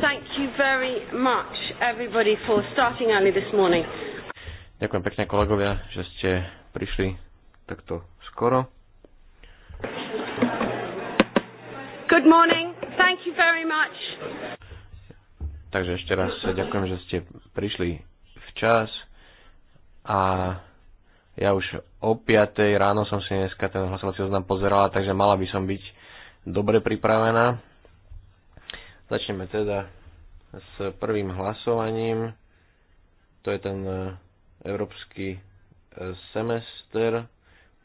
Thank you very much everybody for starting early this morning. Ďakujem pekne kolegovia, že ste prišli takto skoro. Good morning. Thank you very much. Takže ešte raz ďakujem, že ste prišli včas a ja už o 5 ráno som si dneska ten hlasovací oznam pozerala, takže mala by som byť dobre pripravená. Začneme teda s prvým hlasovaním. To je ten eh, európsky eh, semester,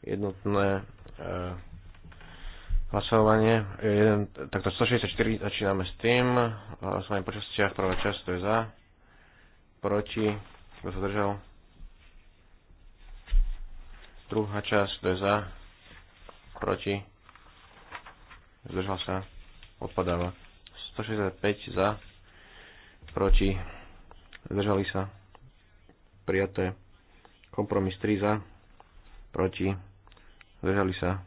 jednotné eh, hlasovanie. Takto 164 začíname s tým. Hlasovanie po častiach, prvá časť to je za, proti, kto sa držal, Druhá časť, to je za, proti, zdržal sa, odpadáva. 165 za, proti, zdržali sa, prijaté. Kompromis 3 za, proti, zdržali sa,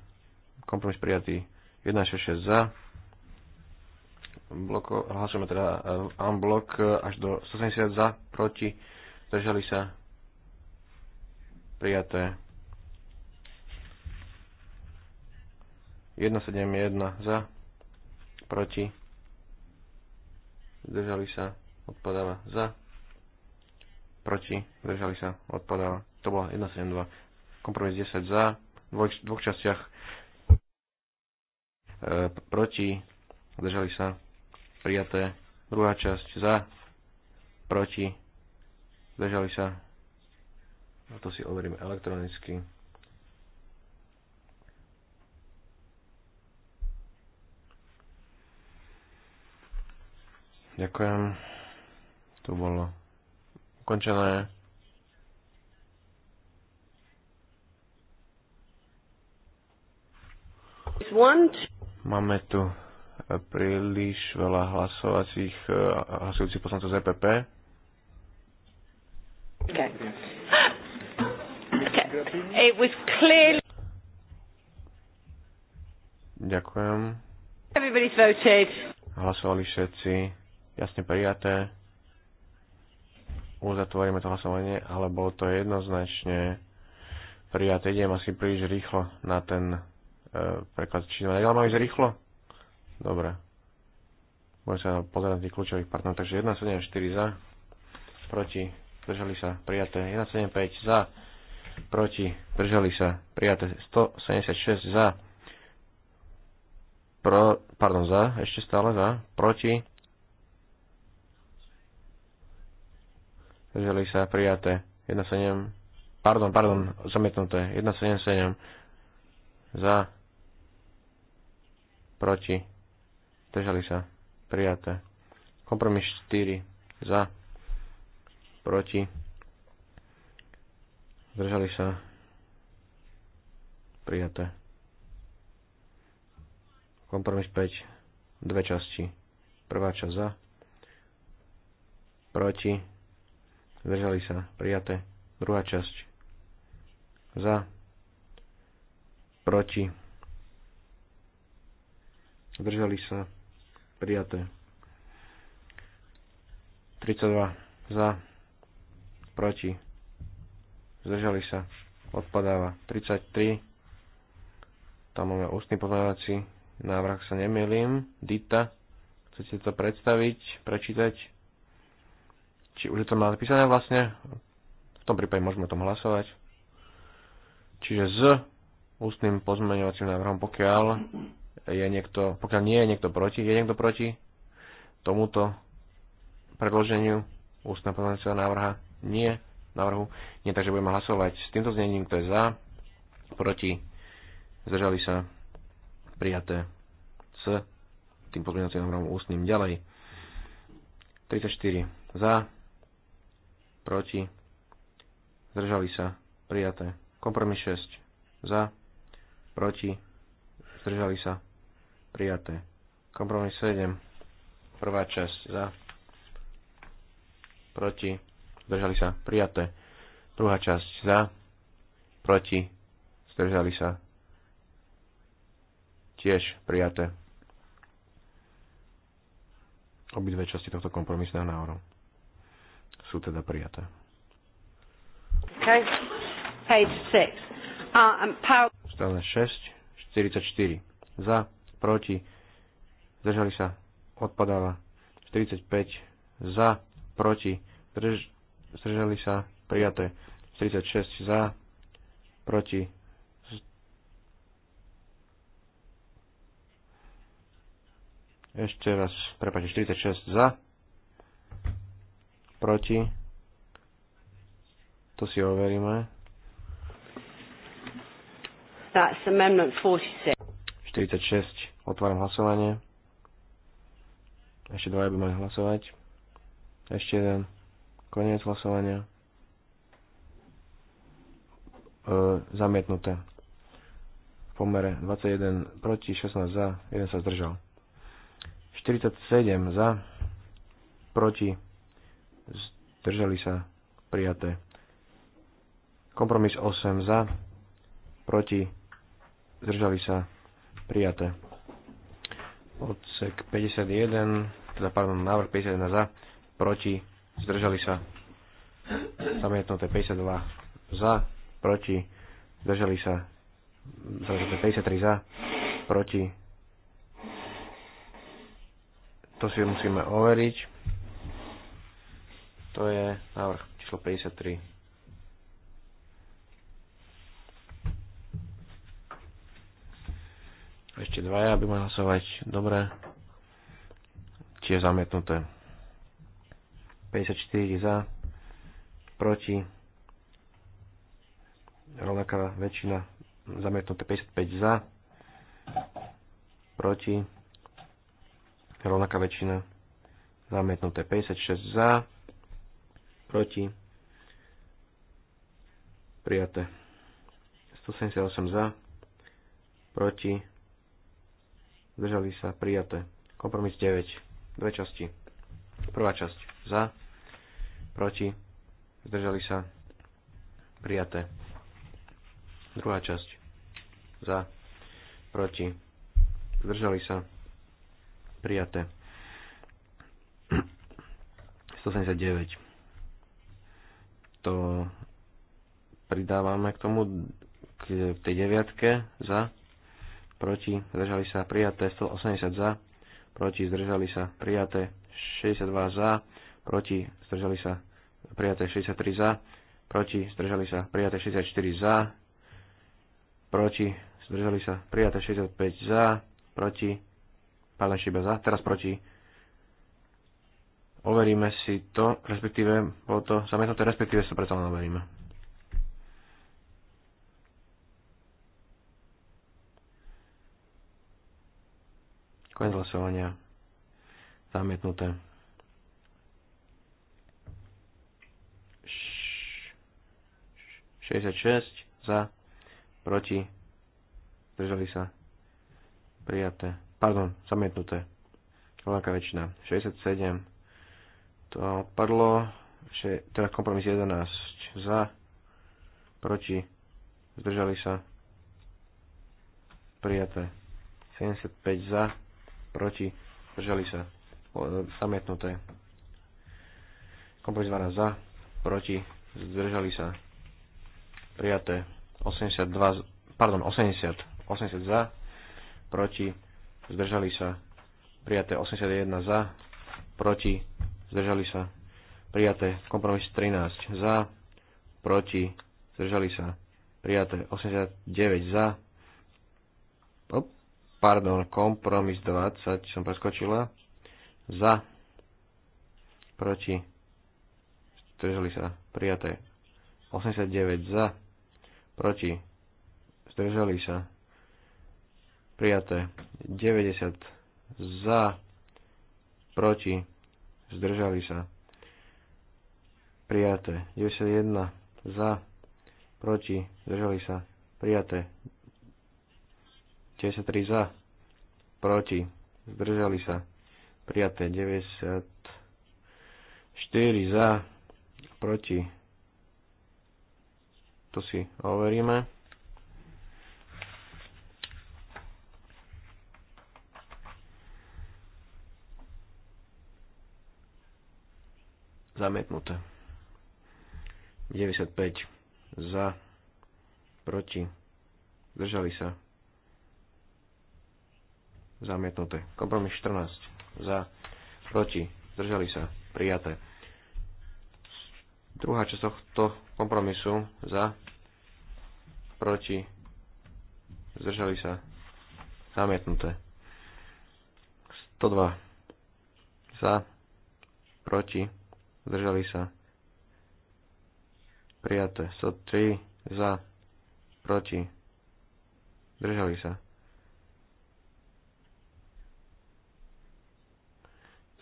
kompromis prijatý. 166 za, bloko, hlasujeme teda unblock eh, eh, až do 170 za, proti, zdržali sa, prijaté. 171 za, proti, zdržali sa, odpadáva za, proti, zdržali sa, odpadáva. To bola 172. Kompromis 10 za, v dvoch, dvoch častiach e, proti, zdržali sa, prijaté. Druhá časť za, proti, zdržali sa. A to si overíme elektronicky. Ďakujem. To bolo ukončené. Máme tu príliš veľa hlasovacích e, hlasujúcich poslancov z EPP. Okay. Okay. It was clearly... Ďakujem. Everybody's voted. Hlasovali všetci jasne prijaté. Uzatvoríme to hlasovanie, ale bolo to jednoznačne prijaté. Idem asi príliš rýchlo na ten e, preklad číslo. Ale mám ísť rýchlo? Dobre. Budem sa pozerať na tých kľúčových partnerov. Takže 1,74 za, proti, držali sa, prijaté. 1,75 za, proti, držali sa, prijaté. 176 za, pro, pardon, za, ešte stále za, proti, Želi sa prijaté. 1,7. Pardon, pardon, zamietnuté. 1,77. Za. Proti. držali sa. Prijaté. Kompromis 4. Za. Proti. Zdržali sa. Prijaté. Kompromis 5. Dve časti. Prvá časť za. Proti zdržali sa, prijaté. Druhá časť, za, proti, zdržali sa, prijaté. 32 za, proti, zdržali sa, odpadáva. 33, tam máme ústny pozorovací návrh, sa nemýlim. Dita, chcete to predstaviť, prečítať? Či už je to napísané vlastne? V tom prípade môžeme o tom hlasovať. Čiže s ústnym pozmeňovacím návrhom, pokiaľ je niekto, pokiaľ nie je niekto proti, je niekto proti tomuto predloženiu ústneho pozmeňovacieho návrha? Nie návrhu. Nie, takže budeme hlasovať s týmto znením, kto je za, proti, zdržali sa, prijaté s tým pozmeňovacím návrhom ústnym. Ďalej. 34 za, proti, zdržali sa, prijaté. Kompromis 6, za, proti, zdržali sa, prijaté. Kompromis 7, prvá časť, za, proti, zdržali sa, prijaté. Druhá časť, za, proti, zdržali sa, tiež prijaté obidve časti tohto kompromisného návrhu sú teda prijaté. Okay. Page 6. Uh, power... Stále 6, 44. Za, proti, zdržali sa, odpadáva. 45 za, proti, drž, zdržali sa, prijaté. 46 za, proti, ešte raz, prepáčte, 46 za, proti, to si overíme. That's amendment 46. 46. Otváram hlasovanie. Ešte dvaja by mali hlasovať. Ešte jeden. Koniec hlasovania. E, zamietnuté. V pomere 21 proti, 16 za, 1 sa zdržal. 47 za, proti zdržali sa, prijaté. Kompromis 8 za, proti, zdržali sa, prijaté. Odsek 51, teda pardon, návrh 51 za, proti, zdržali sa, zamietnuté 52 za, proti, zdržali sa, zamietnuté 53 za, proti, to si musíme overiť. To je návrh číslo 53. Ešte dvaja, aby mohli hlasovať. Dobre. Tie zamietnuté. 54 za. Proti. Rovnaká väčšina. Zamietnuté 55 za. Proti. Rovnaká väčšina. Zamietnuté 56 za proti, prijaté. 178 za, proti, zdržali sa, prijaté. Kompromis 9, dve časti. Prvá časť za, proti, zdržali sa, prijaté. Druhá časť za, proti, zdržali sa, prijaté. 179 to pridávame k tomu, k tej deviatke za, proti, zdržali sa prijaté, 180 za, proti, zdržali sa prijaté, 62 za, proti, zdržali sa prijaté, 63 za, proti, zdržali sa prijaté, 64 za, proti, zdržali sa prijaté, 65 za, proti, pálen šiba za, teraz proti, overíme si to, respektíve bolo to zamietnuté, respektíve sa preto len overíme. Koniec hlasovania. Zamietnuté. Š 66 za, proti, zdržali sa, prijaté, pardon, zamietnuté, veľká väčšina, 67 to padlo, že teda kompromis 11 za, proti, zdržali sa, prijaté. 75 za, proti, zdržali sa, zamietnuté. Kompromis 12 za, proti, zdržali sa, prijaté. 82, pardon, 80, 80 za, proti, zdržali sa, prijaté. 81 za, proti, zdržali sa, prijaté. Kompromis 13 za, proti, zdržali sa, prijaté. 89 za, op, pardon, kompromis 20 som preskočila, za, proti, zdržali sa, prijaté. 89 za, proti, zdržali sa, prijaté. 90 za, proti, zdržali sa. Prijaté. 91 za, proti, zdržali sa. Prijaté. 93 za, proti, zdržali sa. Prijaté. 94 za, proti. To si overíme. zamietnuté. 95 za, proti, zdržali sa, zamietnuté. Kompromis 14 za, proti, zdržali sa, prijaté. Druhá časť tohto kompromisu za, proti, zdržali sa, zamietnuté. 102 za, proti, zdržali sa, prijaté. 103 za, proti, zdržali sa.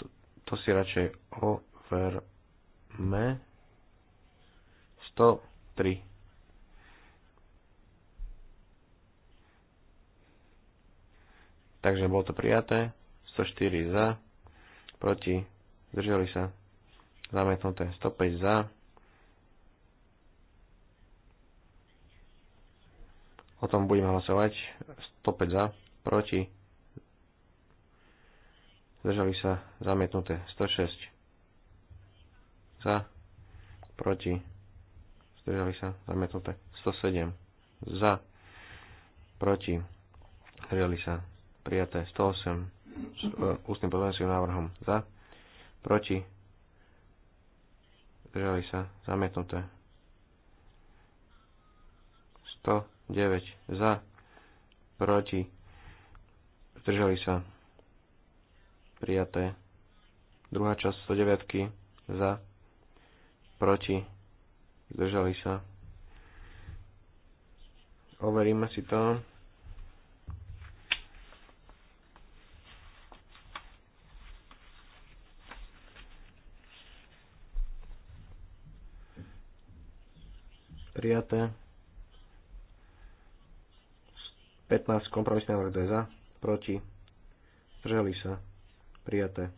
To, to si radšej overme. 103. Takže bolo to prijaté. 104 za, proti, zdržali sa, zamietnuté 105 za, o tom budeme hlasovať, 105 za, proti, zdržali sa zamietnuté 106 za, proti, zdržali sa zamietnuté 107 za, proti, zdržali sa prijaté 108 s e, ústnym pozvaným návrhom za, proti, zdržali sa, zamietnuté. 109 za, proti, zdržali sa, prijaté. Druhá časť 109 za, proti, zdržali sa. Overíme si to. prijaté. 15 kompromisný návrh, je za, proti, zdržali sa, prijaté.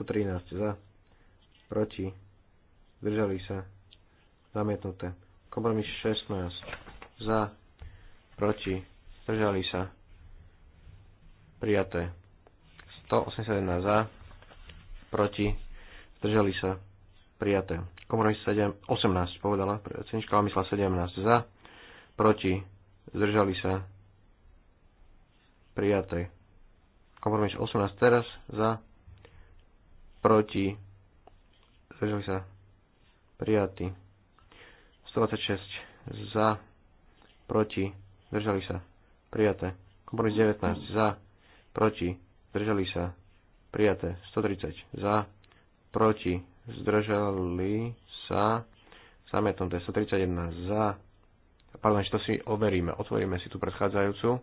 113 za, proti, zdržali sa, zamietnuté. Kompromis 16 za, proti, zdržali sa, prijaté. 181 za, proti, zdržali sa, prijaté. Kompromis 7, 18 povedala Cenička ale myslela 17 za, proti, zdržali sa, prijaté. Kompromis 18 teraz za, proti, zdržali sa, prijatý. 126 za, proti, zdržali sa, prijaté. Kompromis 19 za, proti, zdržali sa, prijaté. 130 za, proti, zdržali sa, zametom je 131 za, pardon, či to si overíme, otvoríme si tú predchádzajúcu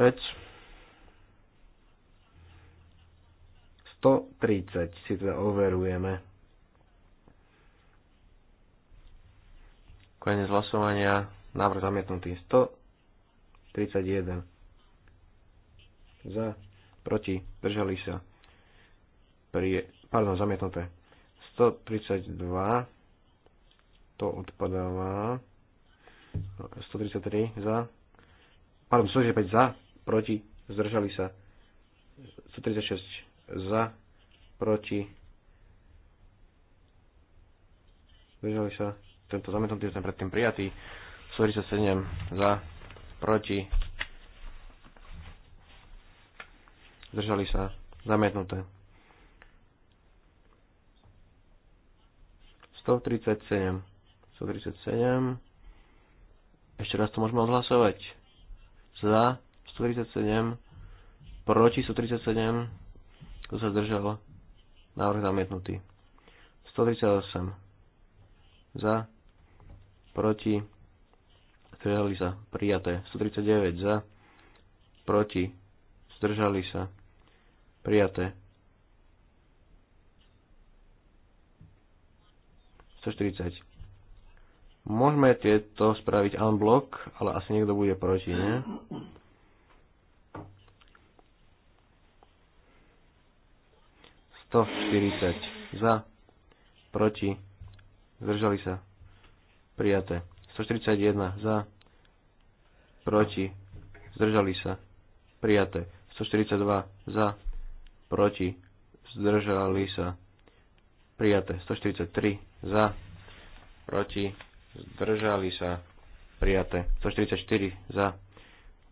vec. 130 si teda overujeme. Konec hlasovania, návrh zamietnutý 131 za, proti, držali sa, pri, pardon, zamietnuté 132 to odpadáva. 133 za. Pardon, 135 za, proti, zdržali sa. 136 za, proti, zdržali sa. Tento zamietnutý sme predtým prijatý. 137 za, proti, zdržali sa. Zamietnuté. 137. 137. Ešte raz to môžeme odhlasovať. Za 137. Proti 137. Kto sa zdržal? Návrh zamietnutý. 138. Za. Proti. Zdržali sa. Prijaté. 139. Za. Proti. Zdržali sa. Prijaté. 140. Môžeme tieto spraviť unblock, ale asi niekto bude proti, nie? To 40 za, proti, zdržali sa, prijaté. 141 za, proti, zdržali sa, prijaté. 142 za, proti, zdržali sa, prijaté 143 za, proti, zdržali sa, prijaté 144 za,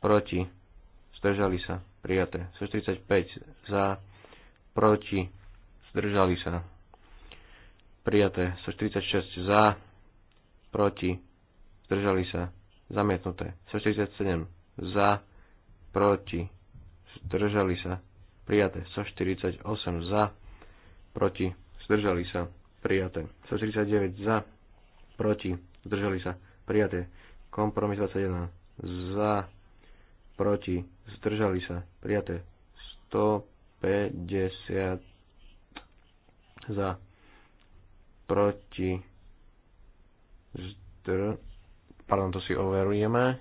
proti, zdržali sa, prijaté 145 za, proti, zdržali sa, prijaté 146 za, proti, zdržali sa, zamietnuté 147 za, proti, zdržali sa, prijaté 148 za, proti, zdržali sa, prijaté. 149 za, proti, zdržali sa, prijaté. Kompromis 21 za, proti, zdržali sa, prijaté. 150 za, proti, zdr... Pardon, to si overujeme.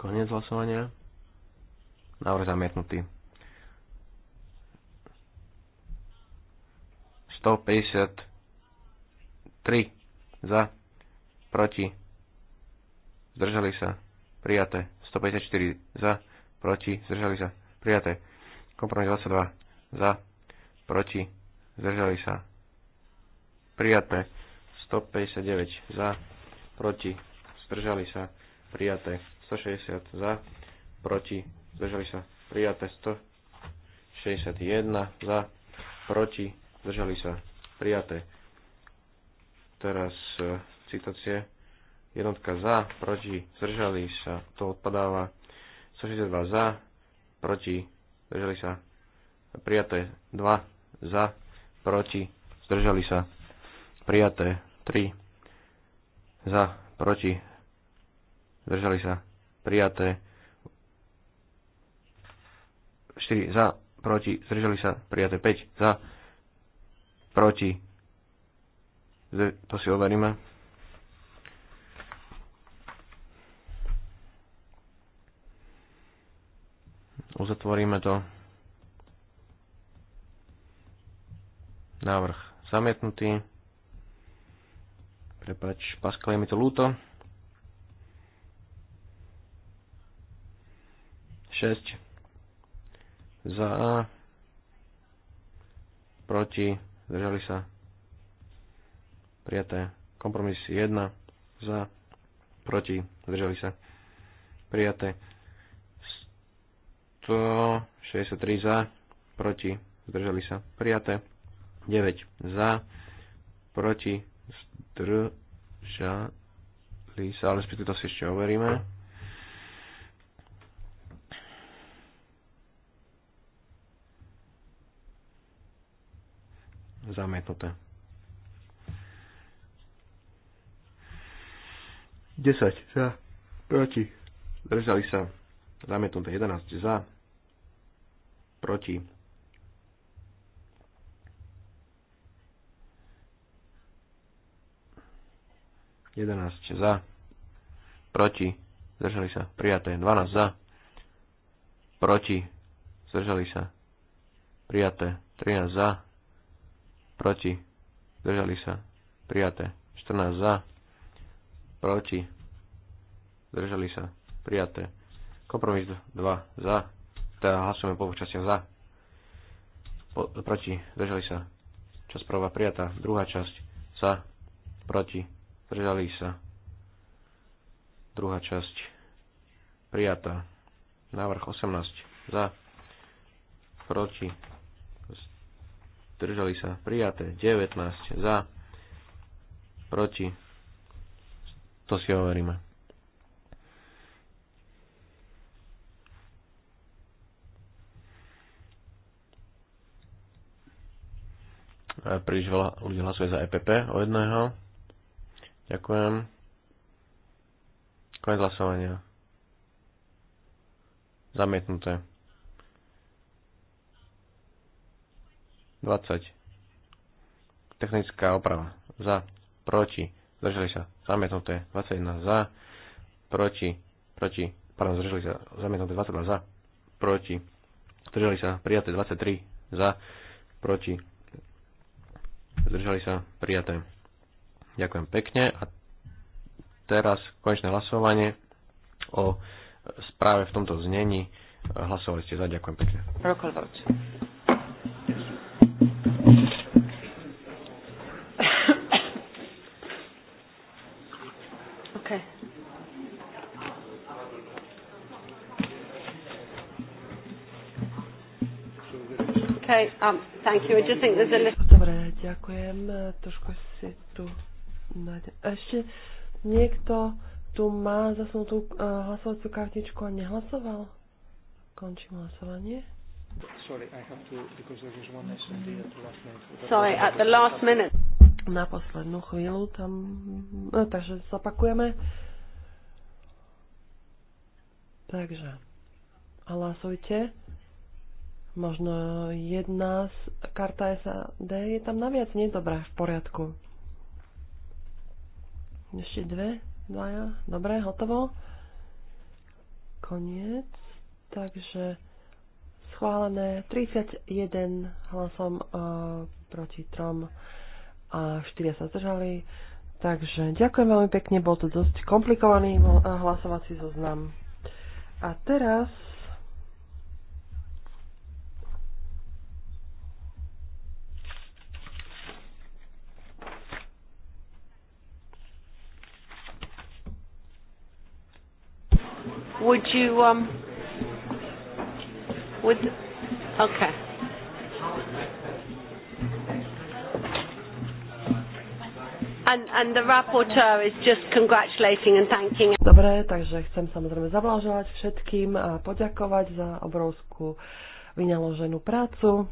Koniec hlasovania. Návrh zamietnutý. 153 za, proti, zdržali sa, prijaté. 154 za, proti, zdržali sa, prijaté. Kompromis 22 za, proti, zdržali sa, prijaté. 159 za, proti, zdržali sa, prijaté. 160 za, proti, zdržali sa prijaté 161 za, proti, zdržali sa prijaté. Teraz e, citácie jednotka za, proti, zdržali sa, to odpadáva 162 za, proti, zdržali sa prijaté 2 za, proti, zdržali sa prijaté 3 za, proti, zdržali sa prijaté 4 za, proti, zdržali sa, prijaté 5 za, proti, to si overíme. Uzatvoríme to. Návrh zamietnutý. Prepač, Pascal, je mi to lúto. 6 za, proti, zdržali sa, prijaté. Kompromis 1, za, proti, zdržali sa, prijaté. 163 za, proti, zdržali sa, prijaté. 9 za, proti, zdržali sa, ale spýtu to si ešte overíme. zamietnuté. 10 za, proti, držali sa, zamietnuté 11 za, proti. Jedenáct za, proti, zdržali sa, prijaté. 12 za, proti, zdržali sa, prijaté. 13 za, proti, zdržali sa, prijaté. 14 za, proti, zdržali sa, prijaté. Kompromis 2 za, teda hlasujeme po častiach za, po, proti, zdržali sa, časť prvá prijatá, druhá časť za, proti, zdržali sa, druhá časť prijatá, návrh 18 za, proti, zdržali sa prijaté 19 za, proti, to si overíme. E, príliš veľa ľudí hlasuje za EPP o jedného. Ďakujem. Konec hlasovania. Zamietnuté. 20. Technická oprava. Za. Proti. Zdržali sa. Zamietnuté. 21. Za. Proti. Proti. Pardon, zdržali sa. Zamietnuté. 22. Za. Proti. Zdržali sa. Prijaté. 23. Za. Proti. Zdržali sa. Prijaté. Ďakujem pekne. A teraz konečné hlasovanie o správe v tomto znení. Hlasovali ste za. Ďakujem pekne. Roll thank you. I just think there's a little... Dobre, ďakujem. Trošku si tu... Ešte niekto tu má zasunutú uh, hlasovaciu kartičku a nehlasoval? Končím hlasovanie. Sorry, I have to, because there was one SMD at the last minute. Sorry, at the last minute. Na poslednú chvíľu tam... No, takže zapakujeme. Takže hlasujte. Možno jedna z karta SAD je tam naviac nedobrá v poriadku. Ešte dve, dvaja. Dobre, hotovo. Koniec. Takže schválené 31 hlasom e, proti trom a 4 sa zdržali. Takže ďakujem veľmi pekne, bol to dosť komplikovaný e, hlasovací zoznam. A teraz Would you, um, would, okay. And, and the rapporteur is just congratulating and thanking. Dobre, takže chcem samozrejme zablážovať všetkým a poďakovať za obrovskú vynaloženú prácu.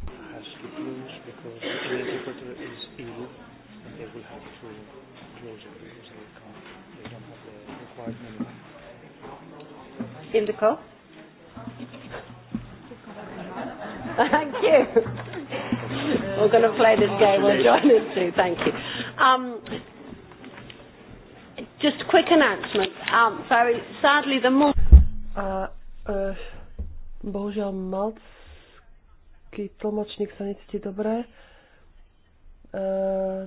Thank you. Indico. Thank you. We're going to play this game. We'll join in too. Thank you. Um, just a quick announcement. Um, very sadly, the more. Uh, uh, bohužiaľ, malcký tlmočník sa necíti dobre. Uh,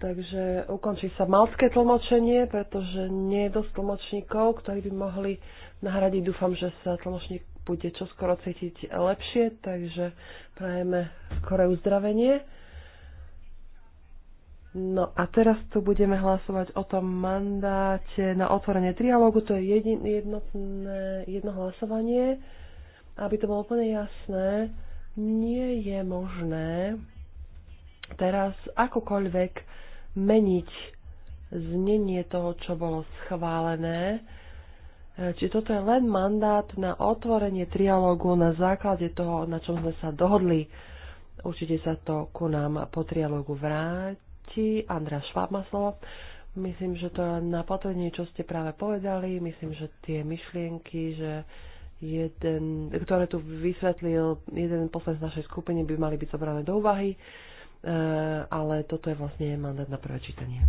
Takže ukončí sa malské tlmočenie, pretože nie je dosť tlmočníkov, ktorí by mohli nahradiť. Dúfam, že sa tlmočník bude čoskoro cítiť lepšie, takže prajeme skoré uzdravenie. No a teraz tu budeme hlasovať o tom mandáte na otvorenie trialógu. To je jedin, jednotné, jedno hlasovanie. Aby to bolo úplne jasné, nie je možné teraz akokoľvek meniť znenie toho, čo bolo schválené. E, či toto je len mandát na otvorenie trialógu na základe toho, na čom sme sa dohodli. Určite sa to ku nám po trialógu vráti. Andra Šváb má slovo. Myslím, že to je na potvrdenie, čo ste práve povedali. Myslím, že tie myšlienky, že jeden, ktoré tu vysvetlil jeden poslanec našej skupiny, by mali byť zobrané do úvahy. Eh, ale toto je vlastne mandát na prvé čítanie.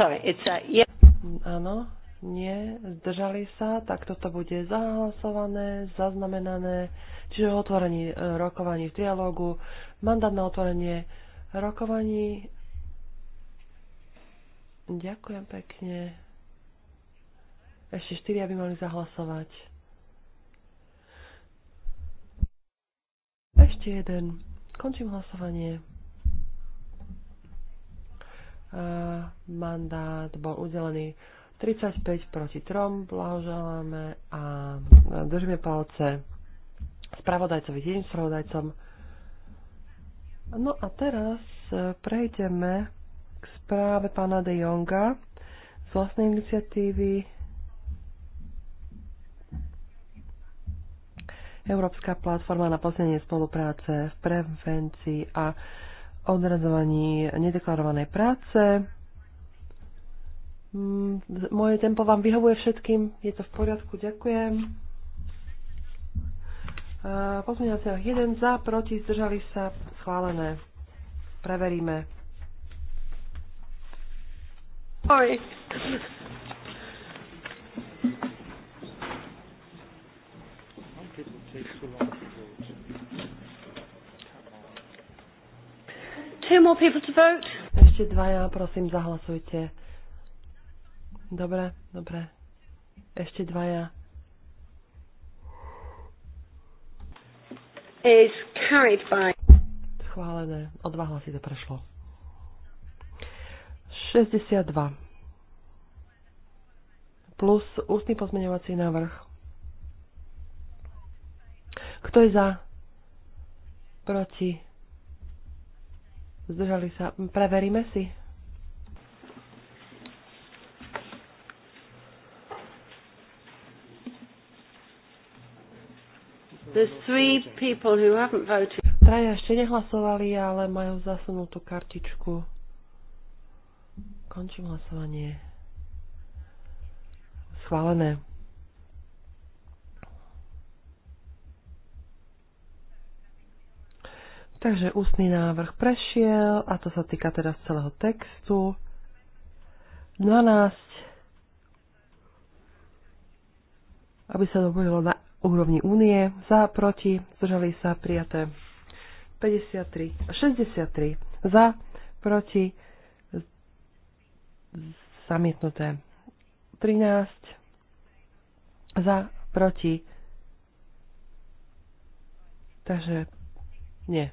Sorry, it's a, uh, yeah. Áno, nie, zdržali sa, tak toto bude zahlasované, zaznamenané, čiže otvorení eh, rokovaní v dialogu, mandát na otvorenie rokovaní. Ďakujem pekne. Ešte štyri aby mali zahlasovať. Ešte jeden. Končím hlasovanie. Uh, mandát bol udelený 35 proti 3. Blahoželáme a držíme palce spravodajcovi, tým spravodajcom. No a teraz e, prejdeme k správe pána De Jonga z vlastnej iniciatívy Európska platforma na posilnenie spolupráce v prevencii a odradzovaní nedeklarovanej práce. Mm, moje tempo vám vyhovuje všetkým, je to v poriadku, ďakujem. Pozmeňovací návrh 1 za, proti, zdržali sa, schválené. Preveríme. Oj. Two more people to vote. Ešte dvaja, prosím, zahlasujte. Dobre, dobre. Ešte dvaja. Is carried by. Schválené. O dva hlasy to prešlo. 62. Plus ústny pozmeňovací návrh. Kto je za? Proti? Zdržali sa. Preveríme si. Traja ešte nehlasovali, ale majú zasunutú kartičku. Končím hlasovanie. Schválené. Takže ústny návrh prešiel a to sa týka teda celého textu. 12. Aby sa dobojilo na úrovni únie. Za, proti, zdržali sa, prijaté. 53, 63. Za, proti, zamietnuté. 13. Za, proti. Takže nie.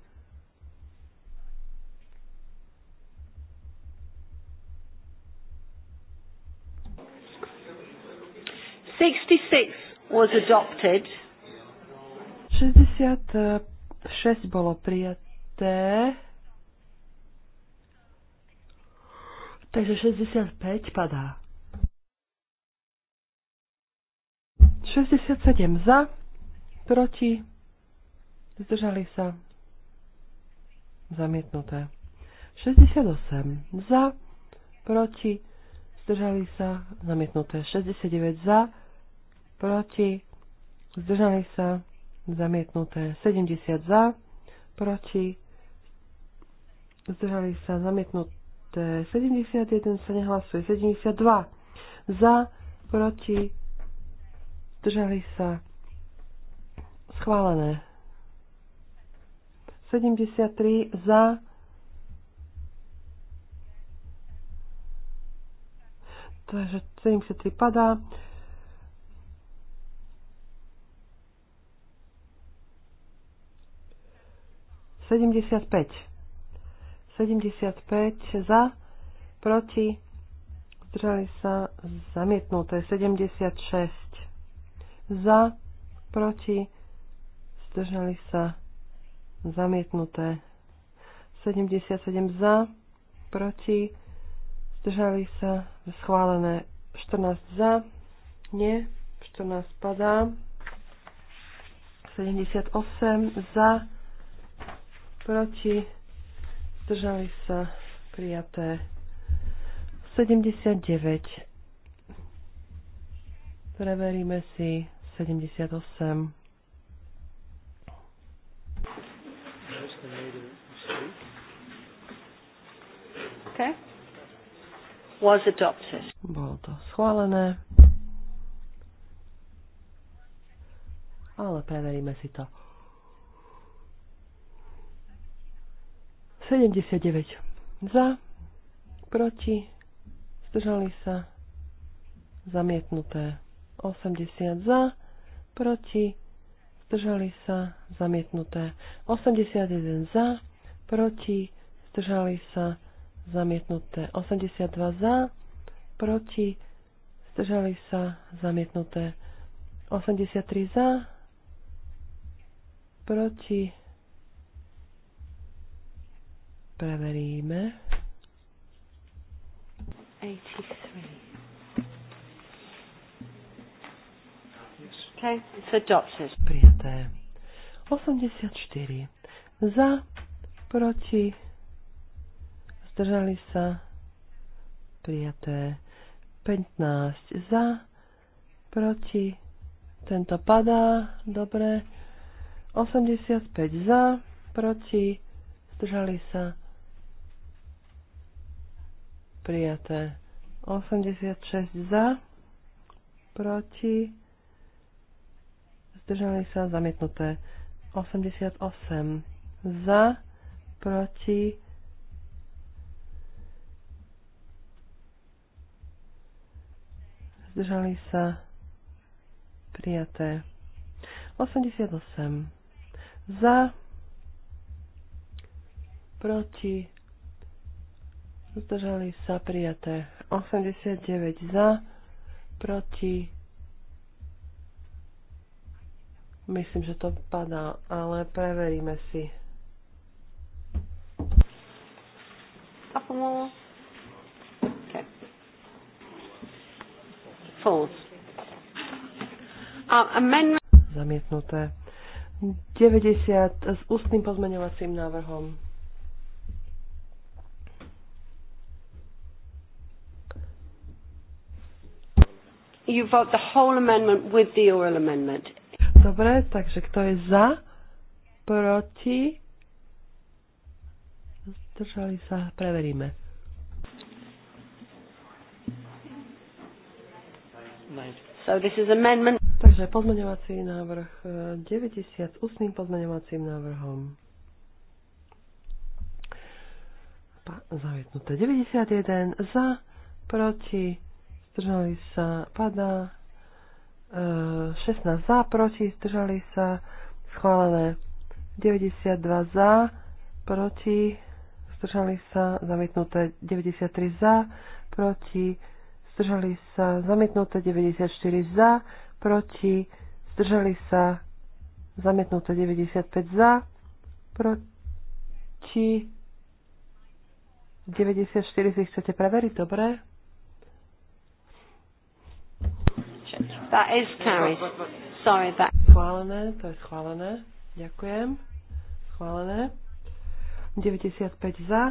66 was adopted. 66 bolo prijaté. Takže 65 padá. 67 za, proti, zdržali sa, zamietnuté. 68 za, proti, zdržali sa, zamietnuté. 69 za, proti, zdržali sa, zamietnuté 70 za, proti, zdržali sa, zamietnuté 71 sa nehlasuje, 72 za, proti, zdržali sa, schválené 73 za, takže 73 padá, 75. 75 za, proti, zdržali sa zamietnuté. 76 za, proti, zdržali sa zamietnuté. 77 za, proti, zdržali sa schválené. 14 za, nie, 14 padá. 78 za, proti, zdržali sa prijaté 79. Preveríme si 78. Was adopted. Bolo to schválené. Ale preveríme si to. 79 za, proti, zdržali sa, zamietnuté. 80 za, proti, zdržali sa, zamietnuté. 81 za, proti, zdržali sa, zamietnuté. 82 za, proti, zdržali sa, zamietnuté. 83 za, proti, Preveríme. 83. Okay, it's adopted. Prijaté. 84. Za, proti, zdržali sa, prijaté. 15 za, proti, tento padá, dobre. 85 za, proti, zdržali sa, prijaté. 86 za, proti, zdržali sa, zamietnuté. 88 za, proti, zdržali sa, prijaté. 88 za, proti, zdržali sa prijaté 89 za, proti, myslím, že to padá, ale preveríme si. A pomalu. False. Uh, Zamietnuté. 90 s ústnym pozmeňovacím návrhom. You vote the whole amendment with the oral amendment. Dobre, takže kto je za? Proti? Zdržali sa, preveríme. So this is amendment. Takže pozmeňovací návrh 90 e, s ústnym pozmeňovacím návrhom. Pa, zavietnuté 91 za, proti zdržali sa, padá. 16 e, za, proti, zdržali sa, schválené. 92 za, proti, zdržali sa, zamietnuté 93 za, proti, zdržali sa, zamietnuté 94 za, proti, zdržali sa, zamietnuté 95 za, proti, 94 si chcete preveriť, dobre? That is carried. No, Sorry, that... Schválené, to je schválené. Ďakujem. Schválené. 95 za.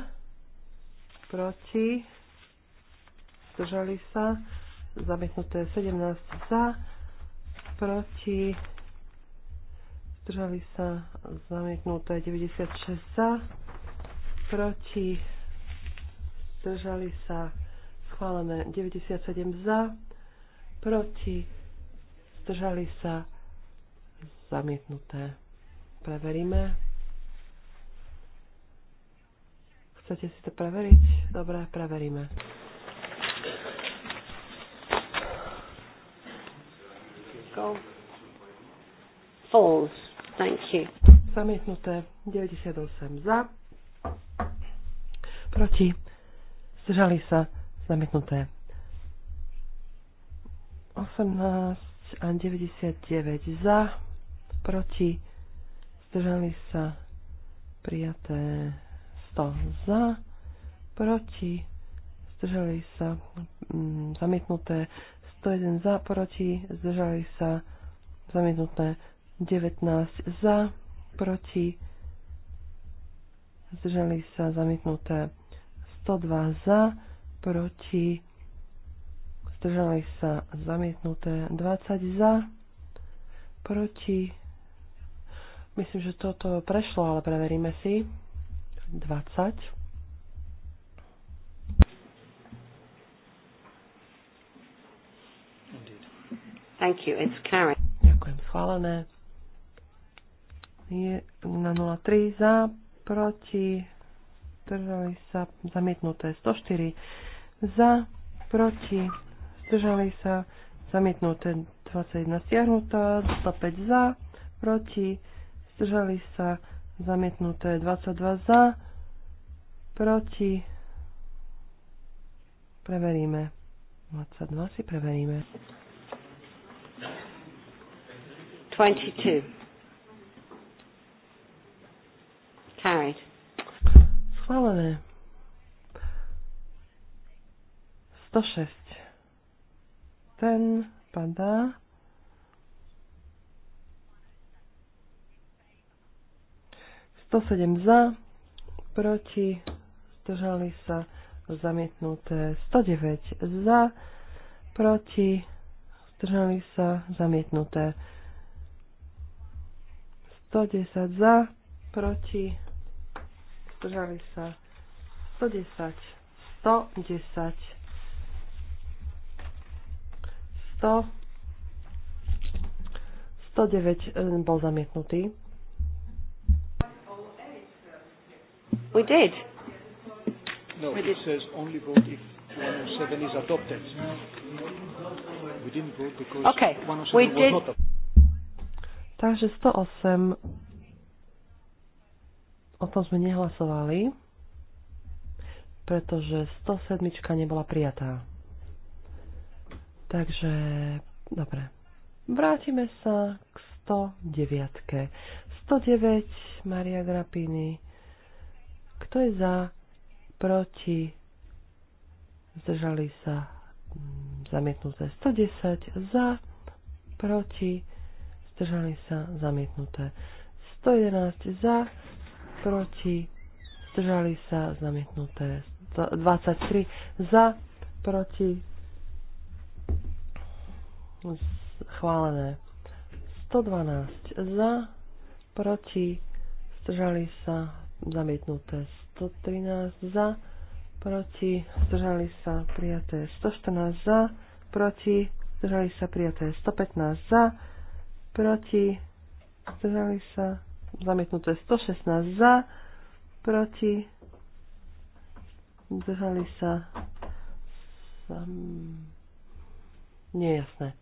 Proti. Zdržali sa. Zamietnuté 17 za. Proti. Zdržali sa. Zamietnuté 96 za. Proti. Zdržali sa. Schválené 97 za proti, zdržali sa, zamietnuté. Preveríme. Chcete si to preveriť? Dobre, preveríme. Go. Falls. Thank you. Zamietnuté 98 za. Proti. Zdržali sa. Zamietnuté 18 a 99 za, proti, zdržali sa prijaté 100 za, proti, zdržali sa mm, zamietnuté 101 za, proti, zdržali sa zamietnuté 19 za, proti, zdržali sa zamietnuté 102 za, proti, zdržali sa zamietnuté 20 za, proti, myslím, že toto prešlo, ale preveríme si, 20. Thank you, it's Karen. Ďakujem, schválené. Je na 03 za, proti, držali sa zamietnuté 104 za, proti, zdržali sa, zamietnuté 21 stiahnutá, 105 za, proti, zdržali sa, zamietnuté 22 za, proti, preveríme, 22 si preveríme. 22. Carried. Schválené. 106 ten padá. Sto sedem za, proti, zdržali sa zamietnuté 109 za, proti, zdržali sa zamietnuté 110 za, proti, zdržali sa 110, 110 100, 109 e, bol zamietnutý. We did. No, we did. it says only vote if 107 is adopted. We didn't vote because okay. 107 we was did. not adopted. Takže 108 o tom sme nehlasovali, pretože 107 nebola prijatá. Takže, dobre. Vrátime sa k 109. 109 Maria Grapini. Kto je za? Proti? Zdržali sa mm, zamietnuté 110. Za? Proti? Zdržali sa zamietnuté 111. Za? Proti? Zdržali sa zamietnuté 23. Za? Proti? Schválené. 112 za, proti, zdržali sa, zamietnuté. 113 za, proti, zdržali sa, prijaté. 114 za, proti, zdržali sa, prijaté. 115 za, proti, zdržali sa, zamietnuté. 116 za, proti, zdržali sa, sam... nejasné.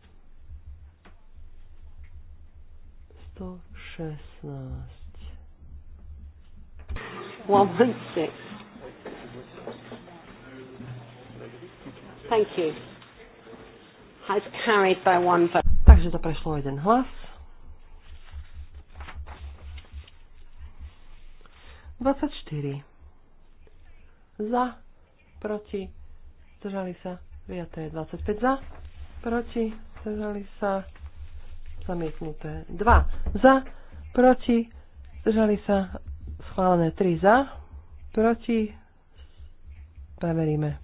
116. One, six. Thank you. Has carried by one vote. Takže to prešlo jeden hlas. 24. Za, proti, zdržali sa, prijaté 25 za, proti, zdržali sa, zamietnuté. 2 za, proti, zdržali sa, schválené 3 za, proti, preveríme.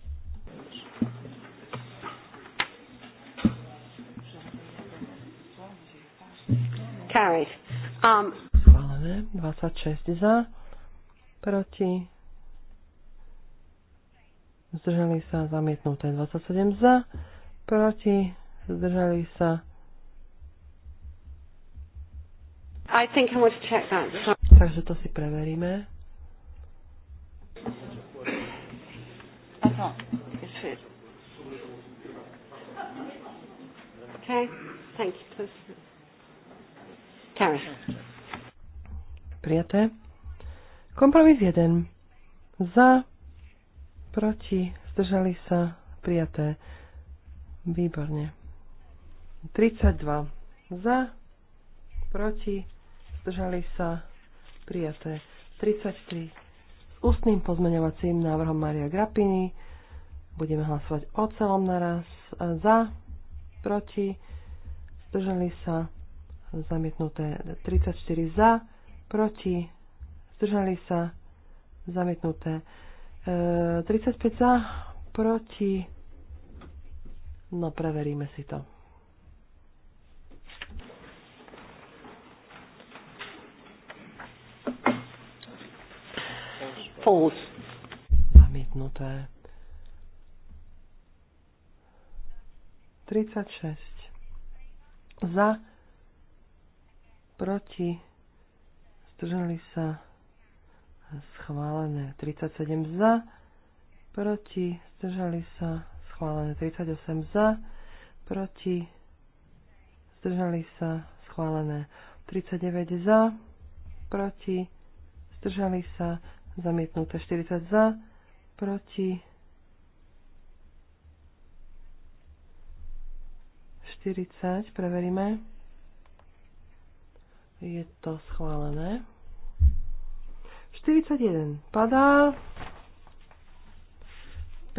Carried. Um, schválené, 26 za, proti, zdržali sa, zamietnuté 27 za, proti, zdržali sa, I think I want to check that. Takže to si preveríme. Prijaté. Kompromis 1. Za, proti, zdržali sa, prijaté. Výborne. 32. Za, proti, zdržali sa, prijaté 33. S ústnym pozmeňovacím návrhom Maria Grapiny budeme hlasovať o celom naraz za, proti, zdržali sa, zamietnuté 34 za, proti, zdržali sa, zamietnuté 35 e, za, proti, no preveríme si to. false. Zamietnuté. 36. Za, proti, zdržali sa schválené 37 za, proti, zdržali sa schválené 38 za, proti, zdržali sa schválené 39 za, proti, zdržali sa Zamietnuté 40 za, proti 40, preveríme. Je to schválené. 41 padá. 5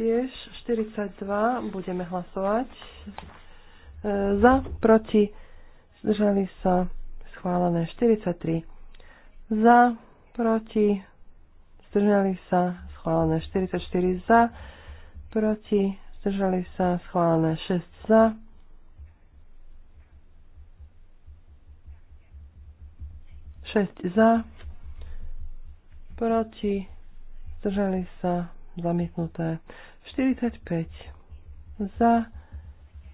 tiež. 42 budeme hlasovať. E, za, proti, zdržali sa schválené 43. Za, proti, zdržali sa, schválené 44 za, proti, zdržali sa, schválené 6 za, Šesť za, proti, zdržali sa, zamietnuté. 45 za,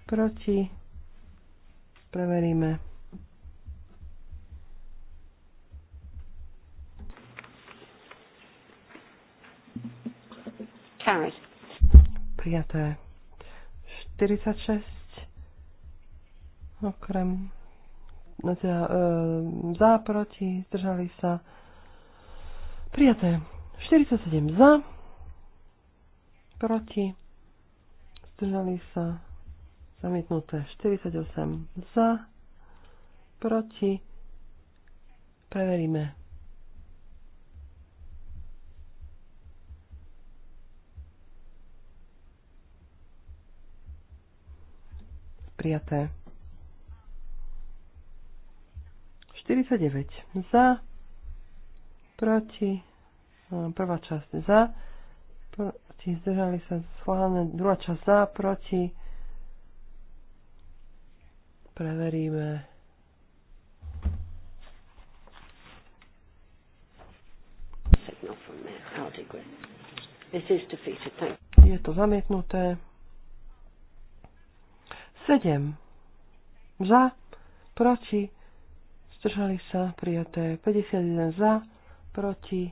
proti, preveríme. Carried. Prijaté. 46. Okrem no, teda, e, za, proti, zdržali sa. Prijaté. 47 za, proti, zdržali sa. Zamietnuté. 48 za, proti. Preveríme. prijaté. 49 za, proti, prvá časť za, proti, zdržali sa schválené, druhá časť za, proti, preveríme. Je to zamietnuté. Sedem Za, proti, zdržali sa, prijaté 51 za, proti,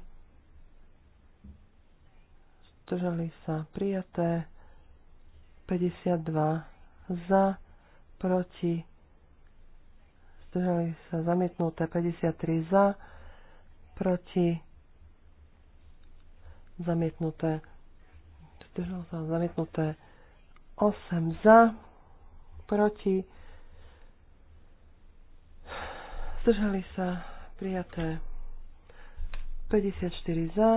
zdržali sa, prijaté 52 za, proti, zdržali sa, zamietnuté 53 za, proti, zamietnuté, zdržal sa, zamietnuté 8 za, proti, zdržali sa prijaté 54 za,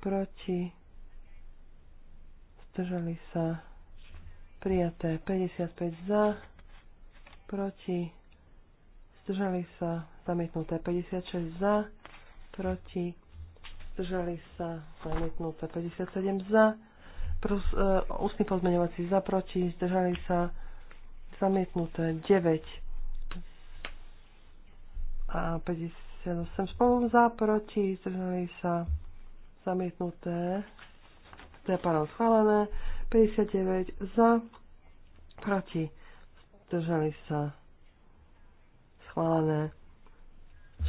proti, zdržali sa prijaté 55 za, proti, zdržali sa zamietnuté 56 za, proti, zdržali sa zamietnuté 57 za, pros, uh, ústny pozmeňovací za, proti, zdržali sa zamietnuté 9 a 58 spolu za, proti, zdržali sa zamietnuté, to teda, je pardon, schválené, 59 za, proti, zdržali sa schválené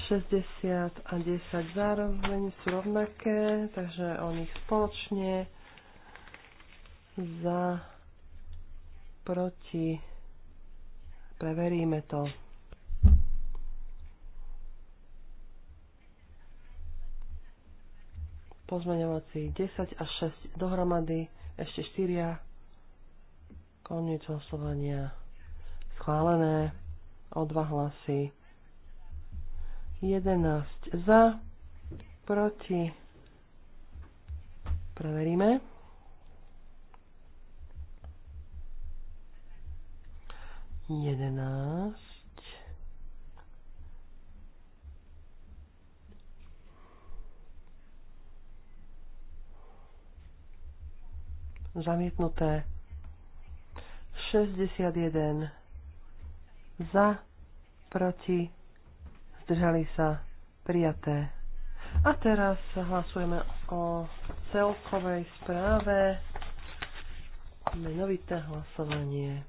60 a 10 zároveň sú rovnaké, takže o nich spoločne za proti Preveríme to. Pozmeňovací 10 až 6 dohromady, ešte 4. Koniec hlasovania. Schválené o dva hlasy. 11 za, proti. Preveríme. 11. Zamietnuté. 61. Za, proti, zdržali sa, prijaté. A teraz hlasujeme o celkovej správe menovité hlasovanie.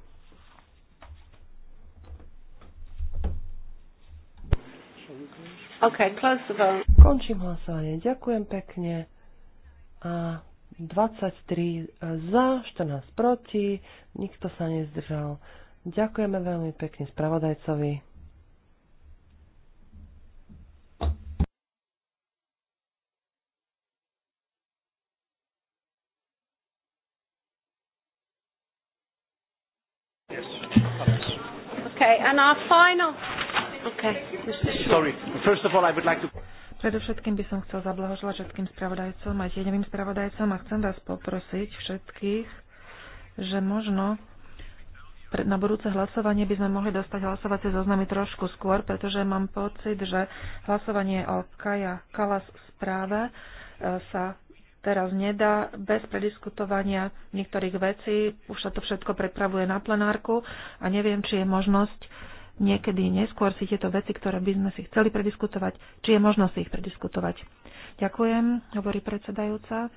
Okay, close the vote. Končím hlasovanie. Ďakujem pekne. A 23 e, za, 14 proti, nikto sa nezdržal. Ďakujeme veľmi pekne spravodajcovi. Okay, and our final Predovšetkým by som chcel zablahoželať všetkým spravodajcom a tieňovým spravodajcom a chcem vás poprosiť všetkých, že možno na budúce hlasovanie by sme mohli dostať hlasovacie zoznamy trošku skôr, pretože mám pocit, že hlasovanie o Kaja Kalas správe e, sa teraz nedá bez prediskutovania niektorých vecí. Už sa to všetko prepravuje na plenárku a neviem, či je možnosť niekedy neskôr si tieto veci, ktoré by sme si chceli prediskutovať, či je možnosť ich prediskutovať. Ďakujem, hovorí predsedajúca.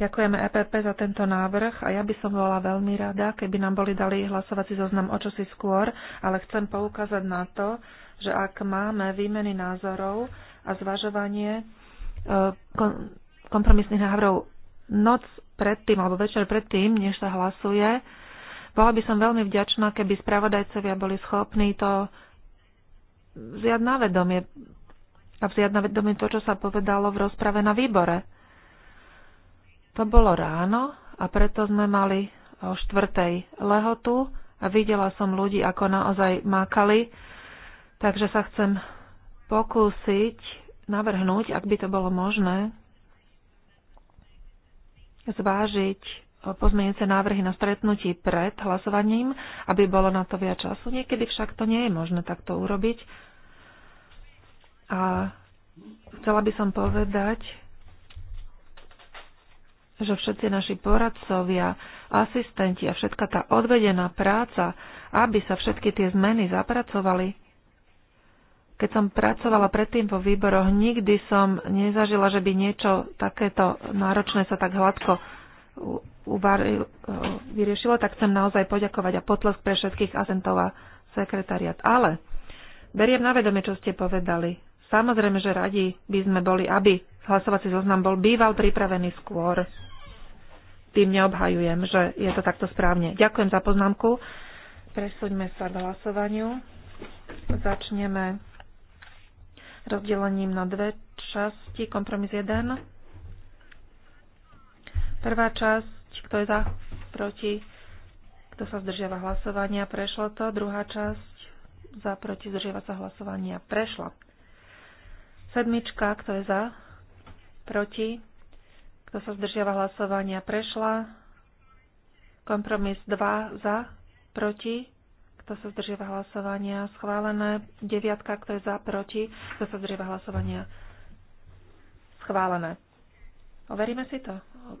Ďakujeme EPP za tento návrh a ja by som bola veľmi rada, keby nám boli dali hlasovací zoznam o čosi skôr, ale chcem poukázať na to, že ak máme výmeny názorov a zvažovanie e, kompromisných návrhov noc predtým alebo večer predtým, než sa hlasuje, bola by som veľmi vďačná, keby spravodajcovia boli schopní to vziať na vedomie a vziať na vedomie to, čo sa povedalo v rozprave na výbore. To bolo ráno a preto sme mali o štvrtej lehotu a videla som ľudí, ako naozaj mákali, takže sa chcem pokúsiť navrhnúť, ak by to bolo možné, zvážiť pozmeňujúce návrhy na stretnutí pred hlasovaním, aby bolo na to viac času. Niekedy však to nie je možné takto urobiť. A chcela by som povedať, že všetci naši poradcovia, asistenti a všetka tá odvedená práca, aby sa všetky tie zmeny zapracovali. Keď som pracovala predtým vo výboroch, nikdy som nezažila, že by niečo takéto náročné sa tak hladko E, vyriešilo, tak chcem naozaj poďakovať a potlesk pre všetkých asentov a sekretariat. Ale beriem na vedomie, čo ste povedali. Samozrejme, že radi by sme boli, aby hlasovací zoznam bol býval pripravený skôr. Tým neobhajujem, že je to takto správne. Ďakujem za poznámku. Presuňme sa k hlasovaniu. Začneme rozdelením na dve časti. Kompromis 1. Prvá časť, kto je za, proti, kto sa zdržiava hlasovania, prešlo to. Druhá časť, za, proti, zdržiava sa hlasovania, prešla. Sedmička, kto je za, proti, kto sa zdržiava hlasovania, prešla. Kompromis 2 za, proti, kto sa zdržiava hlasovania, schválené. Deviatka, kto je za, proti, kto sa zdržiava hlasovania, schválené. Overíme si to.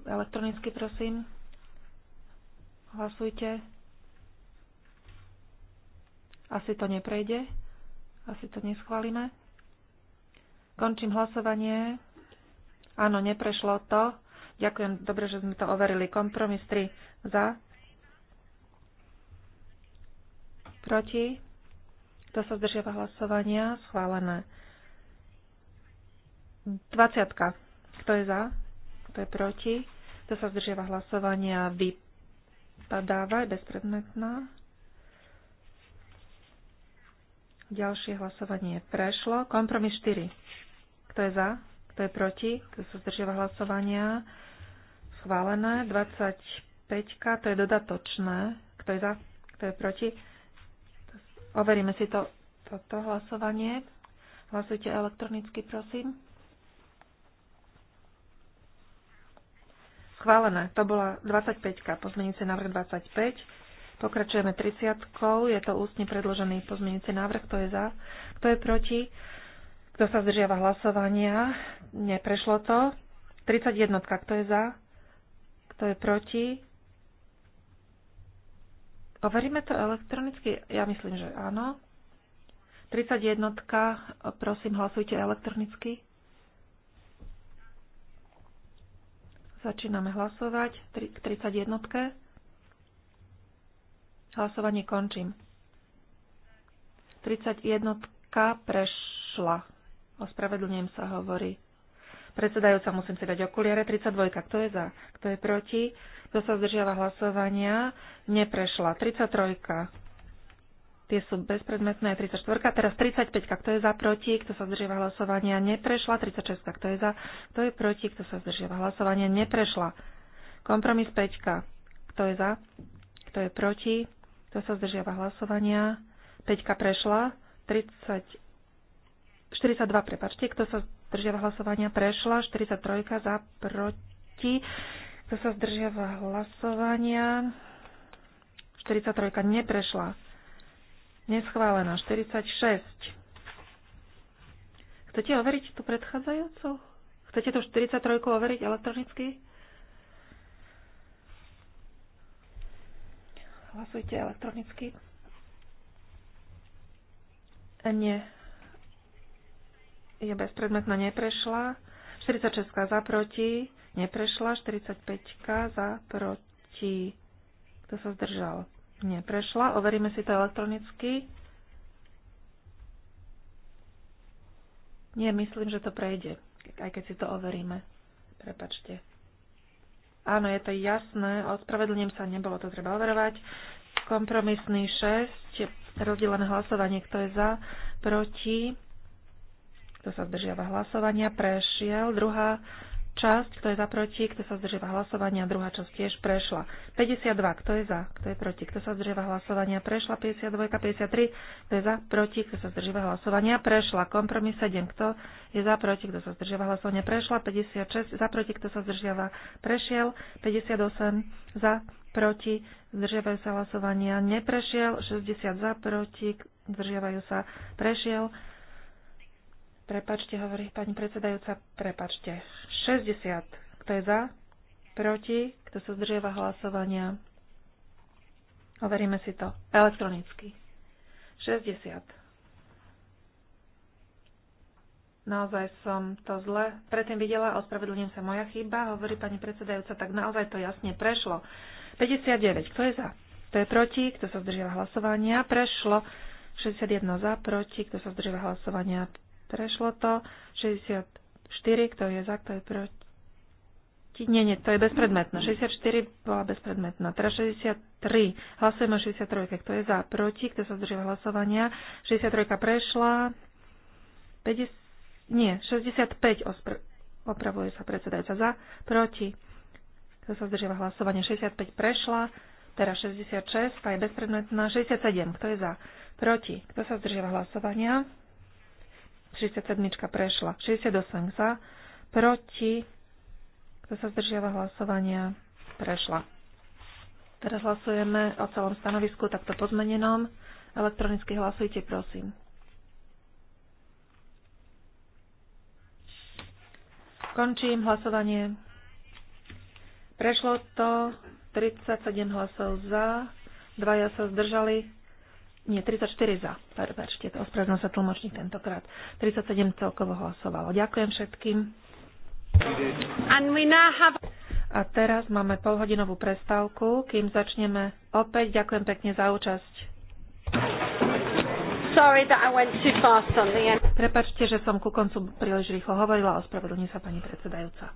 Elektronicky prosím. Hlasujte. Asi to neprejde. Asi to neschválime. Končím hlasovanie. Áno, neprešlo to. Ďakujem, dobre, že sme to overili. Kompromis 3 za. Proti. Kto sa zdržiava hlasovania? Schválené. 20. Kto je za? Kto je proti? Kto sa zdržiava hlasovania? Vypadáva, je bezpredmetná. Ďalšie hlasovanie prešlo. Kompromis 4. Kto je za? Kto je proti? Kto sa zdržiava hlasovania? Schválené. 25. To je dodatočné. Kto je za? Kto je proti? Overíme si to, toto hlasovanie. Hlasujte elektronicky, prosím. Schválené. To bola 25. Pozmenujúci návrh 25. Pokračujeme 30. Je to ústne predložený pozmenujúci návrh. Kto je za? Kto je proti? Kto sa zdržiava hlasovania? Neprešlo to. 31. Kto je za? Kto je proti? Overíme to elektronicky? Ja myslím, že áno. 31. Prosím, hlasujte elektronicky. Začíname hlasovať k 31. Hlasovanie končím. 31. prešla. Ospravedlňujem sa, hovorí. Predsedajúca, musím si dať okuliare. 32. Kto je za? Kto je proti? Kto sa zdržiava hlasovania? Neprešla. 33 tie sú bezpredmetné, 34, teraz 35, kto je za, proti, kto sa zdržiava hlasovania, neprešla, 36, kto je za, kto je proti, kto sa zdržiava hlasovania, neprešla. Kompromis 5, kto je za, kto je proti, kto sa zdržiava hlasovania, 5 prešla, 30, 42, prepačte, kto sa zdržiava hlasovania, prešla, 43 za, proti, kto sa zdržiava hlasovania, 43 neprešla. Neschválená 46. Chcete overiť tú predchádzajúcu? Chcete tú 43 overiť elektronicky? Hlasujte elektronicky. E, nie. Je bezpredmetná, neprešla. 46 za proti, neprešla. 45 za proti. Kto sa zdržal? neprešla. Overíme si to elektronicky. Nie, myslím, že to prejde, aj keď si to overíme. Prepačte. Áno, je to jasné. Ospravedlňujem sa, nebolo to treba overovať. Kompromisný 6, rozdelené hlasovanie, kto je za, proti, kto sa zdržiava hlasovania, prešiel. Druhá časť, kto je za proti, kto sa zdržíva hlasovania, druhá časť tiež prešla. 52, kto je za, kto je proti, kto sa zdržíva hlasovania, prešla. 52, 53, kto je za, proti, kto sa zdržíva hlasovania, prešla. Kompromis 7, kto je za, proti, kto sa zdržiava hlasovania, prešla. 56, za, proti, kto sa zdržiava, prešiel. 58, za, proti, zdržiavajú sa hlasovania, neprešiel. 60, za, proti, zdržiavajú sa, prešiel. Prepačte, hovorí pani predsedajúca, prepačte. 60. Kto je za? Proti? Kto sa zdržiava hlasovania? Overíme si to elektronicky. 60. Naozaj som to zle predtým videla, ospravedlňujem sa, moja chyba, hovorí pani predsedajúca, tak naozaj to jasne prešlo. 59. Kto je za? Kto je proti? Kto sa zdržiava hlasovania? Prešlo. 61 za, proti, kto sa zdržíva hlasovania, Prešlo to. 64, kto je za, kto je proti. Nie, nie, to je bezpredmetné. 64 bola bezpredmetná. Teraz 63. Hlasujeme 63. Kto je za, proti, kto sa zdržia hlasovania. 63 prešla. 50, nie, 65 ospr- opravuje sa predsedajca za, proti. Kto sa zdržia hlasovania. 65 prešla. Teraz 66, tá je bezpredmetná. 67, kto je za? Proti. Kto sa zdržia hlasovania? 67 prešla. 68 za, proti, kto sa zdržiava hlasovania, prešla. Teraz hlasujeme o celom stanovisku takto pozmenenom. Elektronicky hlasujte, prosím. Končím hlasovanie. Prešlo to 37 hlasov za, dvaja sa zdržali, nie, 34 za. Prepačte, ospravedlňujem sa tlmočník tentokrát. 37 celkovo hlasovalo. Ďakujem všetkým. Have... A teraz máme polhodinovú prestávku, kým začneme opäť. Ďakujem pekne za účasť. Sorry that I went too fast on the end. Prepačte, že som ku koncu príliš rýchlo hovorila, ospravedlňujem sa pani predsedajúca.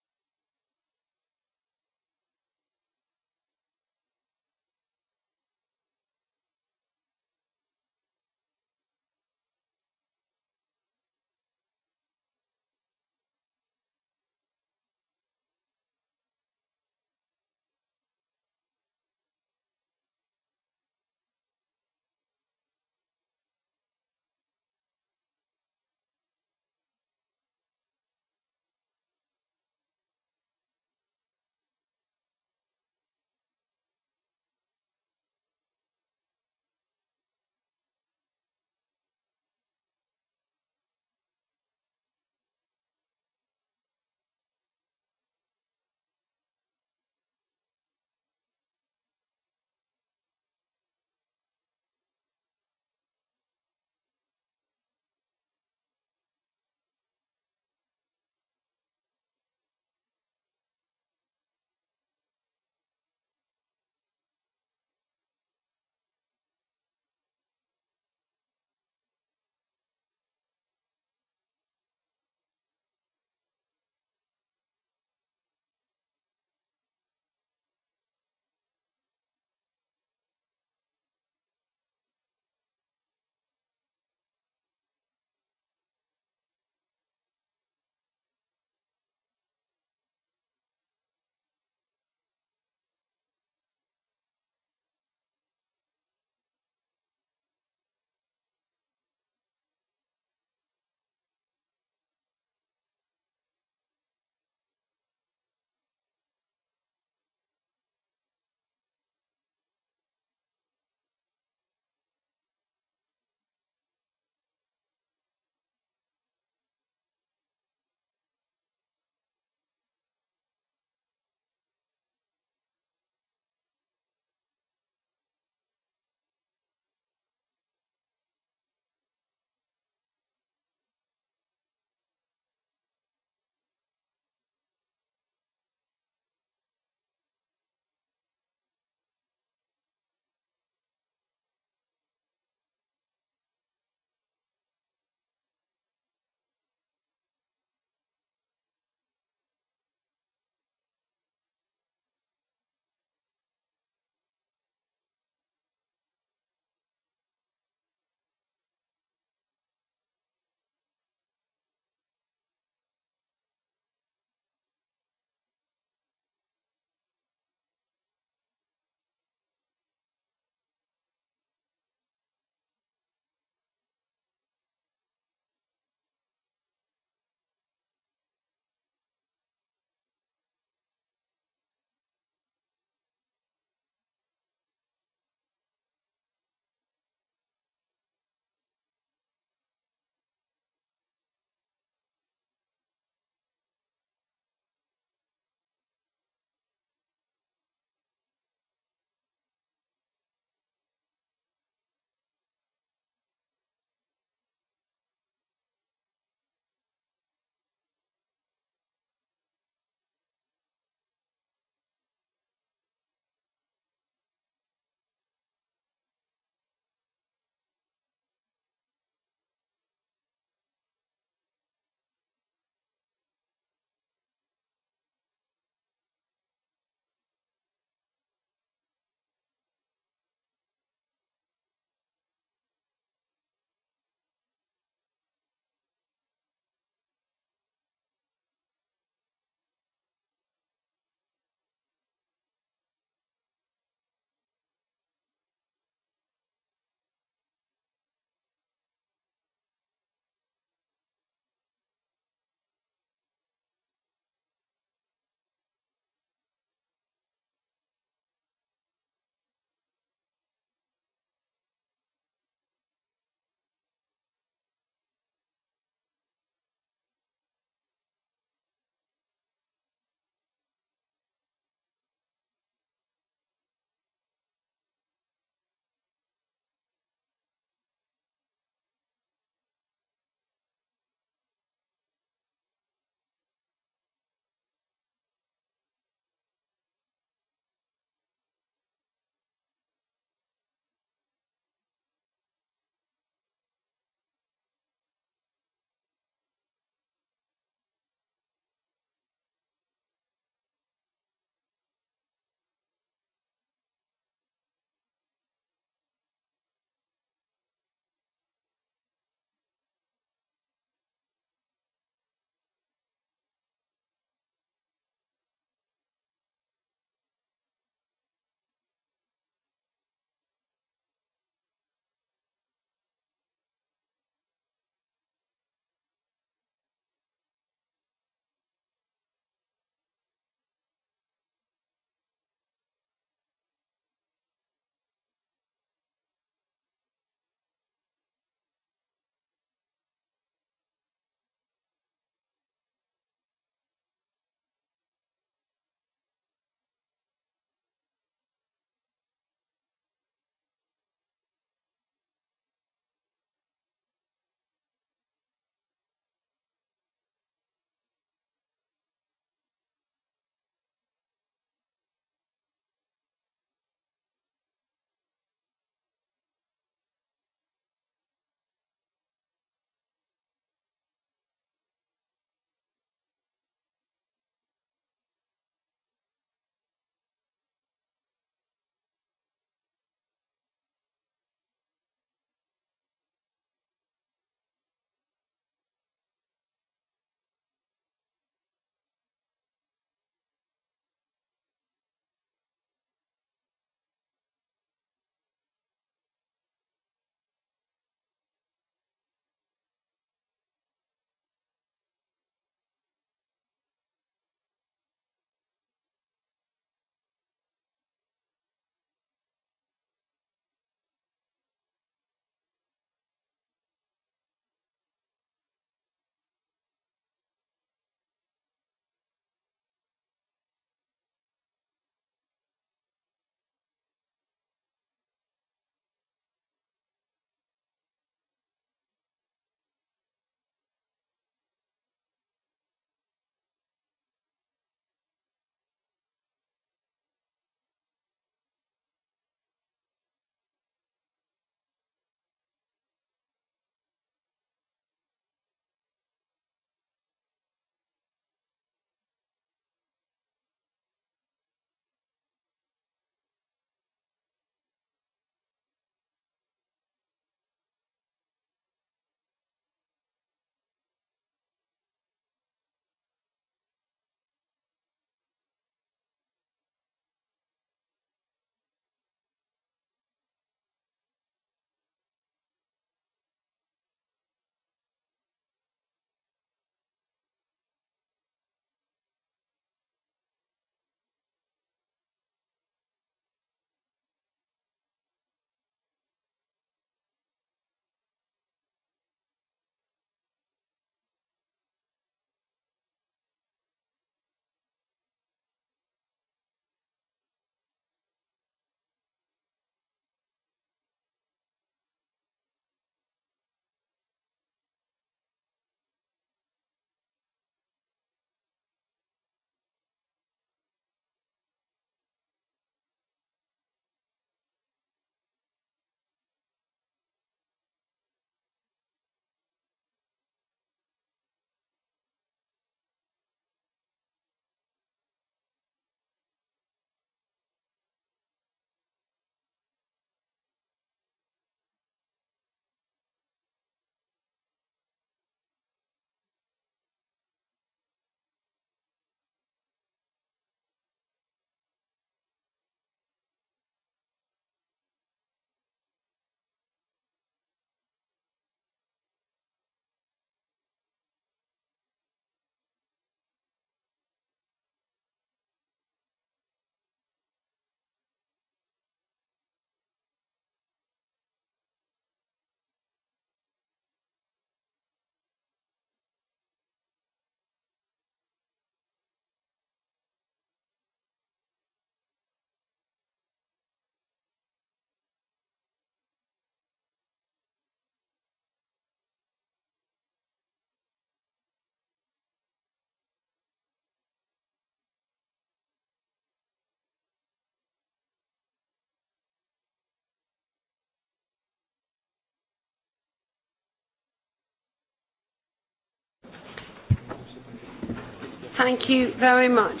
Thank you very much,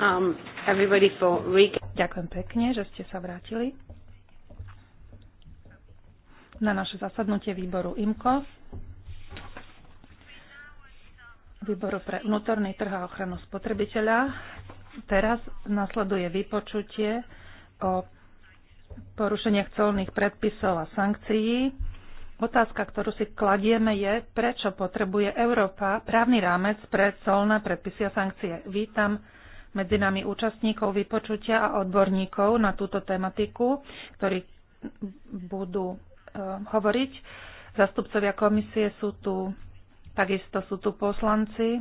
um, everybody for Ďakujem pekne, že ste sa vrátili na naše zasadnutie výboru IMCO, výboru pre vnútorný trh a ochranu spotrebiteľa. Teraz nasleduje vypočutie o porušeniach colných predpisov a sankcií Otázka, ktorú si kladieme, je, prečo potrebuje Európa právny rámec pre colné predpisy a sankcie. Vítam medzi nami účastníkov vypočutia a odborníkov na túto tematiku, ktorí budú e, hovoriť. Zastupcovia komisie sú tu, takisto sú tu poslanci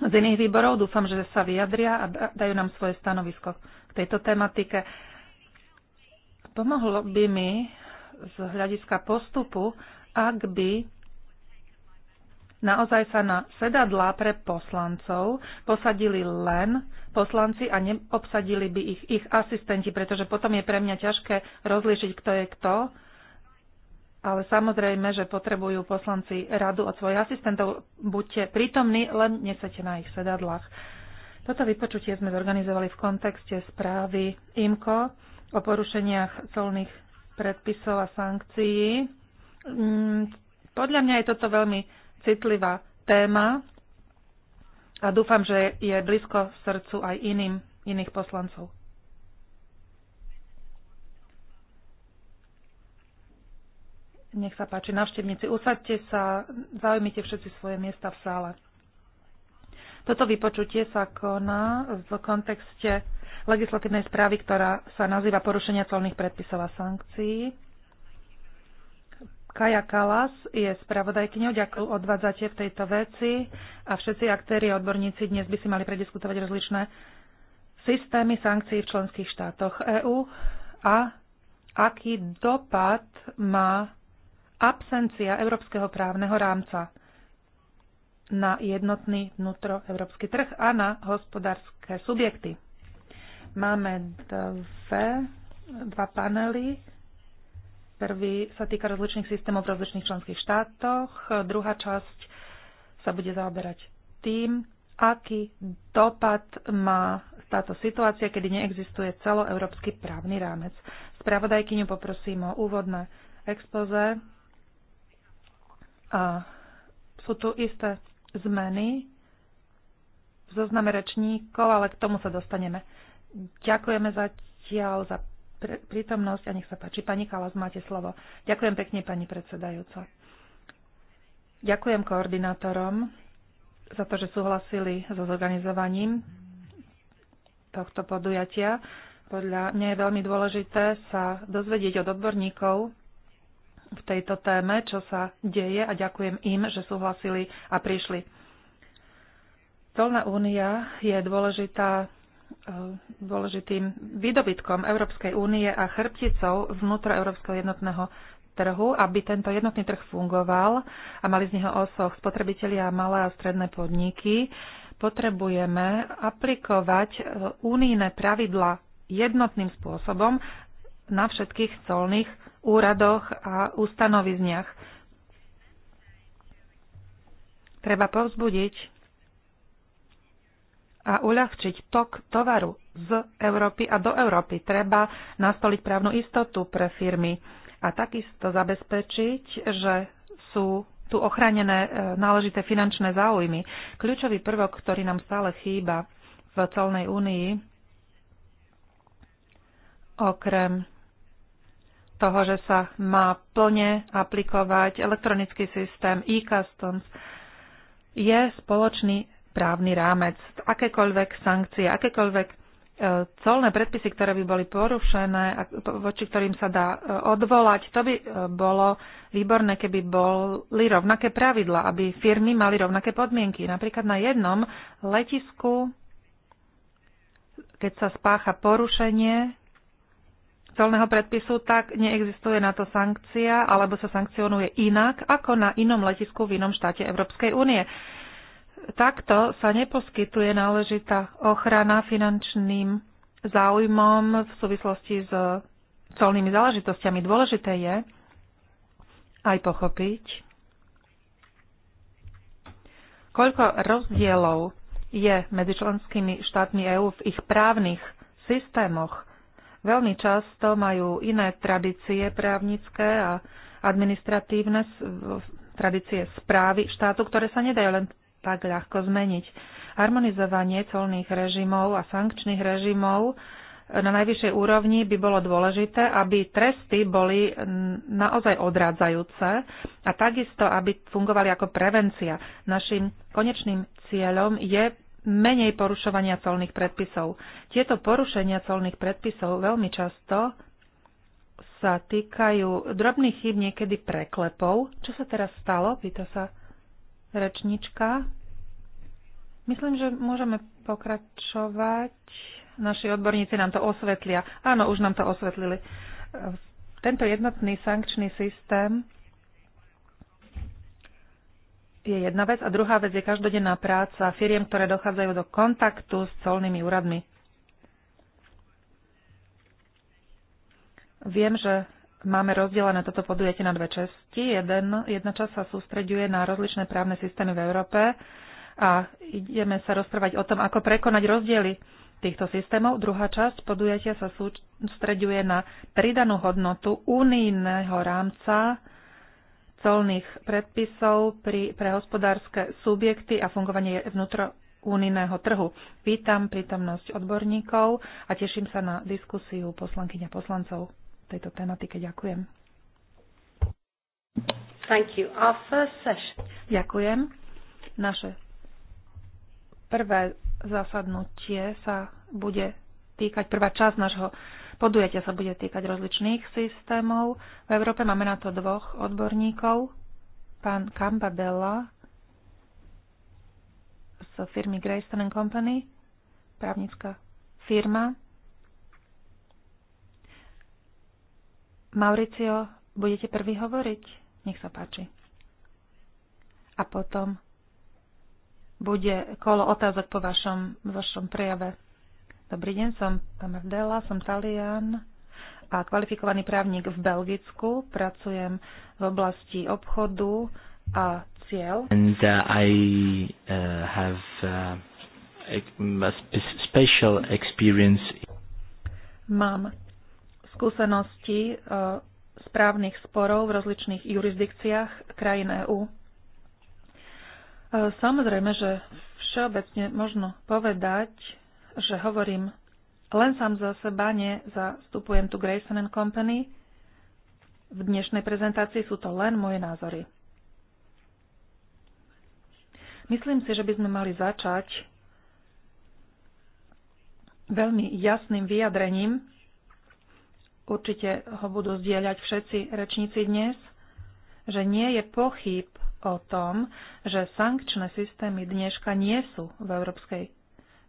z iných výborov. Dúfam, že sa vyjadria a dajú nám svoje stanovisko k tejto tematike. Pomohlo by mi, z hľadiska postupu, ak by naozaj sa na sedadlá pre poslancov posadili len poslanci a neobsadili by ich ich asistenti, pretože potom je pre mňa ťažké rozlíšiť, kto je kto. Ale samozrejme, že potrebujú poslanci radu od svojich asistentov. Buďte prítomní, len nesete na ich sedadlách. Toto vypočutie sme zorganizovali v kontexte správy IMCO o porušeniach colných predpisov a sankcií. Mm, podľa mňa je toto veľmi citlivá téma a dúfam, že je blízko srdcu aj iným, iných poslancov. Nech sa páči, navštevníci, Usadte sa, zaujmite všetci svoje miesta v sále. Toto vypočutie sa koná v kontexte legislatívnej správy, ktorá sa nazýva porušenia colných predpisov a sankcií. Kaja Kalas je spravodajkyňou, ďakujem odvádzate v tejto veci a všetci aktéri a odborníci dnes by si mali prediskutovať rozličné systémy sankcií v členských štátoch EÚ a aký dopad má absencia európskeho právneho rámca na jednotný vnútroevropský trh a na hospodárske subjekty. Máme dve, dva panely. Prvý sa týka rozličných systémov v rozličných členských štátoch. Druhá časť sa bude zaoberať tým, aký dopad má táto situácia, kedy neexistuje celoeurópsky právny rámec. Spravodajkyňu poprosím o úvodné expoze. A sú tu isté zmeny v zozname rečníkov, ale k tomu sa dostaneme. Ďakujeme zatiaľ za prítomnosť a nech sa páči. Pani Kalas, máte slovo. Ďakujem pekne, pani predsedajúca. Ďakujem koordinátorom za to, že súhlasili so zorganizovaním tohto podujatia. Podľa mňa je veľmi dôležité sa dozvedieť od odborníkov, v tejto téme, čo sa deje a ďakujem im, že súhlasili a prišli. Colná únia je dôležitá e, dôležitým výdobytkom Európskej únie a chrbticou Európskeho jednotného trhu, aby tento jednotný trh fungoval a mali z neho osoch spotrebitelia, malé a stredné podniky, potrebujeme aplikovať únijné e, pravidla jednotným spôsobom na všetkých colných úradoch a ustanovizniach. Treba povzbudiť a uľahčiť tok tovaru z Európy a do Európy. Treba nastoliť právnu istotu pre firmy a takisto zabezpečiť, že sú tu ochránené e, náležité finančné záujmy. Kľúčový prvok, ktorý nám stále chýba v colnej únii, okrem toho, že sa má plne aplikovať elektronický systém e-customs, je spoločný právny rámec. Akékoľvek sankcie, akékoľvek e, colné predpisy, ktoré by boli porušené a voči ktorým sa dá e, odvolať, to by e, bolo výborné, keby boli rovnaké pravidla, aby firmy mali rovnaké podmienky. Napríklad na jednom letisku, keď sa spácha porušenie Celného predpisu, tak neexistuje na to sankcia alebo sa sankcionuje inak ako na inom letisku v inom štáte Európskej únie. Takto sa neposkytuje náležitá ochrana finančným záujmom v súvislosti s colnými záležitostiami. Dôležité je aj pochopiť, koľko rozdielov je medzi členskými štátmi EÚ v ich právnych systémoch veľmi často majú iné tradície právnické a administratívne tradície správy štátu, ktoré sa nedajú len tak ľahko zmeniť. Harmonizovanie colných režimov a sankčných režimov na najvyššej úrovni by bolo dôležité, aby tresty boli naozaj odrádzajúce a takisto, aby fungovali ako prevencia. Našim konečným cieľom je menej porušovania colných predpisov. Tieto porušenia colných predpisov veľmi často sa týkajú drobných chýb, niekedy preklepov. Čo sa teraz stalo? Pýta sa rečnička. Myslím, že môžeme pokračovať. Naši odborníci nám to osvetlia. Áno, už nám to osvetlili. Tento jednotný sankčný systém je jedna vec a druhá vec je každodenná práca firiem, ktoré dochádzajú do kontaktu s colnými úradmi. Viem, že máme rozdelené toto podujatie na dve časti. Jeden, jedna časť sa sústreďuje na rozličné právne systémy v Európe a ideme sa rozprávať o tom, ako prekonať rozdiely týchto systémov. Druhá časť podujatia sa sústreďuje na pridanú hodnotu unijného rámca colných predpisov pri, pre hospodárske subjekty a fungovanie vnútroúnijného trhu. Vítam prítomnosť odborníkov a teším sa na diskusiu poslankyňa poslancov tejto tematike. Ďakujem. Thank you. Our first session. Ďakujem. Naše prvé zasadnutie sa bude týkať, prvá časť nášho podujatia sa bude týkať rozličných systémov. V Európe máme na to dvoch odborníkov. Pán Campabella z firmy Greystone Company, právnická firma. Mauricio, budete prvý hovoriť? Nech sa páči. A potom bude kolo otázok po vašom, vašom prejave. Dobrý deň, som Pamardela, som Talian a kvalifikovaný právnik v Belgicku. Pracujem v oblasti obchodu a cieľ. And uh, I uh, have uh, a special experience. Mám skúsenosti uh, správnych sporov v rozličných jurisdikciách krajín EÚ. Uh, samozrejme, že všeobecne možno povedať, že hovorím len sám za seba, nezastupujem tu Grayson and Company. V dnešnej prezentácii sú to len moje názory. Myslím si, že by sme mali začať veľmi jasným vyjadrením. Určite ho budú zdieľať všetci rečníci dnes, že nie je pochyb o tom, že sankčné systémy dneška nie sú v Európskej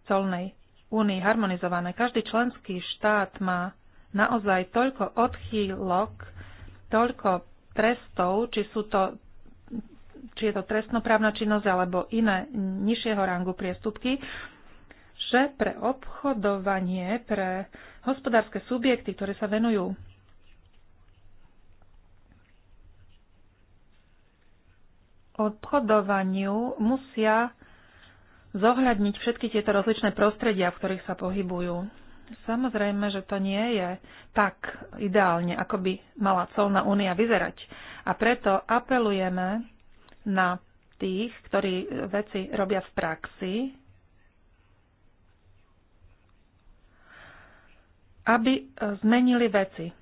colnej únii harmonizované. Každý členský štát má naozaj toľko odchýlok, toľko trestov, či sú to či je to trestnoprávna činnosť alebo iné nižšieho rangu priestupky, že pre obchodovanie, pre hospodárske subjekty, ktoré sa venujú obchodovaniu, musia zohľadniť všetky tieto rozličné prostredia, v ktorých sa pohybujú. Samozrejme, že to nie je tak ideálne, ako by mala colná únia vyzerať. A preto apelujeme na tých, ktorí veci robia v praxi, aby zmenili veci.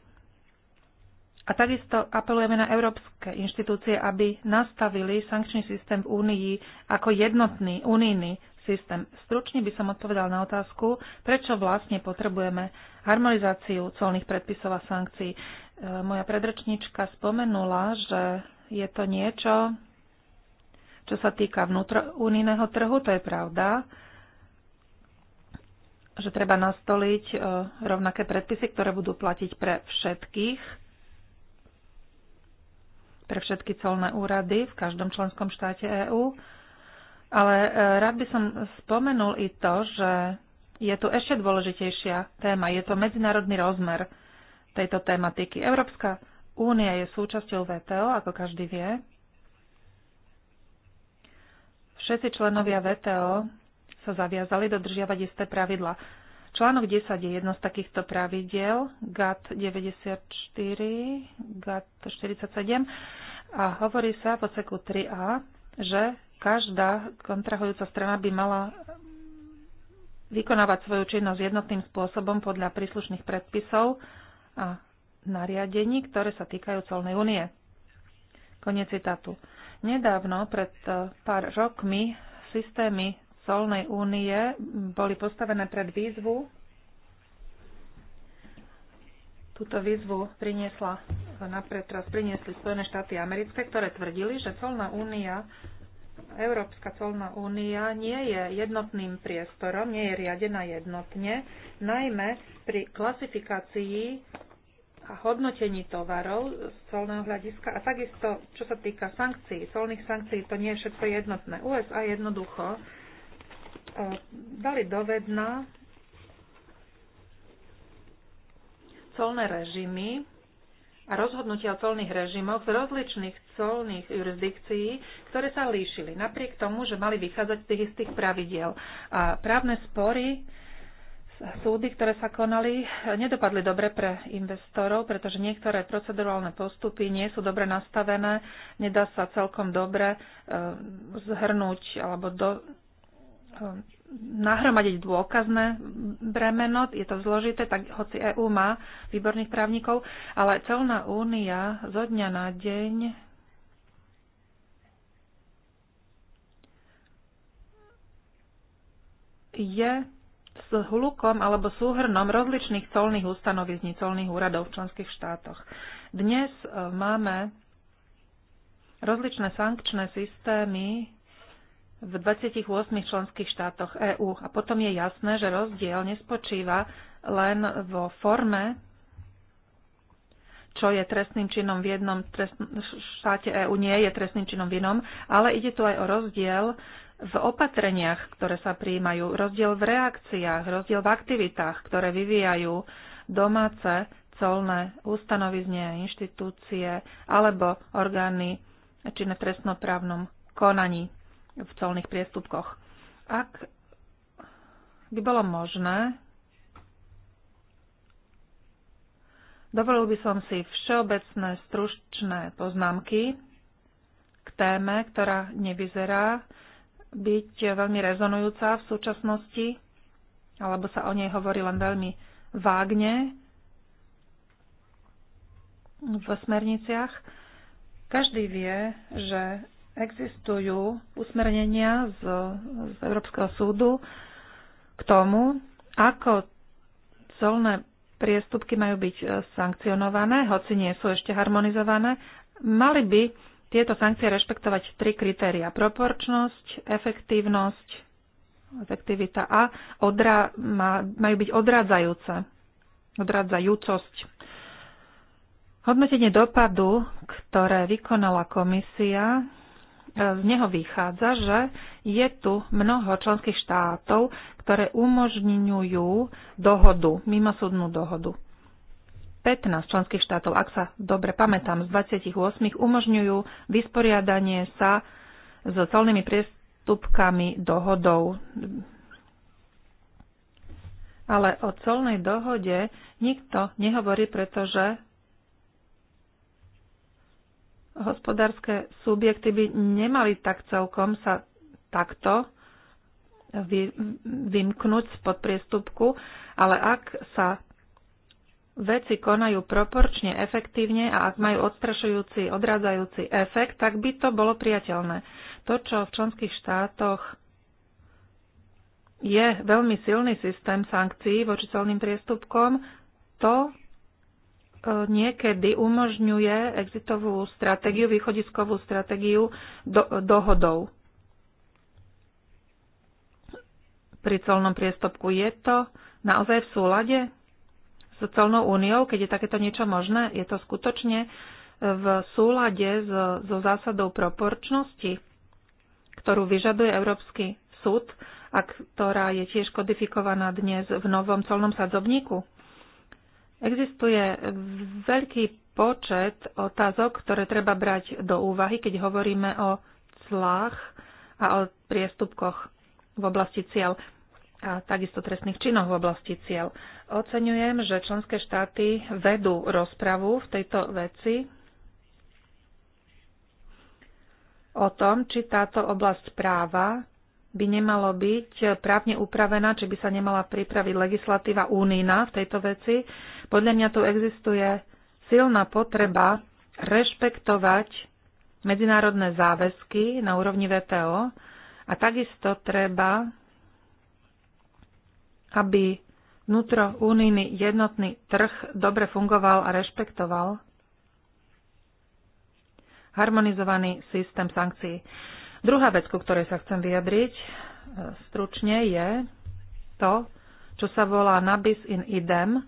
A takisto apelujeme na európske inštitúcie, aby nastavili sankčný systém v Únii ako jednotný unijný systém. Stručne by som odpovedal na otázku, prečo vlastne potrebujeme harmonizáciu colných predpisov a sankcií. E, moja predrečníčka spomenula, že je to niečo, čo sa týka vnútrounijného trhu, to je pravda, že treba nastoliť e, rovnaké predpisy, ktoré budú platiť pre všetkých pre všetky colné úrady v každom členskom štáte EÚ. Ale e, rád by som spomenul i to, že je tu ešte dôležitejšia téma. Je to medzinárodný rozmer tejto tematiky. Európska únia je súčasťou VTO, ako každý vie. Všetci členovia VTO sa zaviazali dodržiavať isté pravidla. Článok 10 je jedno z takýchto pravidiel, GAT 94, GAT 47 a hovorí sa v oceku 3a, že každá kontrahujúca strana by mala vykonávať svoju činnosť jednotným spôsobom podľa príslušných predpisov a nariadení, ktoré sa týkajú colnej únie. Konec citátu. Nedávno, pred eh, pár rokmi, systémy colnej únie boli postavené pred výzvu. Túto výzvu priniesla na teraz priniesli Spojené štáty americké, ktoré tvrdili, že colná únia, Európska colná únia nie je jednotným priestorom, nie je riadená jednotne, najmä pri klasifikácii a hodnotení tovarov z colného hľadiska a takisto, čo sa týka sankcií, colných sankcií, to nie je všetko jednotné. USA jednoducho E, dali dovedna colné režimy a rozhodnutia o colných režimoch z rozličných colných jurisdikcií, ktoré sa líšili, napriek tomu, že mali vychádzať z tých istých pravidiel. A právne spory súdy, ktoré sa konali, nedopadli dobre pre investorov, pretože niektoré procedurálne postupy nie sú dobre nastavené, nedá sa celkom dobre e, zhrnúť alebo do, Eh, nahromadiť dôkazné bremeno. Je to zložité, tak hoci EÚ má výborných právnikov, ale celná únia zo dňa na deň je s hlukom alebo súhrnom rozličných colných ustanovizní, colných úradov v členských štátoch. Dnes eh, máme rozličné sankčné systémy v 28 členských štátoch EÚ. A potom je jasné, že rozdiel nespočíva len vo forme, čo je trestným činom v jednom trestn- štáte EÚ, nie je trestným činom v inom, ale ide tu aj o rozdiel v opatreniach, ktoré sa prijímajú, rozdiel v reakciách, rozdiel v aktivitách, ktoré vyvíjajú domáce colné ustanovizne inštitúcie alebo orgány či na trestnoprávnom konaní v colných priestupkoch. Ak by bolo možné, dovolil by som si všeobecné stručné poznámky k téme, ktorá nevyzerá byť veľmi rezonujúca v súčasnosti, alebo sa o nej hovorí len veľmi vágne v smerniciach. Každý vie, že Existujú usmernenia z, z Európskeho súdu k tomu, ako colné priestupky majú byť e, sankcionované, hoci nie sú ešte harmonizované. Mali by tieto sankcie rešpektovať tri kritéria. Proporčnosť, efektívnosť, efektivita a odra, majú byť odradzajúce. Odradzajúcosť. Hodnotenie dopadu, ktoré vykonala komisia, E, z neho vychádza, že je tu mnoho členských štátov, ktoré umožňujú dohodu, mimosúdnu dohodu. 15 členských štátov, ak sa dobre pamätám, z 28 umožňujú vysporiadanie sa s colnými priestupkami dohodou. Ale o colnej dohode nikto nehovorí, pretože hospodárske subjekty by nemali tak celkom sa takto vy, vymknúť spod priestupku, ale ak sa veci konajú proporčne, efektívne a ak majú odstrašujúci, odradzajúci efekt, tak by to bolo priateľné. To, čo v členských štátoch je veľmi silný systém sankcií voči celným priestupkom, to E, niekedy umožňuje exitovú stratégiu, východiskovú stratégiu do, dohodou. Pri colnom priestupku je to naozaj v súlade s colnou úniou, keď je takéto niečo možné? Je to skutočne v súlade so, so zásadou proporčnosti, ktorú vyžaduje Európsky súd a ktorá je tiež kodifikovaná dnes v novom colnom sadzobníku? Existuje veľký počet otázok, ktoré treba brať do úvahy, keď hovoríme o clách a o priestupkoch v oblasti cieľ a takisto trestných činov v oblasti cieľ. Oceňujem, že členské štáty vedú rozpravu v tejto veci o tom, či táto oblasť práva by nemalo byť právne upravená, či by sa nemala pripraviť legislatíva únina v tejto veci. Podľa mňa tu existuje silná potreba rešpektovať medzinárodné záväzky na úrovni VTO a takisto treba, aby vnútrounijný jednotný trh dobre fungoval a rešpektoval harmonizovaný systém sankcií. Druhá vec, ku ktorej sa chcem vyjadriť e, stručne, je to, čo sa volá nabis in idem.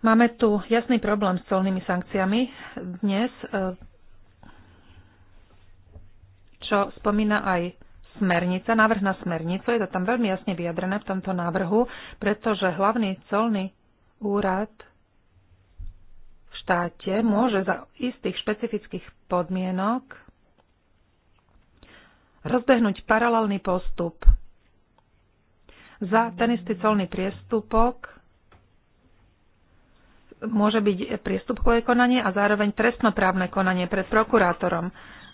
Máme tu jasný problém s colnými sankciami dnes, e, čo spomína aj smernica, návrh na smernicu. Je to tam veľmi jasne vyjadrené v tomto návrhu, pretože hlavný colný úrad v štáte môže za istých špecifických podmienok rozbehnúť paralelný postup za ten istý colný priestupok môže byť priestupkové konanie a zároveň trestnoprávne konanie pred prokurátorom.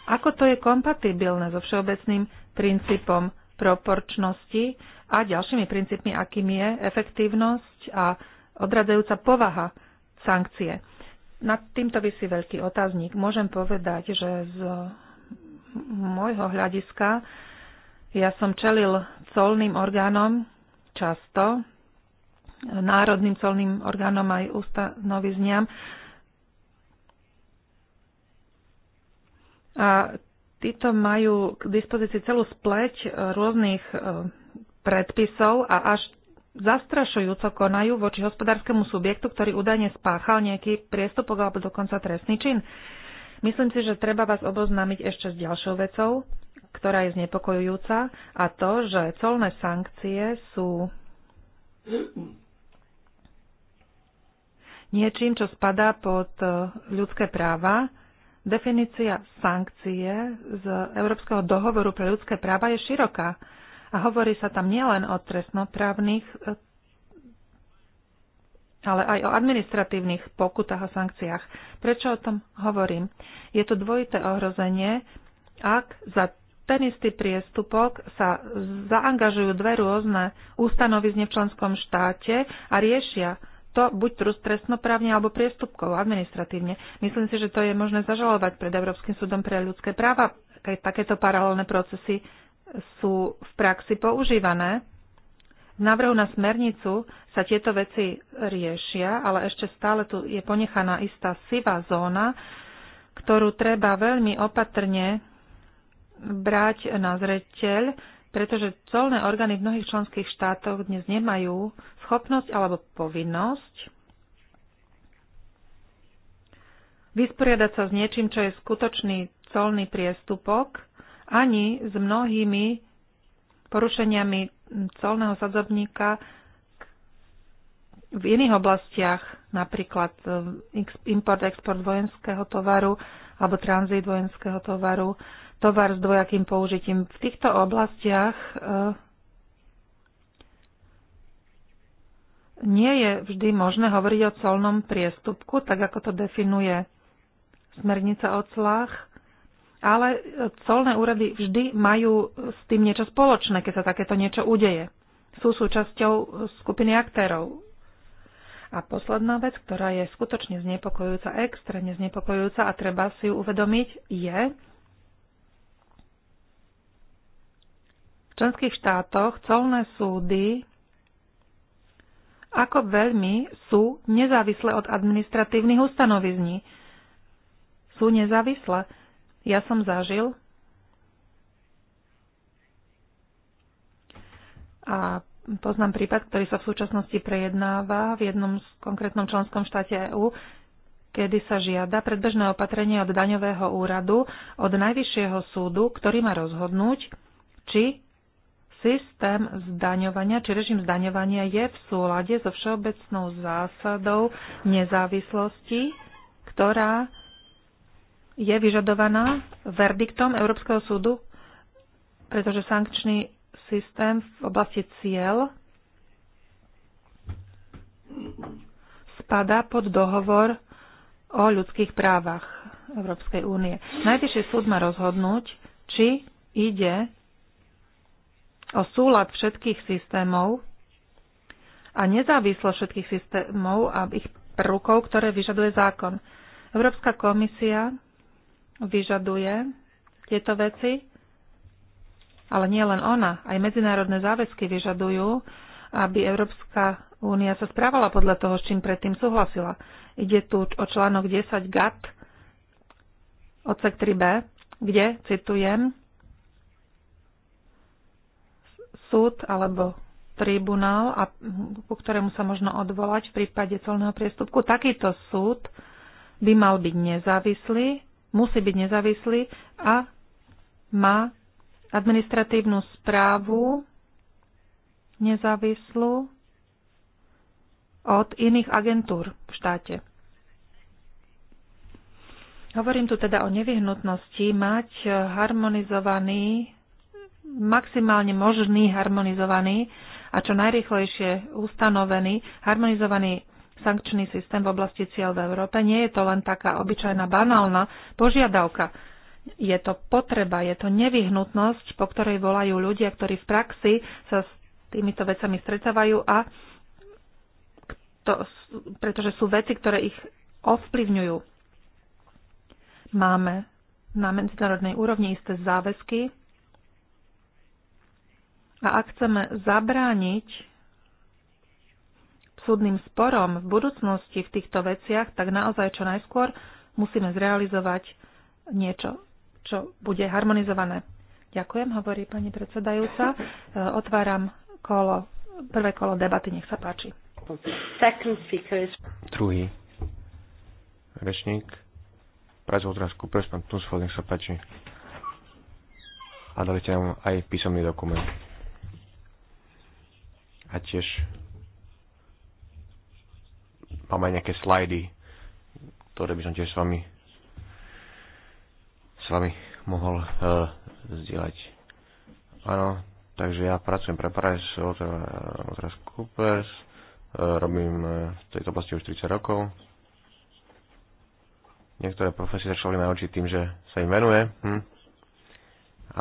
Ako to je kompatibilné so všeobecným princípom proporčnosti a ďalšími princípmi, akým je efektívnosť a odradzajúca povaha sankcie. Nad týmto vysí veľký otáznik. Môžem povedať, že z môjho hľadiska ja som čelil colným orgánom často, národným colným orgánom aj ustanovizniam. A títo majú k dispozícii celú spleť e, rôznych e, predpisov a až zastrašujúco konajú voči hospodárskemu subjektu, ktorý údajne spáchal nejaký priestupok alebo dokonca trestný čin. Myslím si, že treba vás oboznámiť ešte s ďalšou vecou, ktorá je znepokojujúca, a to, že colné sankcie sú niečím, čo spadá pod e, ľudské práva. Definícia sankcie z Európskeho dohovoru pre ľudské práva je široká a hovorí sa tam nielen o trestnoprávnych, e, ale aj o administratívnych pokutách a sankciách. Prečo o tom hovorím? Je to dvojité ohrozenie, ak za ten istý priestupok sa zaangažujú dve rôzne ústanovy v členskom štáte a riešia to buď trestnoprávne alebo priestupkov administratívne. Myslím si, že to je možné zažalovať pred Európskym súdom pre ľudské práva, keď takéto paralelné procesy sú v praxi používané. V návrhu na smernicu sa tieto veci riešia, ale ešte stále tu je ponechaná istá sivá zóna, ktorú treba veľmi opatrne brať na zreteľ, pretože colné orgány v mnohých členských štátoch dnes nemajú schopnosť alebo povinnosť vysporiadať sa s niečím, čo je skutočný colný priestupok, ani s mnohými porušeniami colného sadzobníka v iných oblastiach, napríklad eh, import-export vojenského tovaru alebo tranzit vojenského tovaru, tovar s dvojakým použitím. V týchto oblastiach eh, nie je vždy možné hovoriť o colnom priestupku, tak ako to definuje smernica o clách, ale eh, colné úrady vždy majú s tým niečo spoločné, keď sa takéto niečo udeje. Sú súčasťou eh, skupiny aktérov. A posledná vec, ktorá je skutočne znepokojujúca, extrémne znepokojujúca a treba si ju uvedomiť, je, členských štátoch colné súdy ako veľmi sú nezávislé od administratívnych ustanovizní. Sú nezávislé. Ja som zažil a poznám prípad, ktorý sa v súčasnosti prejednáva v jednom z konkrétnom členskom štáte EÚ, kedy sa žiada predbežné opatrenie od daňového úradu, od najvyššieho súdu, ktorý má rozhodnúť, či systém zdaňovania či režim zdaňovania je v súlade so všeobecnou zásadou nezávislosti, ktorá je vyžadovaná verdiktom Európskeho súdu, pretože sankčný systém v oblasti cieľ spada pod dohovor o ľudských právach Európskej únie. Najvyšší súd má rozhodnúť, či ide o súlad všetkých systémov a nezávislo všetkých systémov a ich prvkov, ktoré vyžaduje zákon. Európska komisia vyžaduje tieto veci, ale nie len ona, aj medzinárodné záväzky vyžadujú, aby Európska únia sa správala podľa toho, s čím predtým súhlasila. Ide tu o článok 10 GATT, odsek 3b, kde, citujem, súd alebo tribunál, a, ku ktorému sa možno odvolať v prípade colného priestupku, takýto súd by mal byť nezávislý, musí byť nezávislý a má administratívnu správu nezávislú od iných agentúr v štáte. Hovorím tu teda o nevyhnutnosti mať harmonizovaný maximálne možný harmonizovaný a čo najrychlejšie ustanovený harmonizovaný sankčný systém v oblasti cieľ v Európe. Nie je to len taká obyčajná banálna požiadavka. Je to potreba, je to nevyhnutnosť, po ktorej volajú ľudia, ktorí v praxi sa s týmito vecami stretávajú a to, pretože sú veci, ktoré ich ovplyvňujú. Máme na medzinárodnej úrovni isté záväzky, a ak chceme zabrániť súdnym sporom v budúcnosti v týchto veciach, tak naozaj čo najskôr musíme zrealizovať niečo, čo bude harmonizované. Ďakujem, hovorí pani predsedajúca. E, otváram kolo, prvé kolo debaty, nech sa páči. Druhý rečník. Prezvo otázku, pres pán nech sa páči. A dali aj písomný dokument. A tiež mám aj nejaké slajdy, ktoré by som tiež s vami s vami mohol uh, zdieľať. Áno, takže ja pracujem pre Price eh, Coopers, uh, robím uh, v tejto oblasti už 30 rokov. Niektoré profesie človek naučí tým, že sa im venuje. Hm?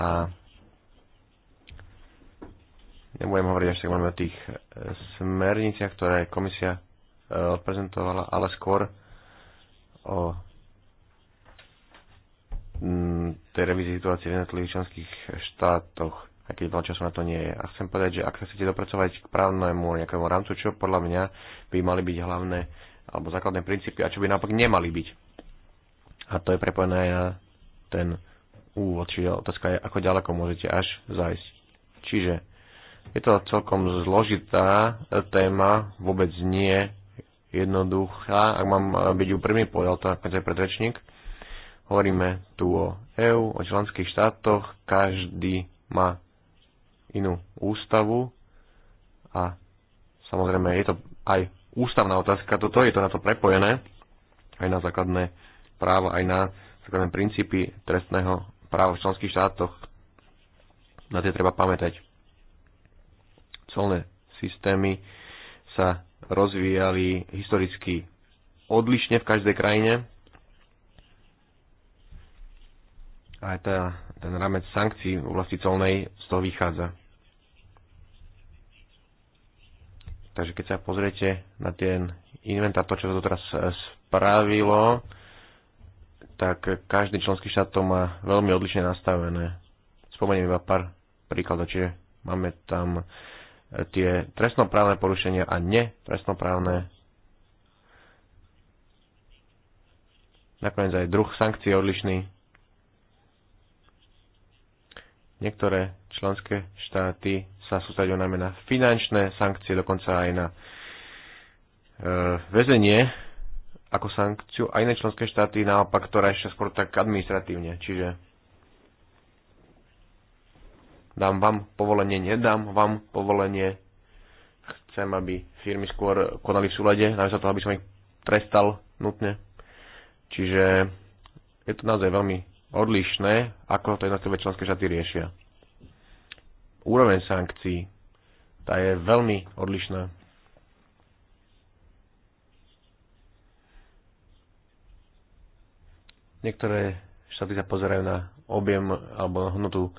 A Nebudem hovoriť až tak veľmi o tých e, smerniciach, ktoré komisia e, odprezentovala, ale skôr o mm, tej revízii situácie v jednotlivých členských štátoch, aj keď veľa času na to nie je. A chcem povedať, že ak sa chcete dopracovať k právnemu nejakému rámcu, čo podľa mňa by mali byť hlavné alebo základné princípy a čo by naopak nemali byť. A to je prepojené aj na ten úvod, čiže otázka je, ako ďaleko môžete až zajsť. Čiže je to celkom zložitá e, téma, vôbec nie jednoduchá. Ak mám e, byť úprimný, povedal to aj predrečník. Hovoríme tu o EÚ, o členských štátoch, každý má inú ústavu a samozrejme je to aj ústavná otázka, toto je to na to prepojené, aj na základné práva, aj na základné princípy trestného práva v členských štátoch. Na tie treba pamätať colné systémy sa rozvíjali historicky odlišne v každej krajine. Aj tá, ten ramec sankcií v oblasti colnej z toho vychádza. Takže keď sa pozriete na ten inventár, to, čo sa teraz eh, spravilo, tak každý členský štát to má veľmi odlišne nastavené. Spomeniem iba pár príkladov, čiže máme tam tie trestnoprávne porušenia a netrestnoprávne nakoniec aj druh sankcií odlišný. Niektoré členské štáty sa sústredujú najmä na finančné sankcie, dokonca aj na e, väzenie ako sankciu a iné členské štáty naopak, ktoré ešte skôr tak administratívne. Čiže dám vám povolenie, nedám vám povolenie. Chcem, aby firmy skôr konali v súlade, namiesto toho, aby som ich trestal nutne. Čiže je to naozaj veľmi odlišné, ako to jednotlivé členské štáty riešia. Úroveň sankcií, tá je veľmi odlišná. Niektoré štáty sa pozerajú na objem alebo na hodnotu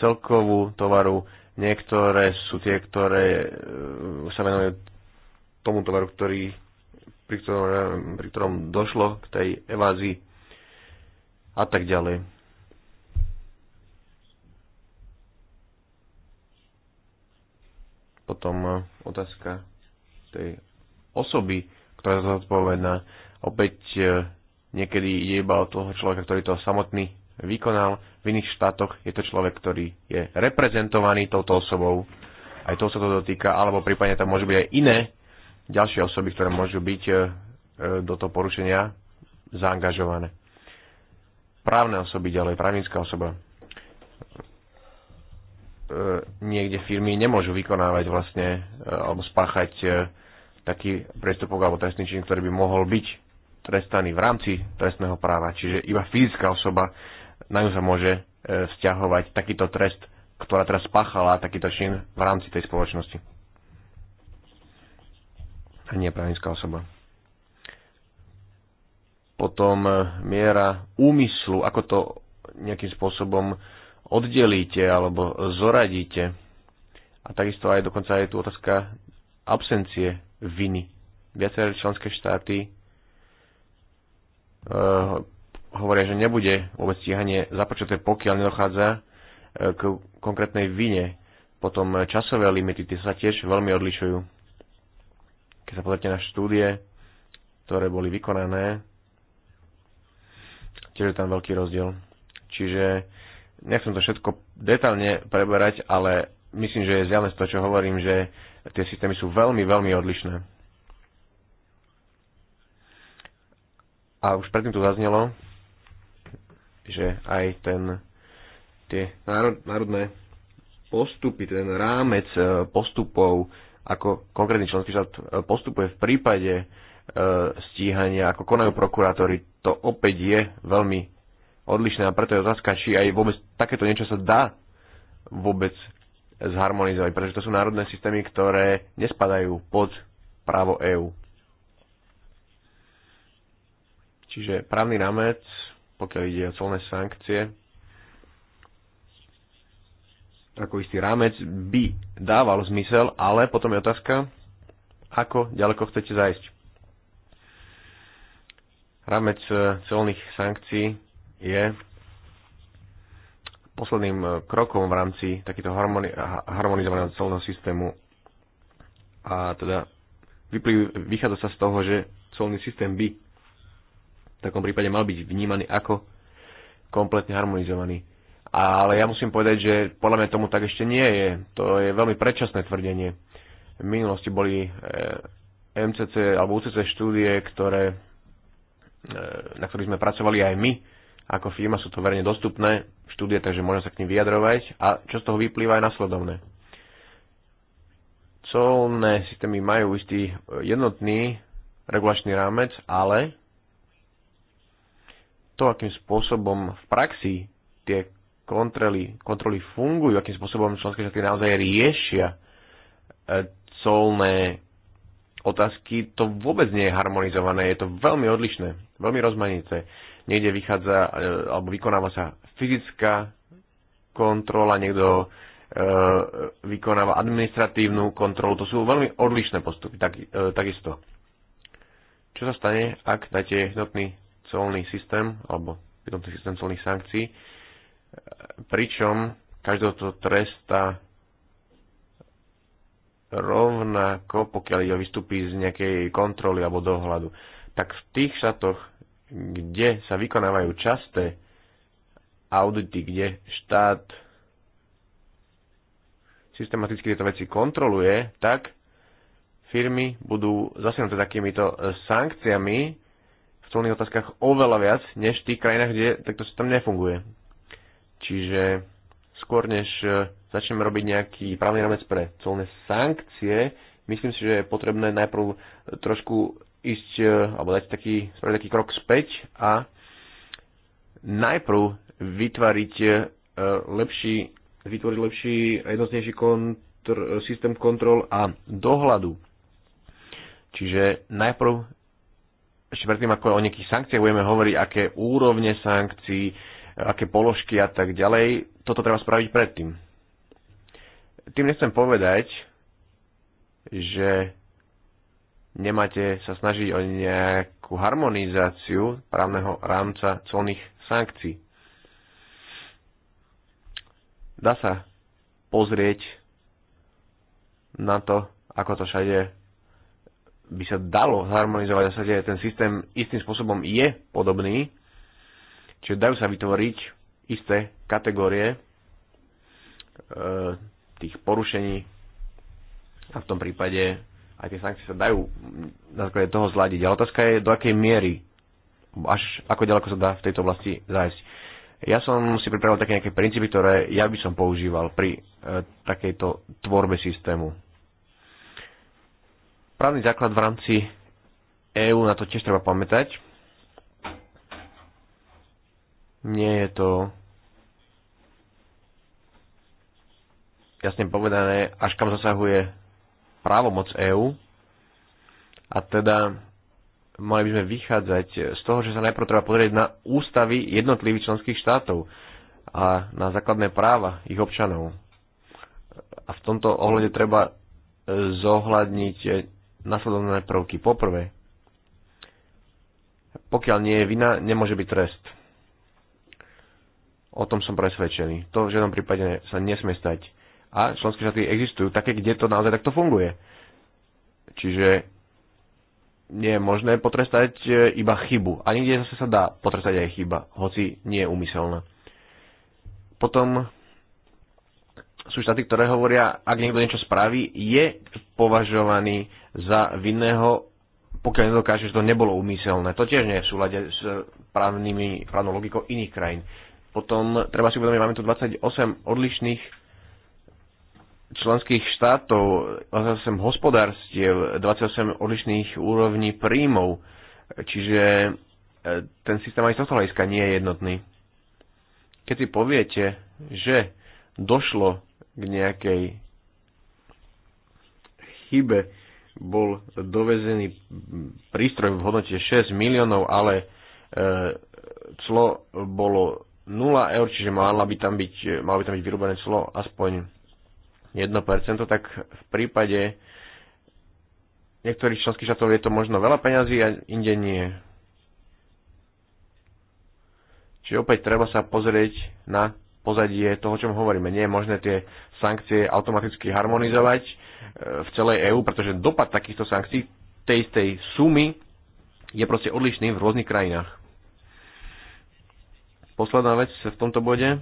celkovú tovaru. Niektoré sú tie, ktoré e, sa venujú tomu tovaru, ktorý, pri, ktorom, pri ktorom došlo k tej evázii a tak ďalej. Potom e, otázka tej osoby, ktorá je zodpovedná. Opäť e, niekedy ide iba o toho človeka, ktorý to samotný vykonal. V iných štátoch je to človek, ktorý je reprezentovaný touto osobou, aj toho sa to dotýka, alebo prípadne tam môžu byť aj iné ďalšie osoby, ktoré môžu byť e, e, do toho porušenia zaangažované. Právne osoby ďalej, právnická osoba. E, niekde firmy nemôžu vykonávať vlastne alebo spáchať taký prestupok alebo trestný čin, ktorý by mohol byť trestaný v rámci trestného práva. Čiže iba fyzická osoba na ňu sa môže e, vzťahovať takýto trest, ktorá teraz spáchala takýto čin v rámci tej spoločnosti. A nie právnická osoba. Potom e, miera úmyslu, ako to nejakým spôsobom oddelíte alebo zoradíte. A takisto aj dokonca je tu otázka absencie viny. Viaceré členské štáty e, hovoria, že nebude vôbec stíhanie započaté, pokiaľ nedochádza e, k konkrétnej vine. Potom e, časové limity, tie sa tiež veľmi odlišujú. Keď sa pozrite na štúdie, ktoré boli vykonané, tiež je tam veľký rozdiel. Čiže nechcem to všetko detálne preberať, ale myslím, že je zjavné z toho, čo hovorím, že tie systémy sú veľmi, veľmi odlišné. A už predtým tu zaznelo, že aj ten, tie národ, národné postupy, ten rámec e, postupov, ako konkrétny členský štát e, postupuje v prípade e, stíhania, ako konajú prokurátori, to opäť je veľmi odlišné a preto je otázka, či aj vôbec takéto niečo sa dá vôbec zharmonizovať, pretože to sú národné systémy, ktoré nespadajú pod právo EÚ. Čiže právny rámec pokiaľ ide o colné sankcie, ako istý rámec by dával zmysel, ale potom je otázka, ako ďaleko chcete zajsť. Rámec e, celných sankcií je posledným e, krokom v rámci takýto harmonizovaného celného systému. A teda vychádza sa z toho, že celný systém by v takom prípade mal byť vnímaný ako kompletne harmonizovaný. Ale ja musím povedať, že podľa mňa tomu tak ešte nie je. To je veľmi predčasné tvrdenie. V minulosti boli e, MCC alebo UCC štúdie, ktoré, e, na ktorých sme pracovali aj my ako firma, sú to verejne dostupné štúdie, takže môžem sa k nim vyjadrovať. A čo z toho vyplýva aj nasledovné. Colné systémy majú istý jednotný regulačný rámec, ale to, akým spôsobom v praxi tie kontroly, kontroly fungujú, akým spôsobom členské štáty naozaj riešia e, colné otázky, to vôbec nie je harmonizované, je to veľmi odlišné, veľmi rozmanité. Niekde vychádza e, alebo vykonáva sa fyzická kontrola, niekto e, vykonáva administratívnu kontrolu, to sú veľmi odlišné postupy, tak, takisto. Čo sa stane, ak dáte jednotný colný systém, alebo jednotný systém colných sankcií, pričom každého to tresta rovnako, pokiaľ ide o z nejakej kontroly alebo dohľadu. Tak v tých štátoch, kde sa vykonávajú časté audity, kde štát systematicky tieto veci kontroluje, tak firmy budú zasiahnuté takýmito sankciami aktuálnych otázkach oveľa viac, než v tých krajinách, kde takto sa tam nefunguje. Čiže skôr než e, začneme robiť nejaký právny ramec pre colné sankcie, myslím si, že je potrebné najprv trošku ísť, e, alebo dať taký, spraviť taký krok späť a najprv vytvoriť e, lepší, vytvoriť lepší a jednotnejší kontr, systém kontrol a dohľadu. Čiže najprv ešte predtým, ako o nejakých sankciách budeme hovoriť, aké úrovne sankcií, aké položky a tak ďalej, toto treba spraviť predtým. Tým nechcem povedať, že nemáte sa snažiť o nejakú harmonizáciu právneho rámca colných sankcií. Dá sa pozrieť na to, ako to všade by sa dalo zharmonizovať v zásade ten systém istým spôsobom je podobný, čiže dajú sa vytvoriť isté kategórie e, tých porušení a v tom prípade aj tie sankcie sa dajú na základe toho zladiť. Ale otázka je, do akej miery, až ako ďaleko sa dá v tejto oblasti zájsť. Ja som si pripravil také nejaké princípy, ktoré ja by som používal pri e, takejto tvorbe systému Právny základ v rámci EÚ na to tiež treba pamätať. Nie je to jasne povedané, až kam zasahuje právomoc EÚ. A teda mali by sme vychádzať z toho, že sa najprv treba pozrieť na ústavy jednotlivých členských štátov a na základné práva ich občanov. A v tomto ohľade treba zohľadniť nasledovné prvky. Poprvé, pokiaľ nie je vina, nemôže byť trest. O tom som presvedčený. To v žiadnom prípade sa nesmie stať. A členské štáty existujú také, kde to naozaj takto funguje. Čiže nie je možné potrestať e, iba chybu. A niekde zase sa dá potrestať aj chyba, hoci nie je úmyselná. Potom sú štáty, ktoré hovoria, ak niekto niečo spraví, je považovaný za vinného, pokiaľ nedokáže, že to nebolo úmyselné. To tiež nie je v súlade s právnymi, právnou logikou iných krajín. Potom treba si uvedomiť, máme tu 28 odlišných členských štátov, 28 hospodárstiev, 28 odlišných úrovní príjmov. Čiže e, ten systém aj z tohto hľadiska nie je jednotný. Keď si poviete, že došlo k nejakej chybe bol dovezený prístroj v hodnote 6 miliónov, ale e, clo bolo 0 eur, čiže malo by tam byť, malo by tam byť vyrobené clo aspoň 1%, tak v prípade niektorých členských štátov je to možno veľa peňazí a inde nie. Čiže opäť treba sa pozrieť na pozadie toho, o čom hovoríme. Nie je možné tie sankcie automaticky harmonizovať, v celej EÚ, pretože dopad takýchto sankcií tej istej sumy je proste odlišný v rôznych krajinách. Posledná vec v tomto bode.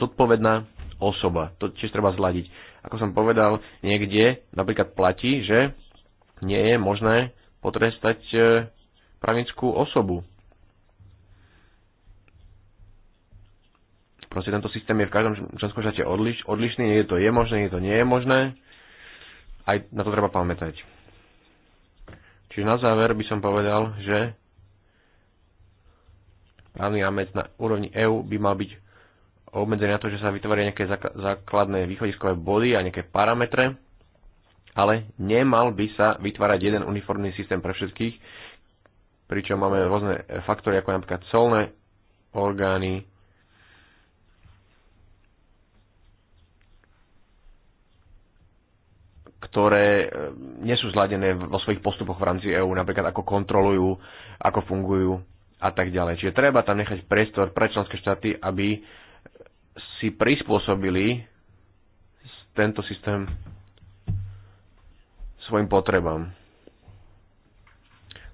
Zodpovedná osoba. To tiež treba zladiť. Ako som povedal, niekde napríklad platí, že nie je možné potrestať e, pravnickú osobu. Proste tento systém je v každom členskom štáte odliš, odlišný, nie je to je možné, nie je to nie je možné. Aj na to treba pamätať. Čiže na záver by som povedal, že právny rámec na úrovni EÚ by mal byť obmedzený na to, že sa vytvoria nejaké základné východiskové body a nejaké parametre, ale nemal by sa vytvárať jeden uniformný systém pre všetkých, pričom máme rôzne faktory, ako napríklad colné orgány, ktoré eh, nie sú zladené vo svojich postupoch v rámci EÚ, napríklad ako kontrolujú, ako fungujú a tak ďalej. Čiže treba tam nechať priestor pre členské štáty, aby si prispôsobili tento systém svojim potrebám.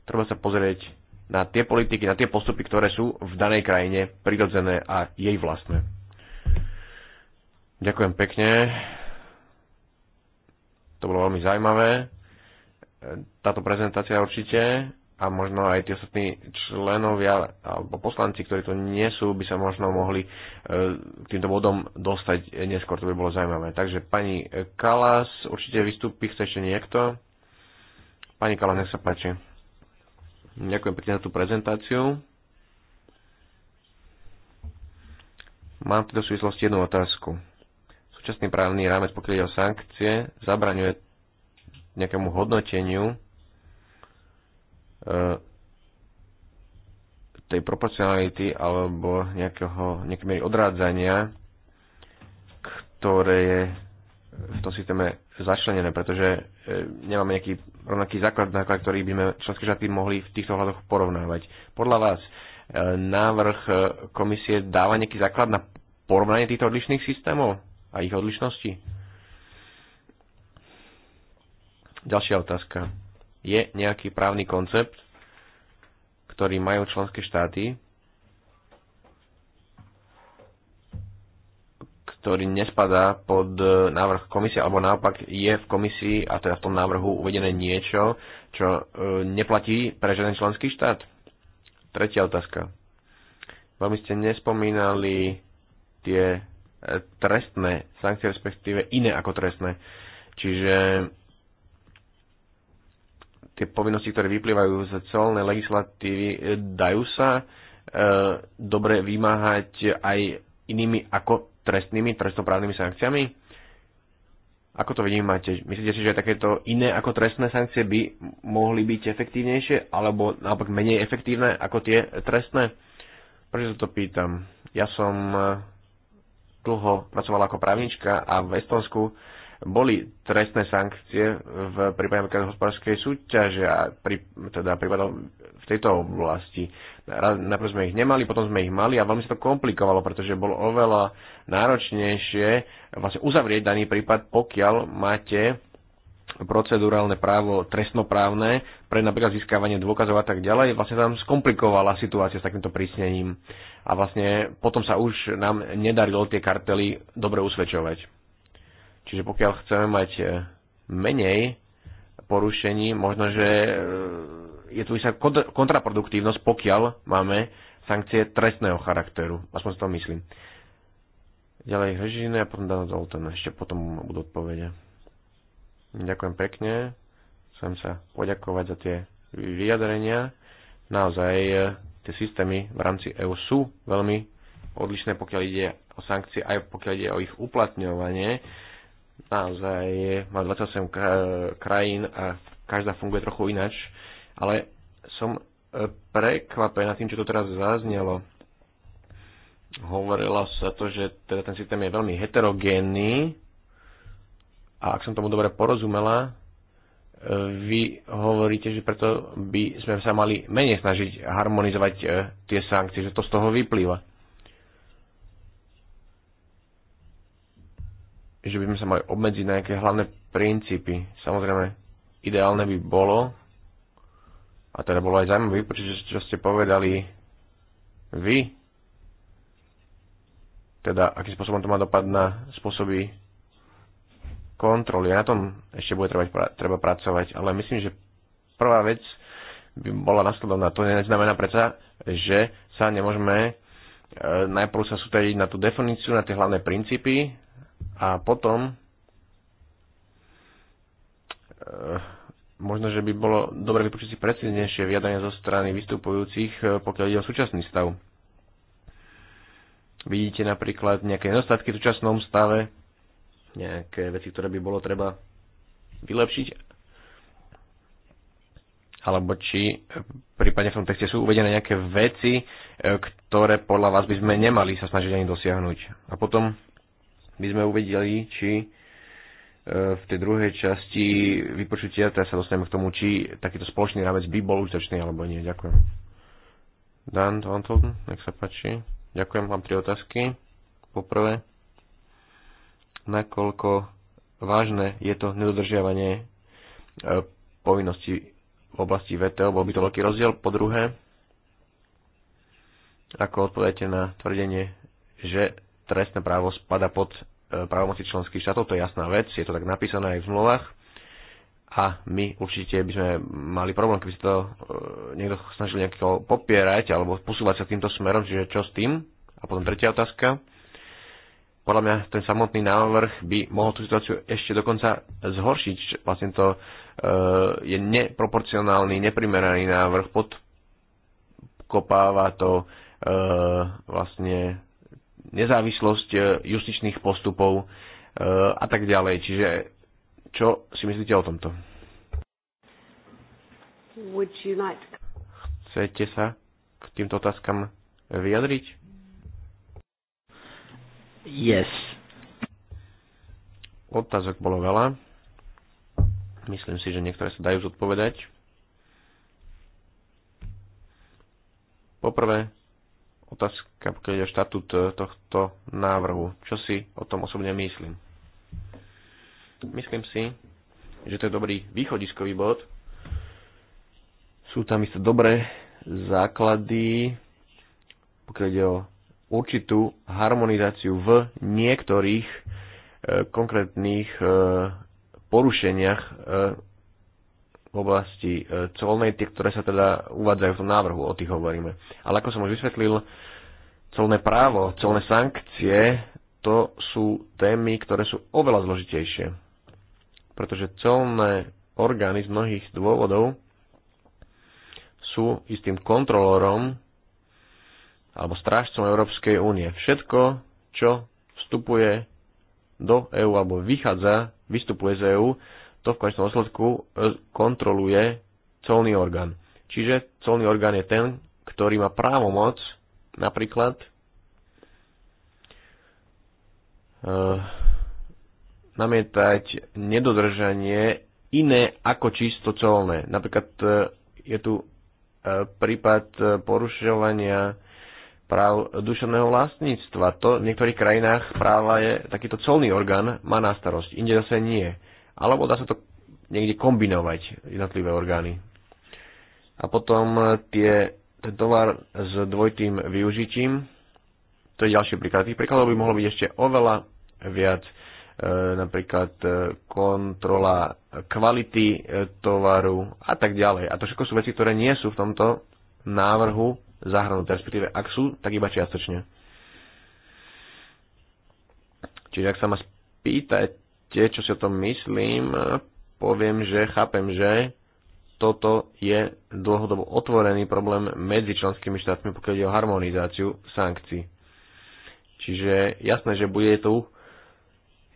Treba sa pozrieť na tie politiky, na tie postupy, ktoré sú v danej krajine prirodzené a jej vlastné. Ďakujem pekne. To bolo veľmi zaujímavé. Táto prezentácia určite a možno aj tí ostatní členovia alebo poslanci, ktorí to nie sú, by sa možno mohli e, k týmto bodom dostať neskôr, to by bolo zaujímavé. Takže pani Kalas, určite vystúpi, chce ešte niekto? Pani Kalas, nech sa páči. Ďakujem pekne za tú prezentáciu. Mám v tejto súvislosti jednu otázku súčasný právny rámec, pokiaľ ide o sankcie, zabraňuje nejakému hodnoteniu e, tej proporcionality alebo nejakého, nejaké odrádzania, ktoré je v tom systéme začlenené, pretože e, nemáme nejaký rovnaký základ, na ktorý by sme členské štáty mohli v týchto hľadoch porovnávať. Podľa vás e, návrh komisie dáva nejaký základ na porovnanie týchto odlišných systémov? a ich odlišnosti? Ďalšia otázka. Je nejaký právny koncept, ktorý majú členské štáty, ktorý nespadá pod e, návrh komisie, alebo naopak je v komisii, a teda v tom návrhu uvedené niečo, čo e, neplatí pre žiaden členský štát? Tretia otázka. Veľmi ste nespomínali tie trestné sankcie, respektíve iné ako trestné. Čiže tie povinnosti, ktoré vyplývajú z celnej legislatívy, e, dajú sa e, dobre vymáhať aj inými ako trestnými, trestnoprávnymi sankciami? Ako to vnímate? Myslíte si, že takéto iné ako trestné sankcie by mohli byť efektívnejšie alebo naopak menej efektívne ako tie trestné? Prečo sa to pýtam? Ja som e, dlho pracovala ako právnička a v Estonsku boli trestné sankcie v prípade napríklad hospodárskej súťaže a pri, teda prípadom v tejto oblasti. Najprv sme ich nemali, potom sme ich mali a veľmi sa to komplikovalo, pretože bolo oveľa náročnejšie vlastne uzavrieť daný prípad, pokiaľ máte procedurálne právo trestnoprávne pre napríklad získavanie dôkazov a tak ďalej, vlastne tam skomplikovala situácia s takýmto prísnením. A vlastne potom sa už nám nedarilo tie kartely dobre usvedčovať. Čiže pokiaľ chceme mať e, menej porušení, možno, že e, je tu istá kontraproduktívnosť, pokiaľ máme sankcie trestného charakteru. Aspoň si to myslím. Ďalej Hežine a potom Dana Zoltán. Ešte potom budú odpovede. Ďakujem pekne. Chcem sa poďakovať za tie vyjadrenia. Naozaj e, tie systémy v rámci EU sú veľmi odlišné, pokiaľ ide o sankcie, aj pokiaľ ide o ich uplatňovanie. Naozaj e, má 28 e, krajín a každá funguje trochu inač, ale som prekvapená tým, čo to teraz zaznelo. Hovorilo sa to, že teda ten systém je veľmi heterogénny, a ak som tomu dobre porozumela, e, vy hovoríte, že preto by sme sa mali menej snažiť harmonizovať e, tie sankcie, že to z toho vyplýva. Že by sme sa mali obmedziť na nejaké hlavné princípy. Samozrejme, ideálne by bolo, a teda bolo aj zaujímavé vypočuť, čo ste povedali vy, teda akým spôsobom to má dopad na spôsoby kontroly. Na tom ešte bude trebať, treba pracovať, ale myslím, že prvá vec by bola nasledovná. To neznamená predsa, že sa nemôžeme e, najprv sa sústrediť na tú definíciu, na tie hlavné princípy a potom e, možno, že by bolo dobre vypočuť si precíznejšie vyjadrenia zo strany vystupujúcich, e, pokiaľ ide o súčasný stav. Vidíte napríklad nejaké nedostatky v súčasnom stave, nejaké veci, ktoré by bolo treba vylepšiť? Alebo či prípadne v tom texte sú uvedené nejaké veci, e, ktoré podľa vás by sme nemali sa snažiť ani dosiahnuť. A potom by sme uvedeli, či e, v tej druhej časti vypočutia, teraz sa dostaneme k tomu, či takýto spoločný rámec by bol užitočný alebo nie. Ďakujem. Dan Anton, nech sa páči. Ďakujem, mám tri otázky. Poprvé, nakoľko vážne je to nedodržiavanie e, povinností v oblasti VTO, bol by to veľký rozdiel. Po druhé, ako odpovedete na tvrdenie, že trestné právo spada pod e, právomoci členských štátov, to je jasná vec, je to tak napísané aj v zmluvách a my určite by sme mali problém, keby sa to e, niekto snažil nejako popierať alebo posúvať sa týmto smerom, čiže čo s tým? A potom tretia otázka podľa mňa ten samotný návrh by mohol tú situáciu ešte dokonca zhoršiť. Vlastne to eh, je neproporcionálny, neprimeraný návrh, podkopáva to eh, vlastne nezávislosť eh, justičných postupov a tak ďalej. Čiže čo si myslíte o tomto? Would you like... Chcete sa k týmto otázkam vyjadriť? Yes. Otázok bolo veľa. Myslím si, že niektoré sa dajú zodpovedať. Poprvé, otázka, keď je o štatút eh, tohto návrhu. Čo si o tom osobne myslím? Myslím si, že to je dobrý východiskový bod. Sú tam isté dobré základy, pokiaľ ide o určitú harmonizáciu v niektorých e, konkrétnych e, porušeniach e, v oblasti e, colnej, tie, ktoré sa teda uvádzajú v tom návrhu, o tých hovoríme. Ale ako som už vysvetlil, colné právo, colné sankcie, to sú témy, ktoré sú oveľa zložitejšie. Pretože colné orgány z mnohých dôvodov sú istým kontrolorom alebo strážcom Európskej únie. Všetko, čo vstupuje do EÚ alebo vychádza, vystupuje z EÚ, to v konečnom dôsledku e, kontroluje colný orgán. Čiže colný orgán je ten, ktorý má právomoc napríklad e, namietať nedodržanie iné ako čisto colné. Napríklad e, je tu e, prípad e, porušovania práv duševného vlastníctva. To v niektorých krajinách práva je takýto colný orgán má na starosť, inde zase nie. Alebo dá sa to niekde kombinovať, jednotlivé orgány. A potom eh, tie, ten tovar s dvojitým využitím, to je ďalší príklad. Tých príkladov by mohlo byť ešte oveľa viac. E, napríklad e, kontrola kvality e, tovaru a tak ďalej. A to všetko sú veci, ktoré nie sú v tomto návrhu zahrnuté, respektíve ak sú, tak iba čiastočne. Čiže ak sa ma spýtate, čo si o tom myslím, poviem, že chápem, že toto je dlhodobo otvorený problém medzi členskými štátmi, pokiaľ ide o harmonizáciu sankcií. Čiže jasné, že bude tu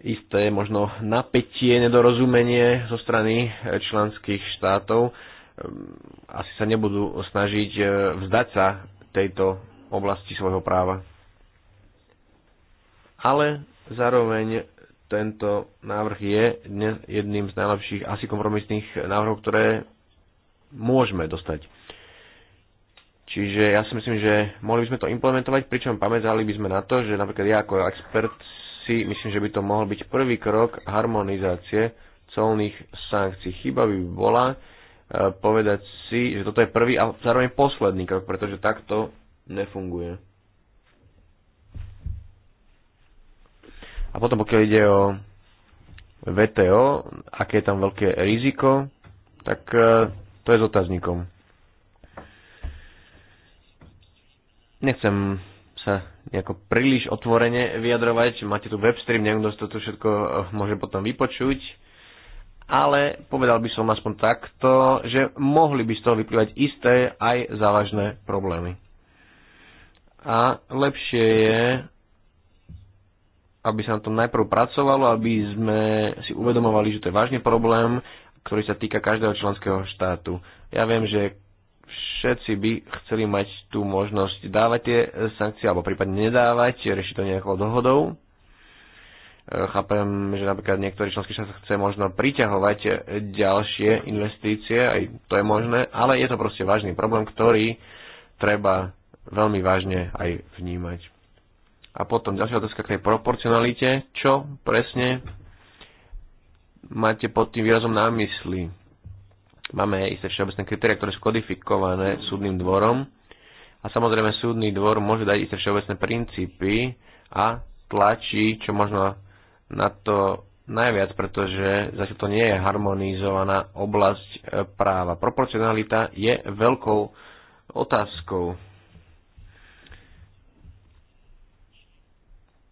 isté možno napätie, nedorozumenie zo strany členských štátov, Ehm, asi sa nebudú snažiť e, vzdať sa tejto oblasti svojho práva. Ale zároveň tento návrh je dnes jedným z najlepších asi kompromisných návrhov, ktoré môžeme dostať. Čiže ja si myslím, že mohli by sme to implementovať, pričom pamätali by sme na to, že napríklad ja ako expert si myslím, že by to mohol byť prvý krok harmonizácie colných sankcií. Chyba by bola, povedať si, že toto je prvý a zároveň posledný krok, pretože takto nefunguje. A potom pokiaľ ide o VTO, aké je tam veľké riziko, tak e, to je s otáznikom. Nechcem sa nejako príliš otvorene vyjadrovať. Máte tu webstream, neviem, kto to všetko e, môže potom vypočuť ale povedal by som aspoň takto, že mohli by z toho vyplývať isté aj závažné problémy. A lepšie je, aby sa na tom najprv pracovalo, aby sme si uvedomovali, že to je vážny problém, ktorý sa týka každého členského štátu. Ja viem, že všetci by chceli mať tú možnosť dávať tie sankcie alebo prípadne nedávať, riešiť to nejakou dohodou, Chápem, že napríklad niektorý členský štát chce možno priťahovať ďalšie investície, aj to je možné, ale je to proste vážny problém, ktorý treba veľmi vážne aj vnímať. A potom ďalšia otázka k tej proporcionalite. Čo presne máte pod tým výrazom na mysli? Máme isté všeobecné kritéria, ktoré sú kodifikované súdnym dvorom. A samozrejme súdny dvor môže dať isté všeobecné princípy a tlačí čo možno na to najviac, pretože zatiaľ to nie je harmonizovaná oblasť e, práva. Proporcionalita je veľkou otázkou.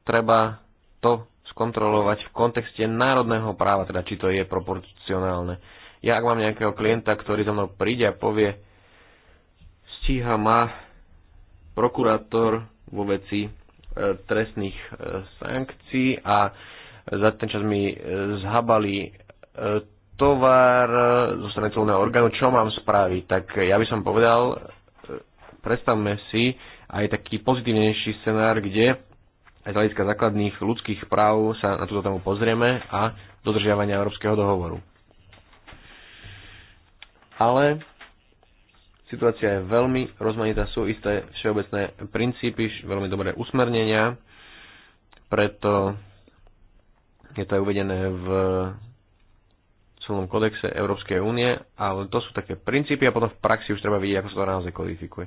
Treba to skontrolovať v kontexte národného práva, teda či to je proporcionálne. Ja ak mám nejakého klienta, ktorý za mnou príde a povie, stíha ma prokurátor vo veci e, trestných e, sankcií a za ten čas mi e, zhabali e, tovar e, zo strany celného orgánu, čo mám spraviť? Tak ja by som povedal, predstavme si aj taký pozitívnejší scenár, kde aj z hľadiska základných ľudských práv sa na túto tému pozrieme a dodržiavania Európskeho dohovoru. Ale situácia je veľmi rozmanitá, sú isté všeobecné princípy, veľmi dobré usmernenia, preto je to aj uvedené v celom kodexe Európskej únie, ale to sú také princípy a potom v praxi už treba vidieť, ako sa to naozaj kodifikuje.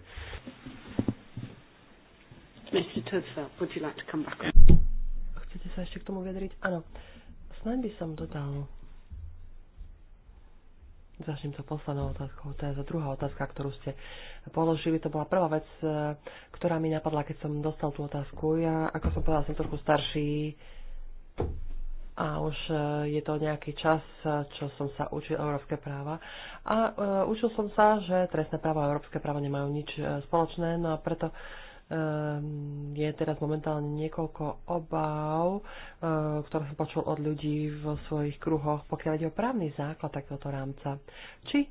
Chcete sa ešte k tomu vyjadriť? Áno. Snaď by som dodal. Začnem sa poslednou otázkou. To je za druhá otázka, ktorú ste položili. To bola prvá vec, eh, ktorá mi napadla, keď som dostal tú otázku. Ja, ako som povedal, som trochu starší a už e, je to nejaký čas, e, čo som sa učil európske práva. A e, učil som sa, že trestné právo a európske právo nemajú nič spoločné, no a preto ehm, je teraz momentálne niekoľko obav, ktoré som počul od ľudí v svojich kruhoch, pokiaľ ide o právny základ takéhoto rámca. Či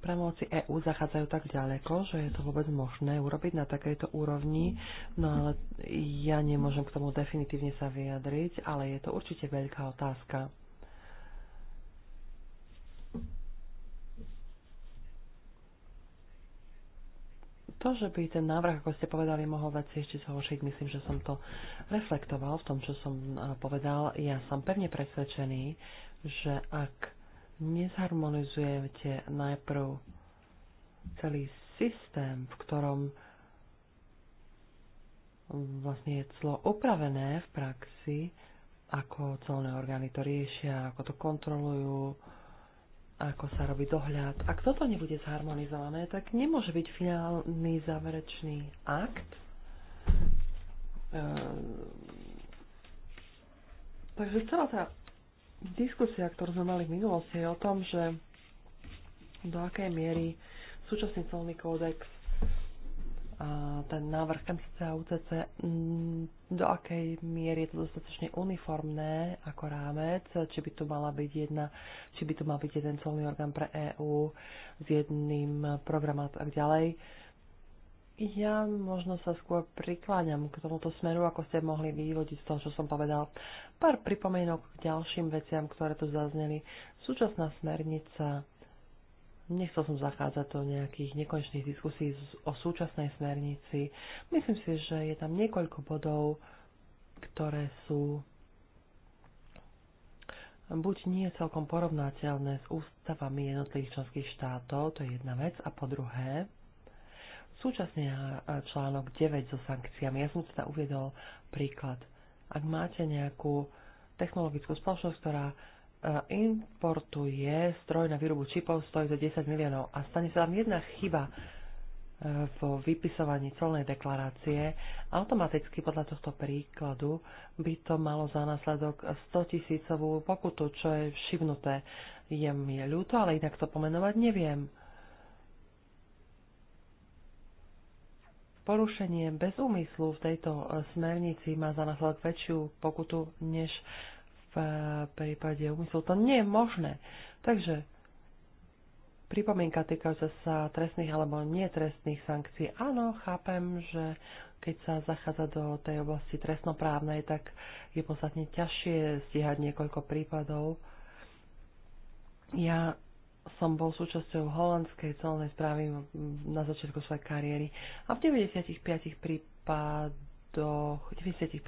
Právomoci EÚ zachádzajú tak ďaleko, že je to vôbec možné urobiť na takejto úrovni, no ale ja nemôžem k tomu definitívne sa vyjadriť, ale je to určite veľká otázka. To, že by ten návrh, ako ste povedali, mohol veci ešte zhoršiť, myslím, že som to reflektoval v tom, čo som povedal. Ja som pevne presvedčený, že ak nezharmonizujete najprv celý systém, v ktorom vlastne je clo upravené v praxi, ako colné orgány to riešia, ako to kontrolujú, ako sa robí dohľad. Ak toto nebude zharmonizované, tak nemôže byť finálny záverečný akt. Ehm, takže celá tá Diskusia, ktorú sme mali v minulosti, je o tom, že do akej miery súčasný celný kódex a ten návrh MCC a UCC, mm, do akej miery je to dostatočne uniformné ako rámec, či by tu mala byť jedna, či by tu mal byť jeden celný orgán pre EÚ s jedným programom a tak ďalej. Ja možno sa skôr prikláňam k tomuto smeru, ako ste mohli vyvodiť z toho, čo som povedal. Pár pripomienok k ďalším veciam, ktoré tu zazneli. Súčasná smernica, nechcel som zachádzať do nejakých nekonečných diskusí o súčasnej smernici. Myslím si, že je tam niekoľko bodov, ktoré sú buď nie celkom porovnateľné s ústavami jednotlivých členských štátov, to je jedna vec, a po druhé, Súčasne článok 9 so sankciami. Ja som teda uviedol príklad. Ak máte nejakú technologickú spoločnosť, ktorá e, importuje stroj na výrobu čipov, stojí za 10 miliónov a stane sa tam jedna chyba e, v vypisovaní celnej deklarácie, automaticky podľa tohto príkladu by to malo za následok 100 tisícovú pokutu, čo je všimnuté. Je mi ľúto, ale inak to pomenovať neviem. porušenie bez úmyslu v tejto e, smernici má za následok väčšiu pokutu než v e, prípade úmyslu. To nie je možné. Takže pripomienka týkajúca sa trestných alebo netrestných sankcií. Áno, chápem, že keď sa zachádza do tej oblasti trestnoprávnej, tak je podstatne ťažšie stíhať niekoľko prípadov. Ja som bol súčasťou holandskej celnej správy na začiatku svojej kariéry a v 95 prípadoch, 95%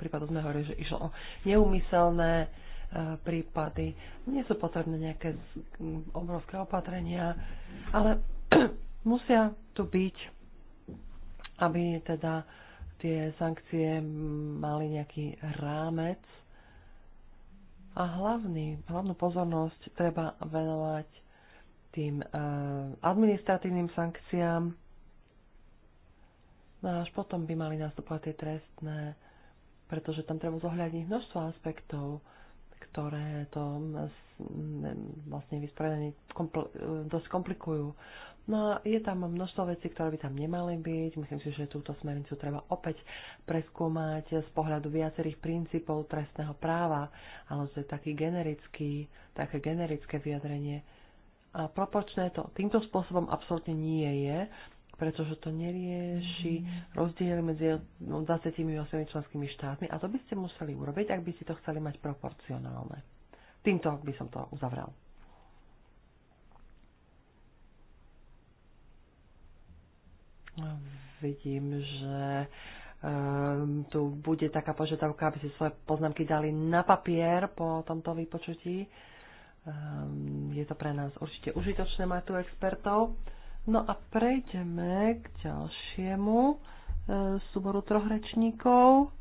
prípadov sme hovorili, že išlo o neumyselné e, prípady. Nie sú potrebné nejaké obrovské opatrenia, ale musia tu byť, aby teda tie sankcie mali nejaký rámec a hlavný, hlavnú pozornosť treba venovať tým eh, administratívnym sankciám. No a až potom by mali nastupovať tie trestné, pretože tam treba zohľadniť množstvo aspektov, ktoré to mm, mm, vlastne vysporiadanie eh, dosť komplikujú. No a je tam množstvo vecí, ktoré by tam nemali byť. Myslím si, že túto smernicu treba opäť preskúmať z pohľadu viacerých princípov trestného práva, ale to je taký generický, také generické vyjadrenie. A proporčné to týmto spôsobom absolútne nie je pretože to nerieši rozdiel medzi 28 členskými štátmi a to by ste museli urobiť, ak by ste to chceli mať proporcionálne. Týmto by som to uzavrel. Vidím, že ehm, tu bude taká požiadavka, aby si svoje poznámky dali na papier po tomto vypočutí. Ehm, je to pre nás určite užitočné mať tu expertov. No a prejdeme k ďalšiemu ehm, súboru troch rečníkov.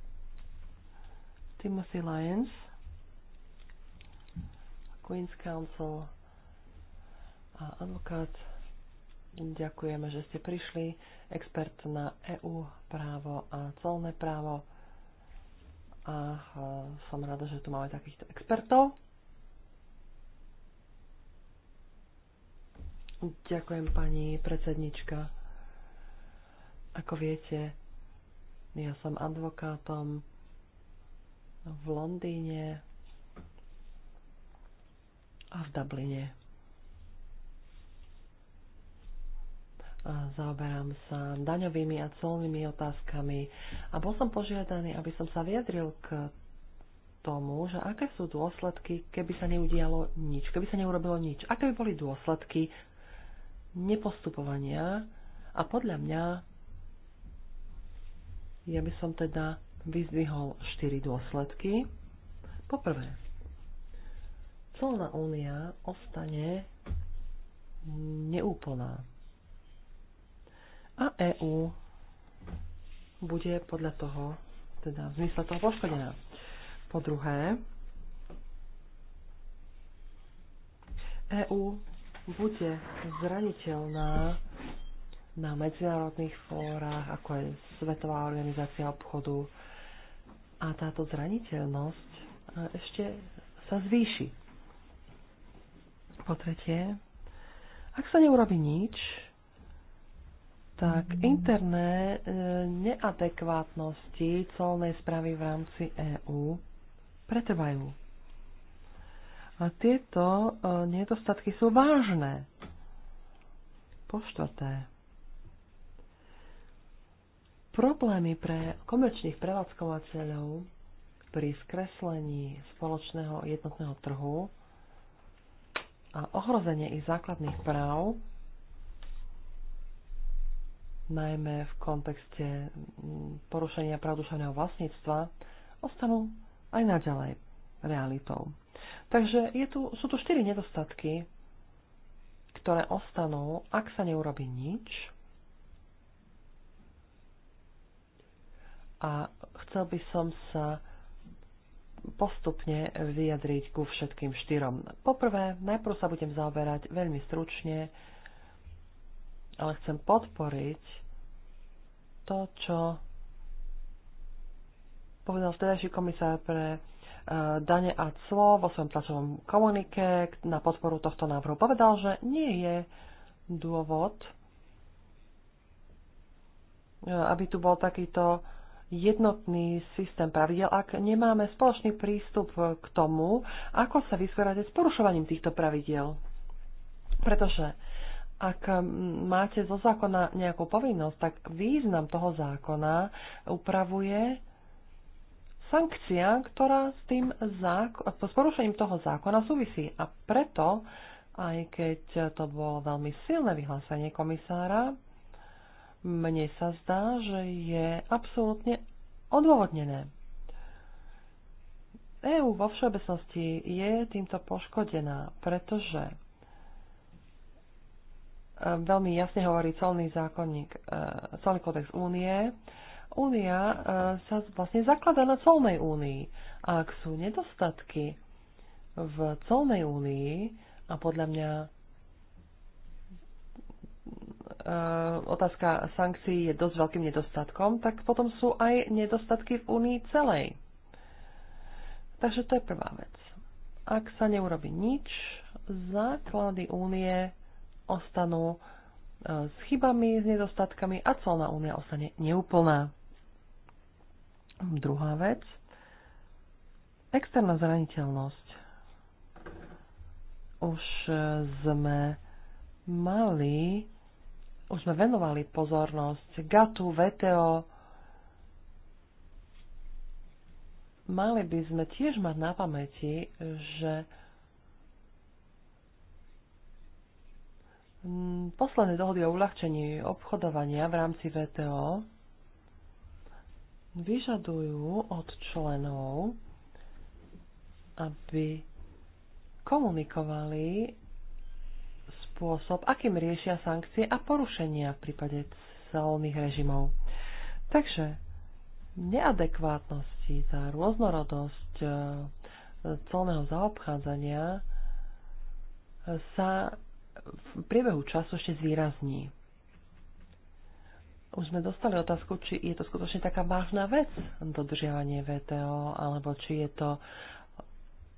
Timothy Lyons, Queen's Council a advokát Ďakujeme, že ste prišli. Expert na EU právo a colné právo. A e, som rada, že tu máme takýchto expertov. Ďakujem, pani predsednička. Ako viete, ja som advokátom v Londýne a v Dubline. zaoberám sa daňovými a colnými otázkami a bol som požiadaný, aby som sa vyjadril k tomu, že aké sú dôsledky, keby sa neudialo nič, keby sa neurobilo nič, aké by boli dôsledky nepostupovania a podľa mňa ja by som teda vyzdvihol štyri dôsledky. Poprvé, celná únia ostane neúplná a EÚ bude podľa toho, teda v zmysle toho poškodená. Po druhé, EÚ bude zraniteľná na medzinárodných fórach, ako je Svetová organizácia obchodu. A táto zraniteľnosť ešte sa zvýši. Po tretie, ak sa neurobi nič, tak interné e, neadekvátnosti colnej správy v rámci EÚ pretrvajú. A tieto e, nedostatky sú vážne. Po štvrté, problémy pre komerčných prevádzkovateľov pri skreslení spoločného jednotného trhu a ohrozenie ich základných práv najmä v kontexte mm, porušenia práv vlastníctva, ostanú aj naďalej realitou. Takže je tu, sú tu štyri nedostatky, ktoré ostanú, ak sa neurobi nič. A chcel by som sa postupne vyjadriť ku všetkým štyrom. Poprvé, najprv sa budem zaoberať veľmi stručne ale chcem podporiť to, čo povedal vtedajší komisár pre e, dane a clo vo svojom tlačovom komunike na podporu tohto návrhu. Povedal, že nie je dôvod, e, aby tu bol takýto jednotný systém pravidel, ak nemáme spoločný prístup k tomu, ako sa vysporiadať s porušovaním týchto pravidel. Pretože ak mm, máte zo zákona nejakú povinnosť, tak význam toho zákona upravuje sankcia, ktorá s tým zákon, s porušením toho zákona súvisí. A preto, aj keď to bolo veľmi silné vyhlásenie komisára, mne sa zdá, že je absolútne odôvodnené. EÚ vo všeobecnosti je týmto poškodená, pretože veľmi jasne hovorí celný zákonník, e, celý kódex únie. Únia e, sa vlastne zaklada na colnej únii. A ak sú nedostatky v colnej únii, a podľa mňa e, otázka sankcií je dosť veľkým nedostatkom, tak potom sú aj nedostatky v únii celej. Takže to je prvá vec. Ak sa neurobi nič, základy únie ostanú e, s chybami, s nedostatkami a colná únia ostane neúplná. Druhá vec. Externá zraniteľnosť. Už e, sme mali, už sme venovali pozornosť GATU, VTO. Mali by sme tiež mať na pamäti, že Mm, posledné dohody o uľahčení obchodovania v rámci VTO vyžadujú od členov, aby komunikovali spôsob, akým riešia sankcie a porušenia v prípade celných režimov. Takže neadekvátnosti za rôznorodosť e, celného zaobchádzania sa v priebehu času ešte zvýrazní. Už sme dostali otázku, či je to skutočne taká vážna vec, dodržiavanie VTO, alebo či je to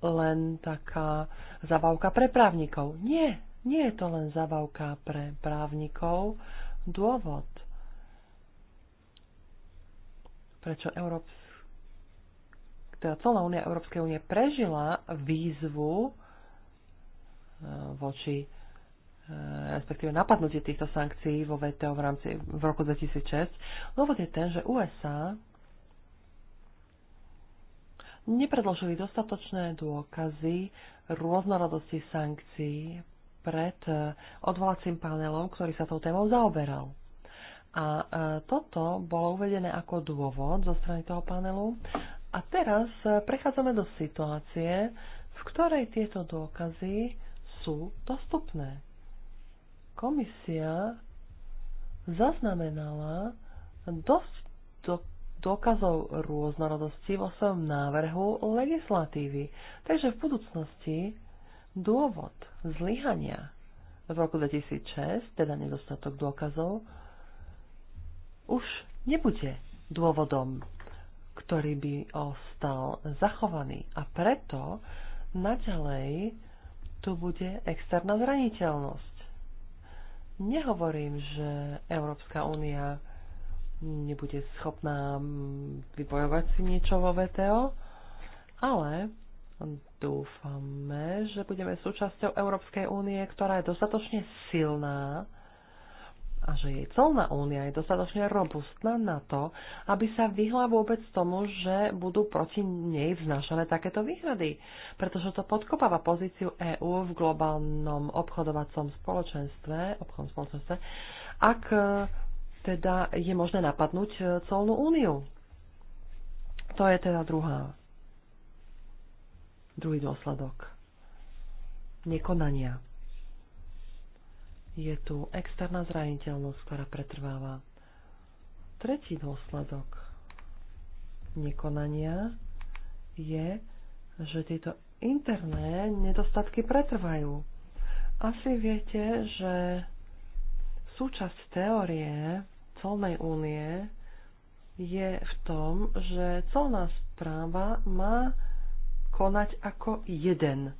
len taká zabavka pre právnikov. Nie, nie je to len zabavka pre právnikov. Dôvod, prečo Európs... teda celá únia Európskej únie prežila výzvu eh, voči E, respektíve napadnutie týchto sankcií vo VTO v, rámci, v roku 2006. Dôvod je ten, že USA nepredložili dostatočné dôkazy rôznorodosti sankcií pred e, odvolacím panelom, ktorý sa tou témou zaoberal. A e, toto bolo uvedené ako dôvod zo strany toho panelu. A teraz prechádzame do situácie, v ktorej tieto dôkazy sú dostupné komisia zaznamenala dosť do, dôkazov rôznorodosti vo svojom návrhu legislatívy. Takže v budúcnosti dôvod zlyhania v roku 2006, teda nedostatok dôkazov, už nebude dôvodom, ktorý by ostal zachovaný. A preto naďalej tu bude externá zraniteľnosť. Nehovorím, že Európska únia nebude schopná mm, vybojovať si niečo vo VTO, ale dúfame, že budeme súčasťou Európskej únie, ktorá je dostatočne silná, a že jej colná únia je dostatočne robustná na to, aby sa vyhla vôbec tomu, že budú proti nej vznášané takéto výhrady, pretože to podkopáva pozíciu EÚ v globálnom obchodovacom spoločenstve, obchodnom spoločenstve, ak e, teda je možné napadnúť e, colnú úniu. To je teda druhá, druhý dôsledok nekonania je tu externá zraniteľnosť, ktorá pretrváva. Tretí dôsledok nekonania je, že tieto interné nedostatky pretrvajú. Asi viete, že súčasť teórie colnej únie je v tom, že colná správa má konať ako jeden.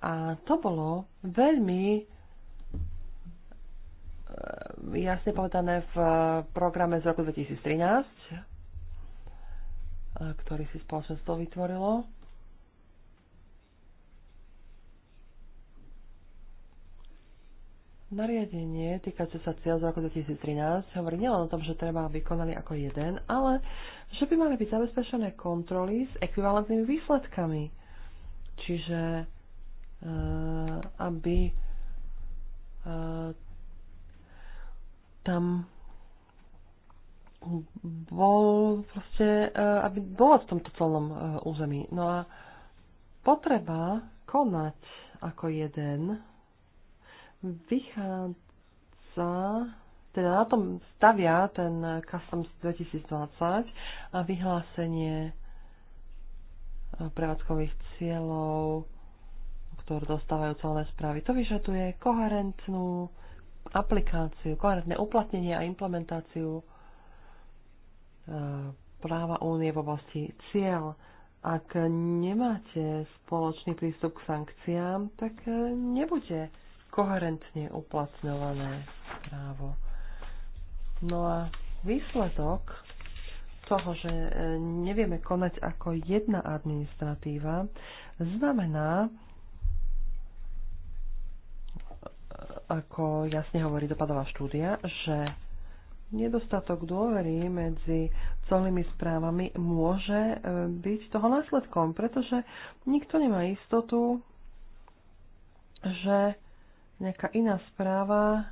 A to bolo veľmi E, jasne povedané v e, programe z roku 2013, e, ktorý si spoločenstvo vytvorilo. Nariadenie týkajúce sa cieľ z roku 2013 hovorí nielen o tom, že treba aby konali ako jeden, ale že by mali byť zabezpečené kontroly s ekvivalentnými výsledkami. Čiže aby tam bol proste, e, aby bola v tomto celom e, území. No a potreba konať ako jeden vychádza, teda na tom stavia ten Customs 2020 a vyhlásenie e, prevádzkových cieľov, ktoré dostávajú celé správy. To vyžaduje koherentnú aplikáciu, konkrétne uplatnenie a implementáciu e, práva únie v oblasti cieľ. Ak nemáte spoločný prístup k sankciám, tak e, nebude koherentne uplatňované právo. No a výsledok toho, že e, nevieme konať ako jedna administratíva, znamená, ako jasne hovorí dopadová štúdia, že nedostatok dôvery medzi celými správami môže e, byť toho následkom, pretože nikto nemá istotu, že nejaká iná správa e,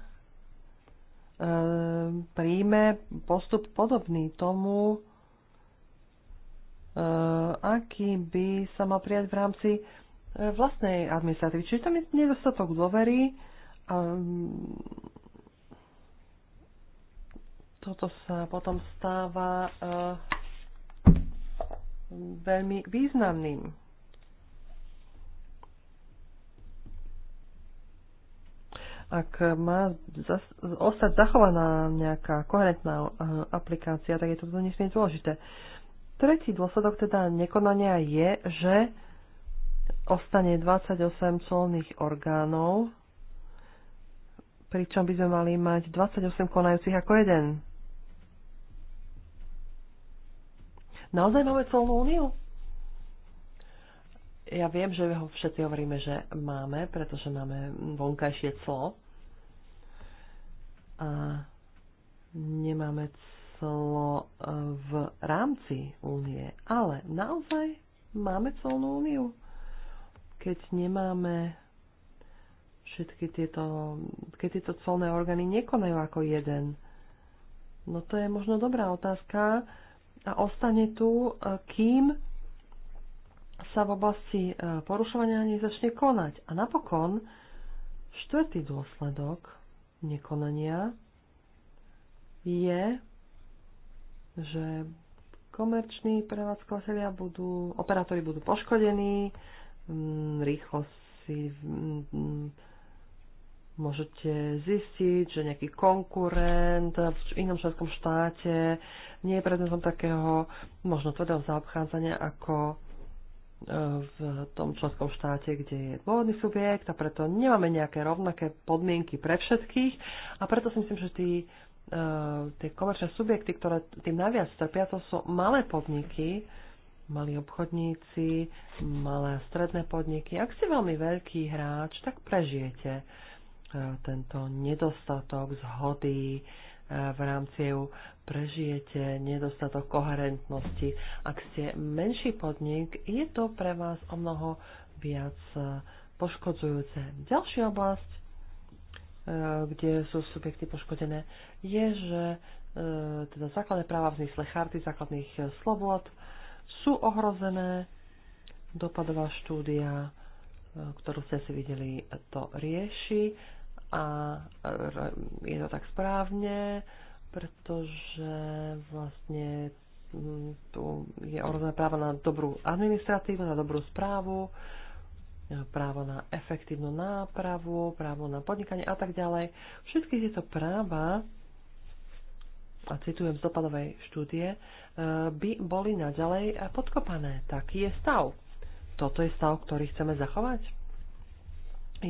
príjme postup podobný tomu, e, aký by sa mal prijať v rámci e, vlastnej administratívy. Čiže tam je nedostatok dôvery, Um, toto sa potom stáva uh, veľmi významným. ak má zas, ostať zachovaná nejaká koherentná eh, aplikácia, tak je to nesmierne dôležité. Tretí dôsledok teda nekonania je, že ostane 28 colných orgánov, pričom by sme mali mať 28 konajúcich ako jeden. Naozaj máme celnú úniu? Ja viem, že ho všetci hovoríme, že máme, pretože máme vonkajšie clo. A nemáme clo e, v rámci únie, ale naozaj máme colnú úniu. Keď nemáme všetky tieto, keď tieto colné orgány nekonajú ako jeden? No to je možno dobrá otázka a ostane tu, e, kým sa v oblasti e, porušovania nezačne konať. A napokon, štvrtý dôsledok nekonania je, že komerční prevádzkovateľia budú, operátori budú poškodení, rýchlosť si môžete zistiť, že nejaký konkurent v inom členskom štáte nie je predmetom takého možno tvrdého zaobchádzania ako e, v tom členskom štáte, kde je dôvodný subjekt a preto nemáme nejaké rovnaké podmienky pre všetkých a preto si myslím, že tí, e, tie komerčné subjekty, ktoré tým najviac trpia, to sú malé podniky, malí obchodníci, malé a stredné podniky. Ak ste veľmi veľký hráč, tak prežijete tento nedostatok zhody e, v rámci EU prežijete nedostatok koherentnosti. Ak ste menší podnik, je to pre vás o mnoho viac e, poškodzujúce. Ďalšia oblasť, e, kde sú subjekty poškodené, je, že teda základné práva v zmysle charty základných slobod sú ohrozené. Dopadová štúdia, ktorú ste si videli, to rieši a je to tak správne, pretože vlastne mm, tu je ohrozené právo na dobrú administratívu, na dobrú správu, e, právo na efektívnu nápravu, právo na podnikanie a tak ďalej. Všetky tieto práva, a citujem z dopadovej štúdie, e, by boli naďalej podkopané. Taký je stav. Toto je stav, ktorý chceme zachovať?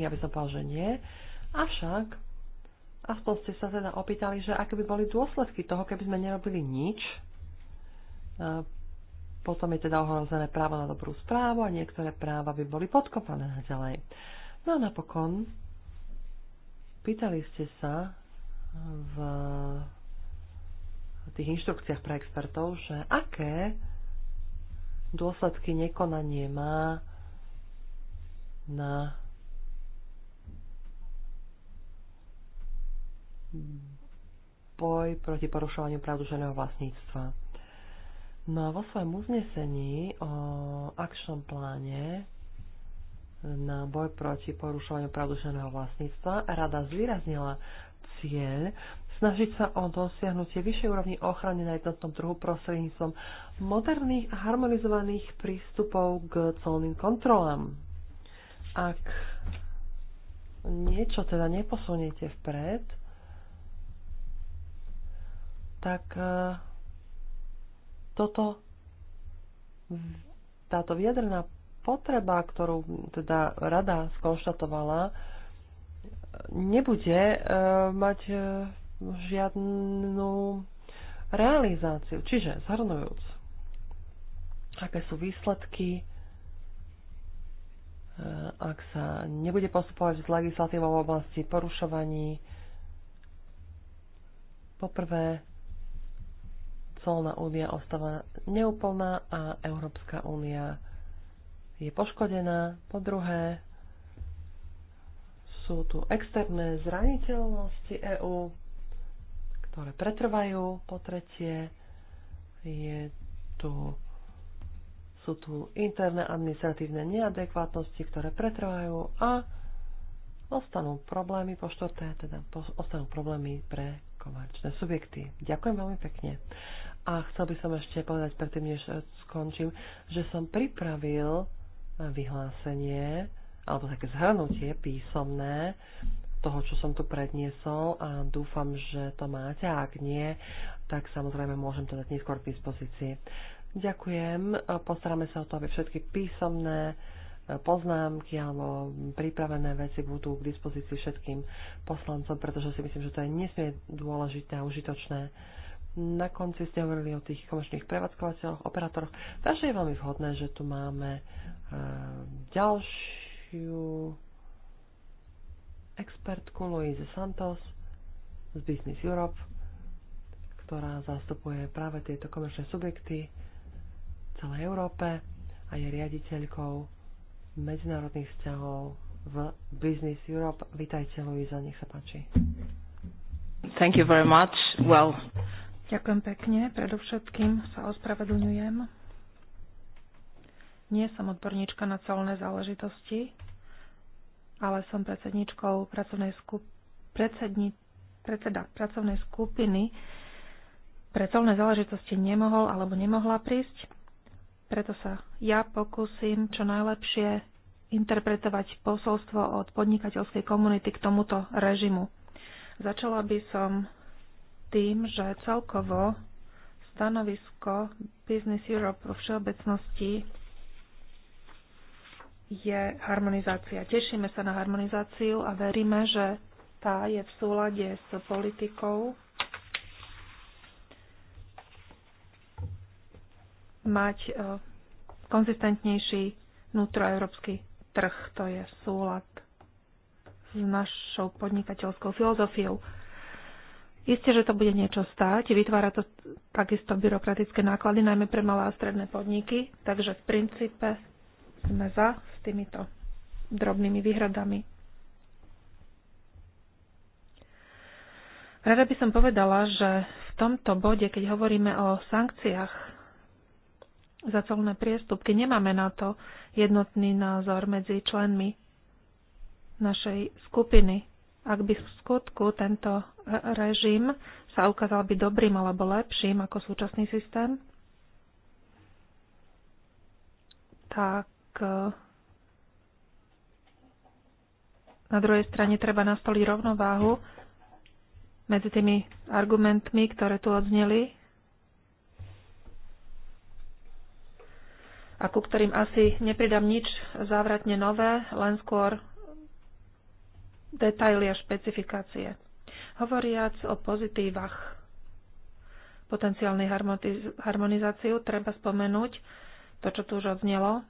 Ja by som povedal, že nie. Avšak, aspoň ste sa teda opýtali, že aké by boli dôsledky toho, keby sme nerobili nič. E, potom je teda ohrozené právo na dobrú správu a niektoré práva by boli podkopané ďalej. No a napokon, pýtali ste sa v tých inštrukciách pre expertov, že aké dôsledky nekonanie má na boj proti porušovaniu práv duševného vlastníctva. No a vo svojom uznesení o akčnom pláne na boj proti porušovaniu práv duševného vlastníctva rada zvýraznila cieľ snažiť sa o dosiahnutie vyššej úrovni ochrany na jednotnom trhu prostredníctvom moderných a harmonizovaných prístupov k colným kontrolám. Ak niečo teda neposuniete vpred, tak e, toto, táto vyjadrená potreba, ktorú teda rada skonštatovala, nebude e, mať e, žiadnu realizáciu. Čiže, zhrnujúc, aké sú výsledky, ak sa nebude postupovať s legislatívou v oblasti porušovaní. Poprvé, solná únia ostáva neúplná a Európska únia je poškodená. Po druhé, sú tu externé zraniteľnosti EÚ, ktoré pretrvajú. Po tretie, je tu, sú tu interné administratívne neadekvátnosti, ktoré pretrvajú a ostanú problémy po štvrté, teda ostanú problémy pre komerčné subjekty. Ďakujem veľmi pekne. A chcel by som ešte povedať predtým, než eh, skončím, že som pripravil vyhlásenie alebo také zhrnutie písomné toho, čo som tu predniesol a dúfam, že to máte. A ak nie, tak samozrejme môžem to dať neskôr k dispozícii. Ďakujem. Postaráme sa o to, aby všetky písomné eh, poznámky alebo pripravené veci budú k dispozícii všetkým poslancom, pretože si myslím, že to je nesmierne dôležité a užitočné na konci ste hovorili o tých komerčných prevádzkovateľoch, operátoroch. Takže je veľmi vhodné, že tu máme e, ďalšiu expertku Louise Santos z Business Europe, ktorá zastupuje práve tieto komerčné subjekty v celej Európe a je riaditeľkou medzinárodných vzťahov v Business Europe. Vítajte, Luisa, nech sa páči. Thank you very much. Well, Ďakujem pekne. Predovšetkým sa ospravedlňujem. Nie som odborníčka na celné záležitosti, ale som predsedničkou pracovnej skup- predsedni- predseda pracovnej skupiny pre celné záležitosti nemohol alebo nemohla prísť. Preto sa ja pokúsim čo najlepšie interpretovať posolstvo od podnikateľskej komunity k tomuto režimu. Začala by som tým, že celkovo stanovisko Business Europe vo všeobecnosti je harmonizácia. Tešíme sa na harmonizáciu a veríme, že tá je v súlade s politikou mať e, konzistentnejší vnútroeurópsky trh. To je súlad s našou podnikateľskou filozofiou. Isté, že to bude niečo stáť, vytvára to takisto byrokratické náklady, najmä pre malé a stredné podniky, takže v princípe sme za s týmito drobnými výhradami. Rada by som povedala, že v tomto bode, keď hovoríme o sankciách za celné priestupky, nemáme na to jednotný názor medzi členmi našej skupiny ak by v skutku tento režim sa ukázal byť dobrým alebo lepším ako súčasný systém, tak eh, na druhej strane treba nastoliť rovnováhu medzi tými argumentmi, ktoré tu odzneli a ku ktorým asi nepridám nič závratne nové, len skôr detaily a špecifikácie. Hovoriac o pozitívach potenciálnej harmonizáciu, treba spomenúť to, čo tu už odznelo.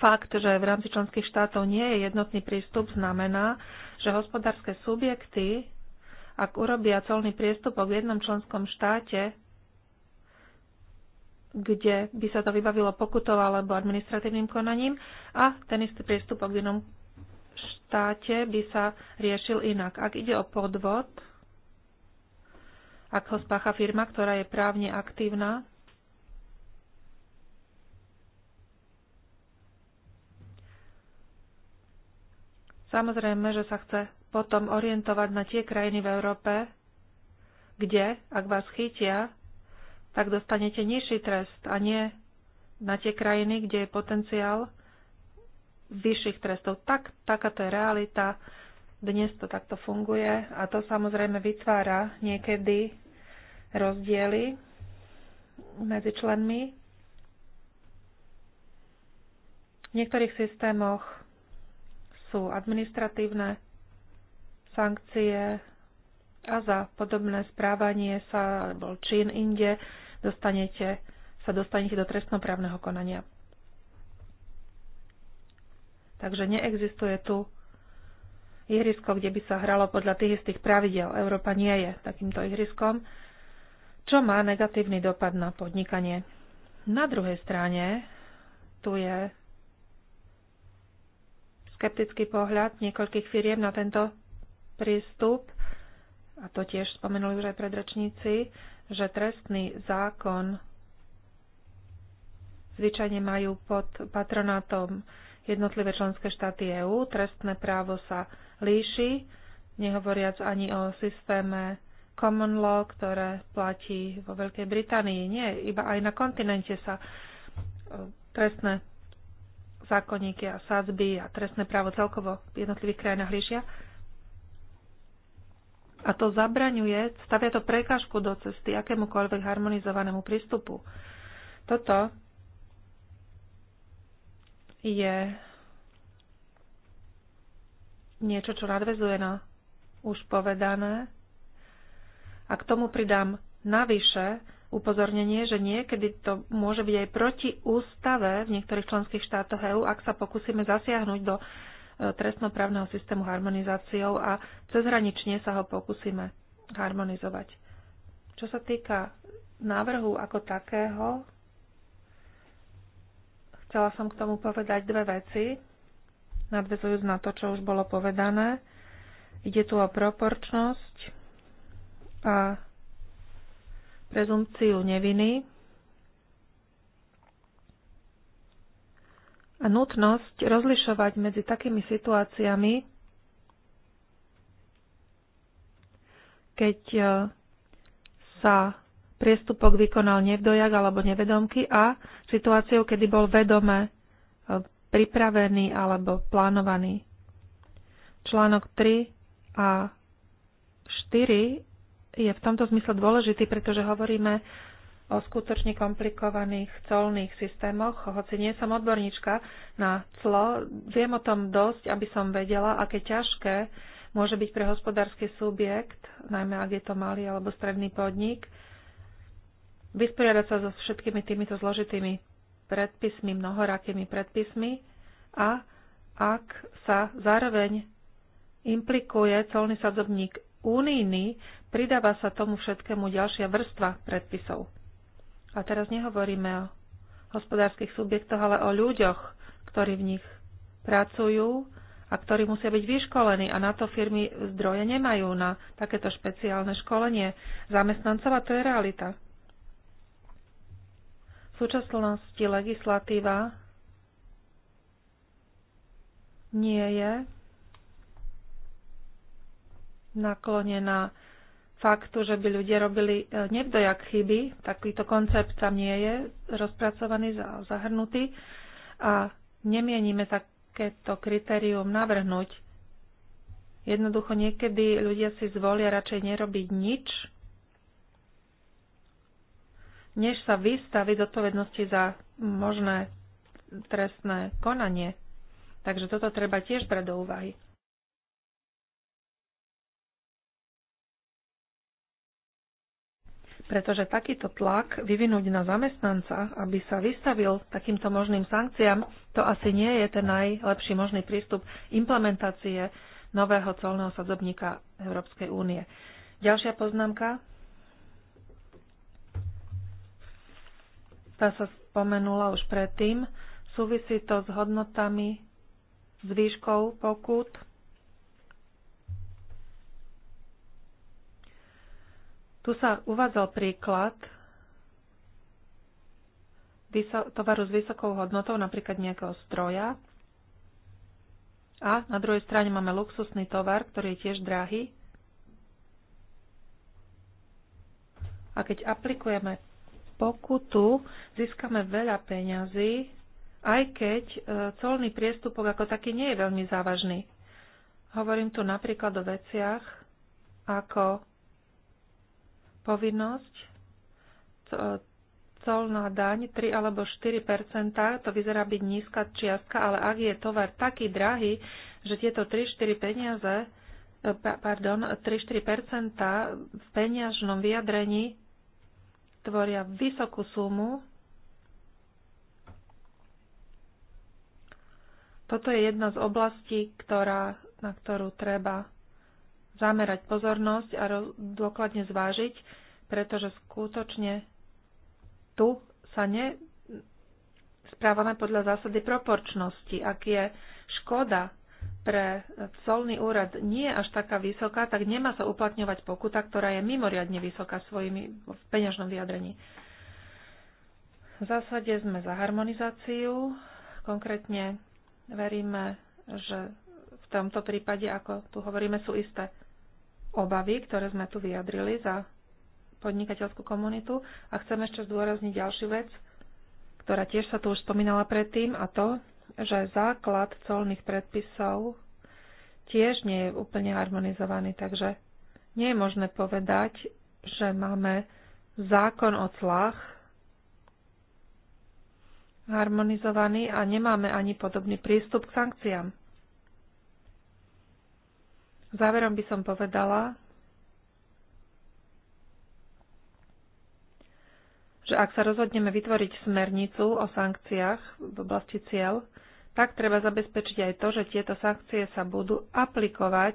Fakt, že v rámci členských štátov nie je jednotný prístup, znamená, že hospodárske subjekty, ak urobia colný priestupok v jednom členskom štáte, kde by sa to vybavilo pokutou alebo administratívnym konaním a ten istý priestupok v inom štáte by sa riešil inak. Ak ide o podvod, ak ho spácha firma, ktorá je právne aktívna, Samozrejme, že sa chce potom orientovať na tie krajiny v Európe, kde, ak vás chytia, tak dostanete nižší trest a nie na tie krajiny, kde je potenciál vyšších trestov. Tak, takáto je realita. Dnes to takto funguje a to samozrejme vytvára niekedy rozdiely medzi členmi. V niektorých systémoch sú administratívne sankcie a za podobné správanie sa alebo čin inde dostanete, sa dostanete do trestnoprávneho konania. Takže neexistuje tu ihrisko, kde by sa hralo podľa tých istých pravidel. Európa nie je takýmto ihriskom, čo má negatívny dopad na podnikanie. Na druhej strane tu je skeptický pohľad niekoľkých firiem na tento prístup, a to tiež spomenuli už aj predračníci, že trestný zákon zvyčajne majú pod patronátom jednotlivé členské štáty EÚ. Trestné právo sa líši, nehovoriac ani o systéme common law, ktoré platí vo Veľkej Británii. Nie, iba aj na kontinente sa e, trestné zákonníky a sadzby a trestné právo celkovo v jednotlivých krajinách líšia. A to zabraňuje, stavia to prekážku do cesty akémukoľvek harmonizovanému prístupu. Toto je niečo, čo nadvezuje na už povedané. A k tomu pridám navyše upozornenie, že niekedy to môže byť aj proti ústave v niektorých členských štátoch EÚ, ak sa pokúsime zasiahnuť do e, trestnoprávneho systému harmonizáciou a cezhranične sa ho pokúsime harmonizovať. Čo sa týka návrhu ako takého, Chcela som k tomu povedať dve veci, nadvezujúc na to, čo už bolo povedané. Ide tu o proporčnosť a prezumciu neviny a nutnosť rozlišovať medzi takými situáciami, keď eh, sa priestupok vykonal nevdojak alebo nevedomky a situáciou, kedy bol vedome e, pripravený alebo plánovaný. Článok 3 a 4 je v tomto zmysle dôležitý, pretože hovoríme o skutočne komplikovaných colných systémoch. Hoci nie som odborníčka na clo, viem o tom dosť, aby som vedela, aké ťažké môže byť pre hospodársky subjekt, najmä ak je to malý alebo stredný podnik, vysporiadať sa so všetkými týmito zložitými predpismi, mnohorakými predpismi a ak sa zároveň implikuje colný sadzobník únijný, pridáva sa tomu všetkému ďalšia vrstva predpisov. A teraz nehovoríme o hospodárskych subjektoch, ale o ľuďoch, ktorí v nich pracujú a ktorí musia byť vyškolení a na to firmy zdroje nemajú na takéto špeciálne školenie zamestnancov a to je realita. V súčasnosti legislatíva nie je naklonená faktu, že by ľudia robili e, nevdojak chyby. Takýto koncept tam nie je rozpracovaný, zahrnutý a nemienime takéto kritérium navrhnúť. Jednoducho niekedy ľudia si zvolia radšej nerobiť nič, než sa vystaví zodpovednosti za možné trestné konanie. Takže toto treba tiež brať do úvahy. Pretože takýto tlak vyvinúť na zamestnanca, aby sa vystavil takýmto možným sankciám, to asi nie je ten najlepší možný prístup implementácie nového colného sadzobníka Európskej únie. Ďalšia poznámka. tá sa spomenula už predtým. Súvisí to s hodnotami, s výškou pokut. Tu sa uvádzal príklad tovaru s vysokou hodnotou, napríklad nejakého stroja. A na druhej strane máme luxusný tovar, ktorý je tiež drahý. A keď aplikujeme pokutu získame veľa peňazí, aj keď e, colný priestupok ako taký nie je veľmi závažný. Hovorím tu napríklad o veciach ako povinnosť, colná daň 3 alebo 4 to vyzerá byť nízka čiastka, ale ak je tovar taký drahý, že tieto 3-4 peniaze, e, pardon, 3-4 v peňažnom vyjadrení tvoria vysokú sumu. Toto je jedna z oblastí, ktorá, na ktorú treba zamerať pozornosť a dôkladne zvážiť, pretože skutočne tu sa ne správame podľa zásady proporčnosti. Ak je škoda pre colný úrad nie je až taká vysoká, tak nemá sa uplatňovať pokuta, ktorá je mimoriadne vysoká svojimi v peňažnom vyjadrení. V zásade sme za harmonizáciu. Konkrétne veríme, že v tomto prípade, ako tu hovoríme, sú isté obavy, ktoré sme tu vyjadrili za podnikateľskú komunitu. A chcem ešte zdôrazniť ďalšiu vec, ktorá tiež sa tu už spomínala predtým, a to, že základ colných predpisov tiež nie je úplne harmonizovaný, takže nie je možné povedať, že máme zákon o clách harmonizovaný a nemáme ani podobný prístup k sankciám. Záverom by som povedala, že ak sa rozhodneme vytvoriť smernicu o sankciách v oblasti cieľ, tak treba zabezpečiť aj to, že tieto sankcie sa budú aplikovať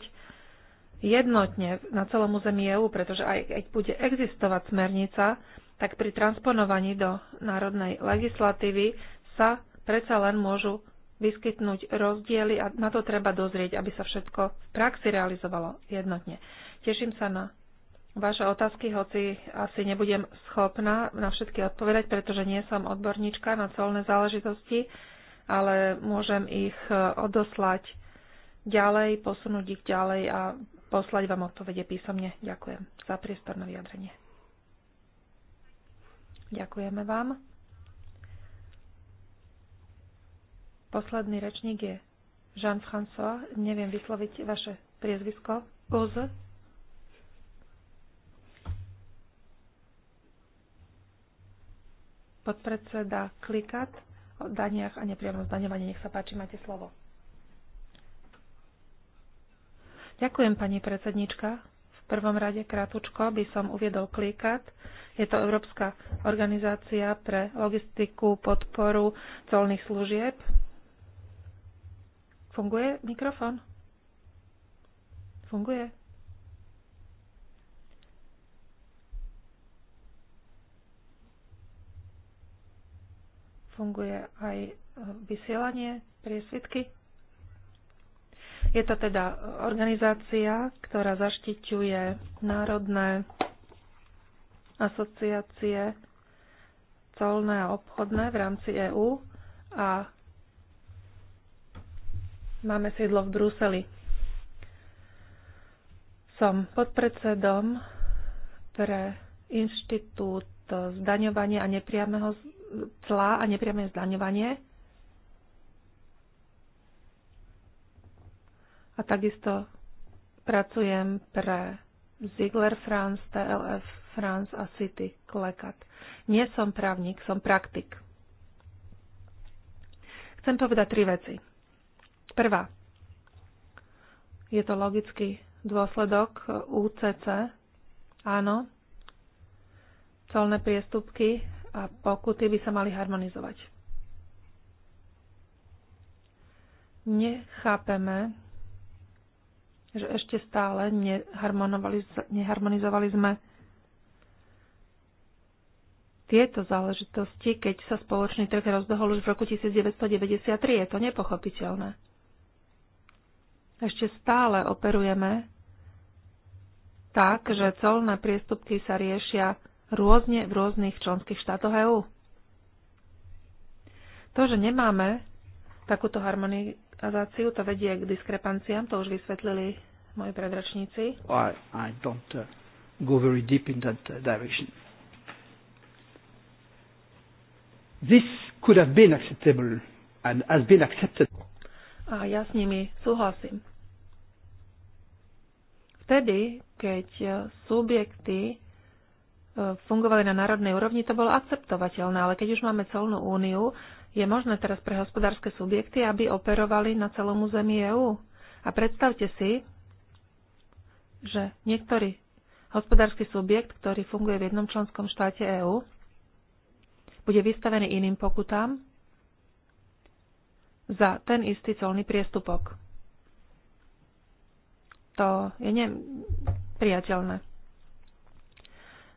jednotne na celom území EÚ, pretože aj keď bude existovať smernica, tak pri transponovaní do národnej legislatívy sa predsa len môžu vyskytnúť rozdiely a na to treba dozrieť, aby sa všetko v praxi realizovalo jednotne. Teším sa na vaše otázky, hoci asi nebudem schopná na všetky odpovedať, pretože nie som odborníčka na celné záležitosti ale môžem ich e, odoslať ďalej, posunúť ich ďalej a poslať vám odpovede písomne. Ďakujem za priestor na vyjadrenie. Ďakujeme vám. Posledný rečník je Jean-François. Neviem vysloviť vaše priezvisko. Goz. Podpredseda Klikat daniach a nepriamom zdaňovaní. Nech sa páči, máte slovo. Ďakujem, pani predsednička. V prvom rade krátučko by som uviedol klikat. Je to Európska organizácia pre logistiku, podporu colných služieb. Funguje mikrofón? Funguje? funguje aj e, vysielanie priesvitky. Je to teda organizácia, ktorá zaštiťuje národné asociácie colné a obchodné v rámci EÚ a máme sídlo v Bruseli. Som podpredsedom pre Inštitút zdaňovania a nepriameho clá a nepriame zdaňovanie. A takisto pracujem pre Ziegler France, TLF France a City Klekat. Nie som právnik, som praktik. Chcem povedať tri veci. Prvá. Je to logický dôsledok UCC. Áno. Colné priestupky a pokuty by sa mali harmonizovať. Nechápeme, že ešte stále neharmonizovali sme tieto záležitosti, keď sa spoločný trh rozdohol už v roku 1993. Je to nepochopiteľné. Ešte stále operujeme tak, že colné priestupky sa riešia rôzne v rôznych členských štátoch EÚ. To, že nemáme takúto harmonizáciu, to vedie k diskrepanciám, to už vysvetlili moji predračníci. I, I don't uh, go very deep in that uh, direction. This could have been acceptable and has been accepted. A ja s nimi súhlasím. Vtedy, keď uh, subjekty fungovali na národnej úrovni, to bolo akceptovateľné, ale keď už máme celnú úniu, je možné teraz pre hospodárske subjekty, aby operovali na celom území EÚ. A predstavte si, že niektorý hospodársky subjekt, ktorý funguje v jednom členskom štáte EÚ, bude vystavený iným pokutám za ten istý colný priestupok. To je nepriateľné.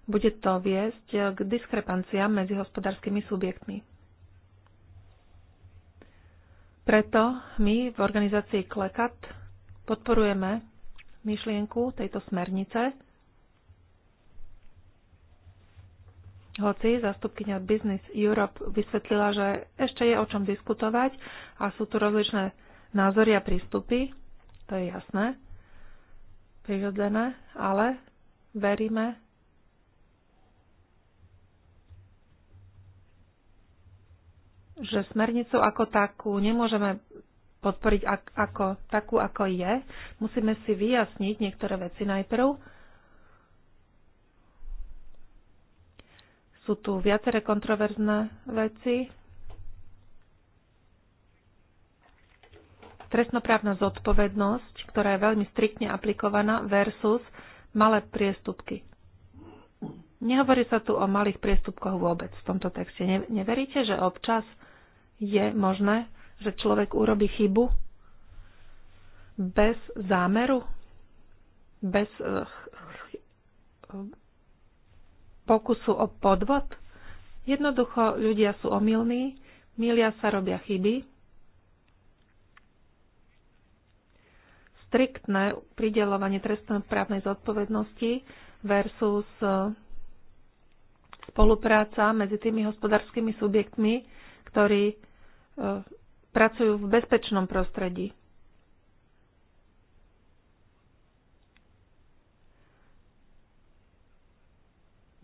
Bude to viesť k diskrepanciám medzi hospodárskymi subjektmi. Preto my v organizácii Klekat podporujeme myšlienku tejto smernice, Hoci zastupkynia Business Europe vysvetlila, že ešte je o čom diskutovať a sú tu rozličné názory a prístupy, to je jasné, prirodzené, ale veríme, že smernicu ako takú nemôžeme podporiť ako, takú, ako je. Musíme si vyjasniť niektoré veci najprv. Sú tu viaceré kontroverzné veci. Trestnoprávna zodpovednosť, ktorá je veľmi striktne aplikovaná, versus malé priestupky. Nehovorí sa tu o malých priestupkoch vôbec v tomto texte. Neveríte, že občas je možné, že človek urobí chybu bez zámeru, bez eh, pokusu o podvod. Jednoducho ľudia sú omylní, milia sa robia chyby. Striktné pridelovanie trestnoprávnej zodpovednosti versus eh, spolupráca medzi tými hospodárskymi subjektmi, ktorí E, pracujú v bezpečnom prostredí.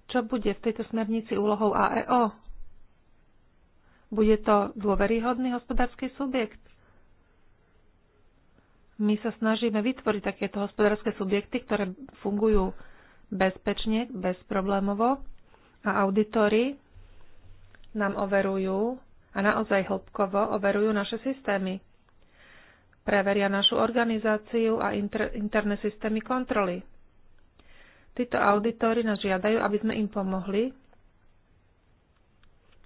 Čo bude v tejto smernici úlohou AEO? Bude to dôveryhodný hospodársky subjekt? My sa snažíme vytvoriť takéto hospodárske subjekty, ktoré fungujú bezpečne, bezproblémovo a auditory nám overujú, a naozaj hĺbkovo overujú naše systémy. Preveria našu organizáciu a inter, interné systémy kontroly. Títo auditory nás žiadajú, aby sme im pomohli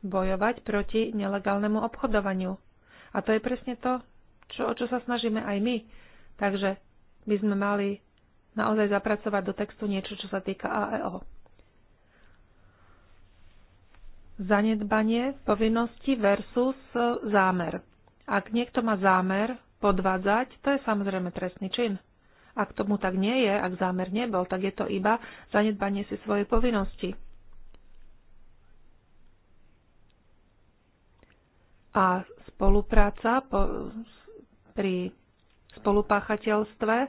bojovať proti nelegálnemu obchodovaniu. A to je presne to, čo, o čo sa snažíme aj my. Takže by sme mali naozaj zapracovať do textu niečo, čo sa týka AEO zanedbanie povinnosti versus e, zámer. Ak niekto má zámer podvádzať, to je samozrejme trestný čin. Ak tomu tak nie je, ak zámer nebol, tak je to iba zanedbanie si svojej povinnosti. A spolupráca po, pri spolupáchateľstve,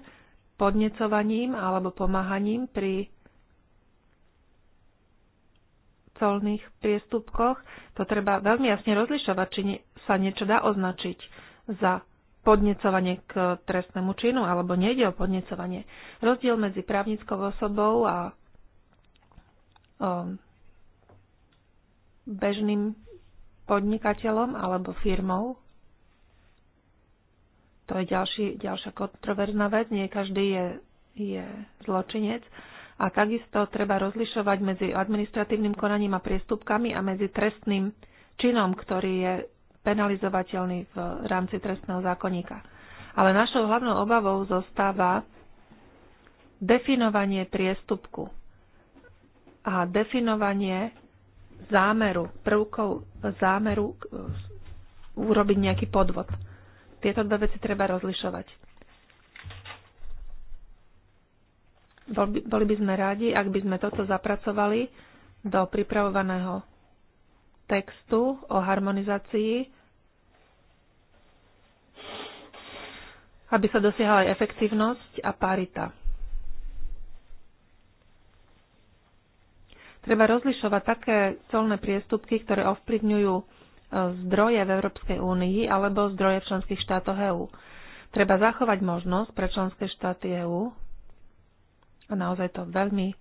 podnecovaním alebo pomáhaním pri colných priestupkoch. To treba veľmi jasne rozlišovať, či sa niečo dá označiť za podnecovanie k trestnému činu, alebo nejde o podnecovanie. Rozdiel medzi právnickou osobou a um, bežným podnikateľom alebo firmou. To je ďalší, ďalšia kontroverzná vec. Nie každý je, je zločinec. A takisto treba rozlišovať medzi administratívnym konaním a priestupkami a medzi trestným činom, ktorý je penalizovateľný v rámci trestného zákonníka. Ale našou hlavnou obavou zostáva definovanie priestupku a definovanie zámeru, prvkov zámeru e, urobiť nejaký podvod. Tieto dve veci treba rozlišovať. Boli by sme radi, ak by sme toto zapracovali do pripravovaného textu o harmonizácii, aby sa dosiahla aj efektívnosť a parita. Treba rozlišovať také colné priestupky, ktoré ovplyvňujú e, zdroje v Európskej únii alebo zdroje v členských štátoch EÚ. Treba zachovať možnosť pre členské štáty EÚ a naozaj to veľmi eh,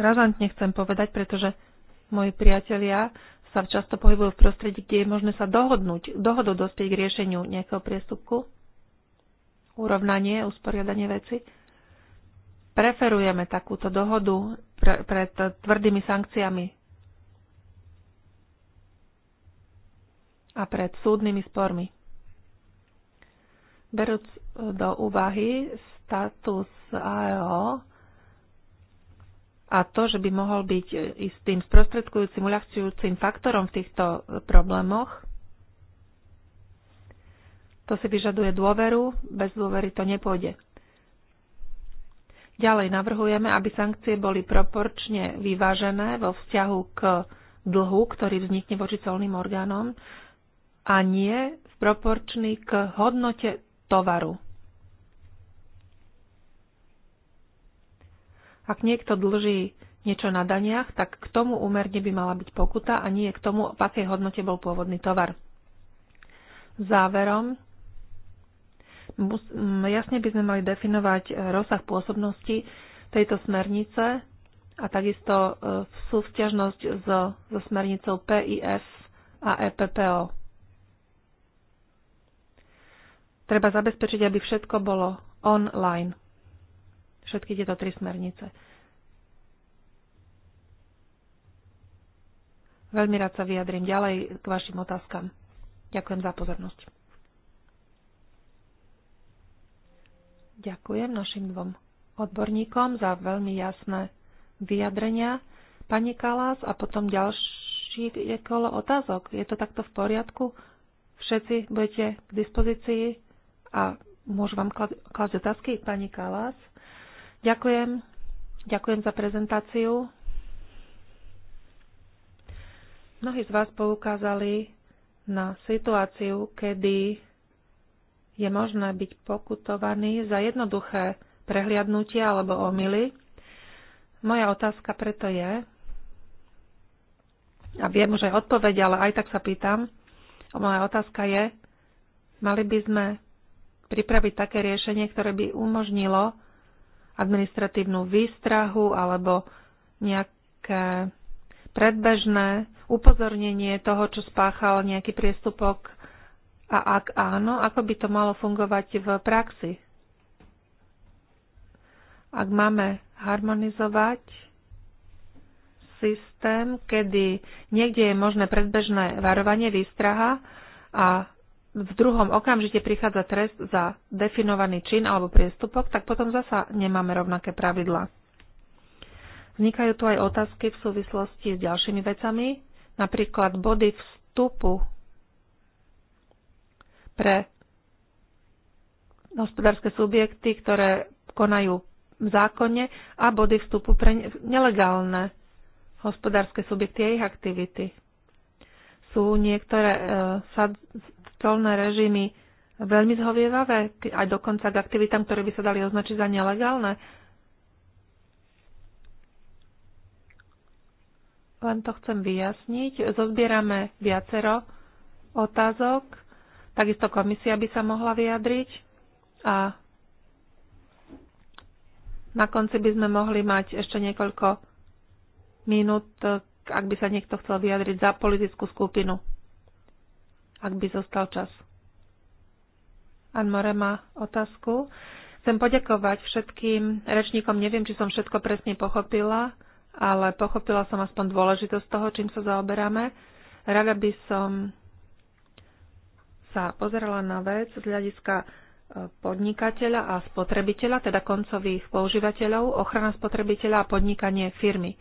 razantne chcem povedať, pretože moji priatelia sa často pohybujú v prostredí, kde je možné sa dohodnúť, dohodu dospieť k riešeniu nejakého priestupku, urovnanie, usporiadanie veci. Preferujeme takúto dohodu pre, pred tvrdými sankciami a pred súdnymi spormi. Berúc e, do úvahy status AEO a to, že by mohol byť e, istým sprostredkujúcim, uľahčujúcim faktorom v týchto e, problémoch, to si vyžaduje dôveru, bez dôvery to nepôjde. Ďalej navrhujeme, aby sankcie boli proporčne vyvážené vo vzťahu k dlhu, ktorý vznikne voči colným orgánom a nie v proporčný k hodnote tovaru. Ak niekto dlží niečo na daniach, tak k tomu úmerne by mala byť pokuta a nie k tomu, v akej hodnote bol pôvodný tovar. Záverom, jasne by sme mali definovať e, rozsah pôsobnosti tejto smernice a takisto e, súťažnosť so, so smernicou PIF a EPPO. Treba zabezpečiť, aby všetko bolo online. Všetky tieto tri smernice. Veľmi rád sa vyjadrím ďalej k vašim otázkam. Ďakujem za pozornosť. Ďakujem našim dvom odborníkom za veľmi jasné vyjadrenia. Pani Kalás a potom ďalší je kolo otázok. Je to takto v poriadku? Všetci budete k dispozícii? a môžu vám klásť otázky, pani Kalas. Ďakujem. Ďakujem za prezentáciu. Mnohí z vás poukázali na situáciu, kedy je možné byť pokutovaný za jednoduché prehliadnutie alebo omily. Moja otázka preto je, a viem, že odpoveď, ale aj tak sa pýtam, moja otázka je, mali by sme pripraviť také riešenie, ktoré by umožnilo administratívnu výstrahu alebo nejaké predbežné upozornenie toho, čo spáchal nejaký priestupok a ak áno, ako by to malo fungovať v praxi. Ak máme harmonizovať systém, kedy niekde je možné predbežné varovanie, výstraha a v druhom okamžite prichádza trest za definovaný čin alebo priestupok, tak potom zasa nemáme rovnaké pravidla. Vznikajú tu aj otázky v súvislosti s ďalšími vecami, napríklad body vstupu pre hospodárske subjekty, ktoré konajú v zákone a body vstupu pre nelegálne hospodárske subjekty a ich aktivity. Sú niektoré e, sad, colné režimy veľmi zhovievavé, aj dokonca k aktivitám, ktoré by sa dali označiť za nelegálne. Len to chcem vyjasniť. Zozbierame viacero otázok. Takisto komisia by sa mohla vyjadriť a na konci by sme mohli mať ešte niekoľko minút, ak by sa niekto chcel vyjadriť za politickú skupinu ak by zostal čas. Anmore má otázku. Chcem poďakovať všetkým rečníkom. Neviem, či som všetko presne pochopila, ale pochopila som aspoň dôležitosť toho, čím sa zaoberáme. Rada by som sa pozerala na vec z hľadiska e, podnikateľa a spotrebiteľa, teda koncových používateľov, ochrana spotrebiteľa a podnikanie firmy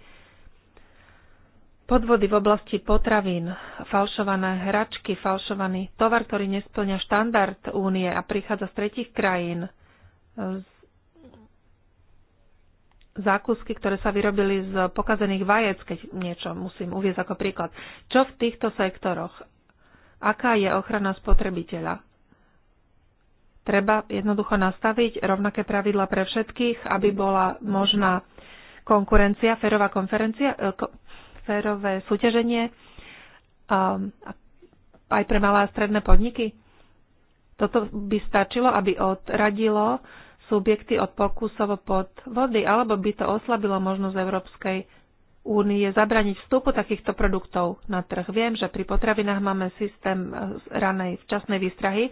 podvody v oblasti potravín, falšované hračky, falšovaný tovar, ktorý nesplňa štandard únie a prichádza z tretich krajín, zákusky, ktoré sa vyrobili z pokazených vajec, keď niečo musím uvieť ako príklad. Čo v týchto sektoroch? Aká je ochrana spotrebiteľa? Treba jednoducho nastaviť rovnaké pravidla pre všetkých, aby bola možná konkurencia, ferová konferencia, férové súťaženie um, aj pre malé a stredné podniky? Toto by stačilo, aby odradilo subjekty od pokusov pod vody, alebo by to oslabilo možnosť Európskej únie zabraniť vstupu takýchto produktov na trh. Viem, že pri potravinách máme systém eh, ranej včasnej výstrahy,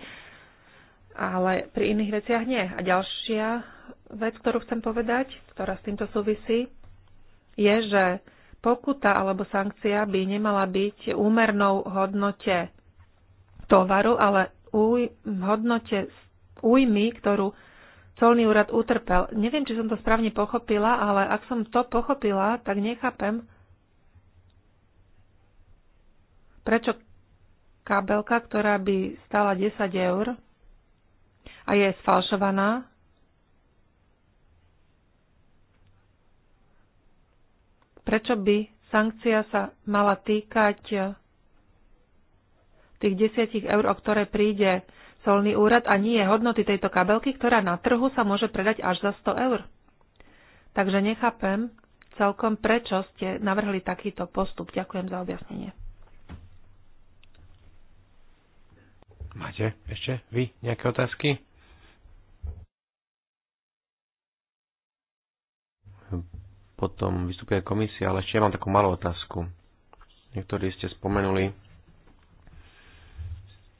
ale pri iných veciach nie. A ďalšia vec, ktorú chcem povedať, ktorá s týmto súvisí, je, že pokuta alebo sankcia by nemala byť úmernou hodnote tovaru, ale új, hodnote újmy, ktorú colný úrad utrpel. Neviem, či som to správne pochopila, ale ak som to pochopila, tak nechápem, prečo kabelka, ktorá by stala 10 eur a je sfalšovaná, Prečo by sankcia sa mala týkať eh, tých 10 eur, o ktoré príde solný úrad a nie hodnoty tejto kabelky, ktorá na trhu sa môže predať až za 100 eur? Takže nechápem celkom, prečo ste navrhli takýto postup. Ďakujem za objasnenie. Máte ešte vy nejaké otázky? potom vystúpia komisia, ale ešte ja mám takú malú otázku. Niektorí ste spomenuli,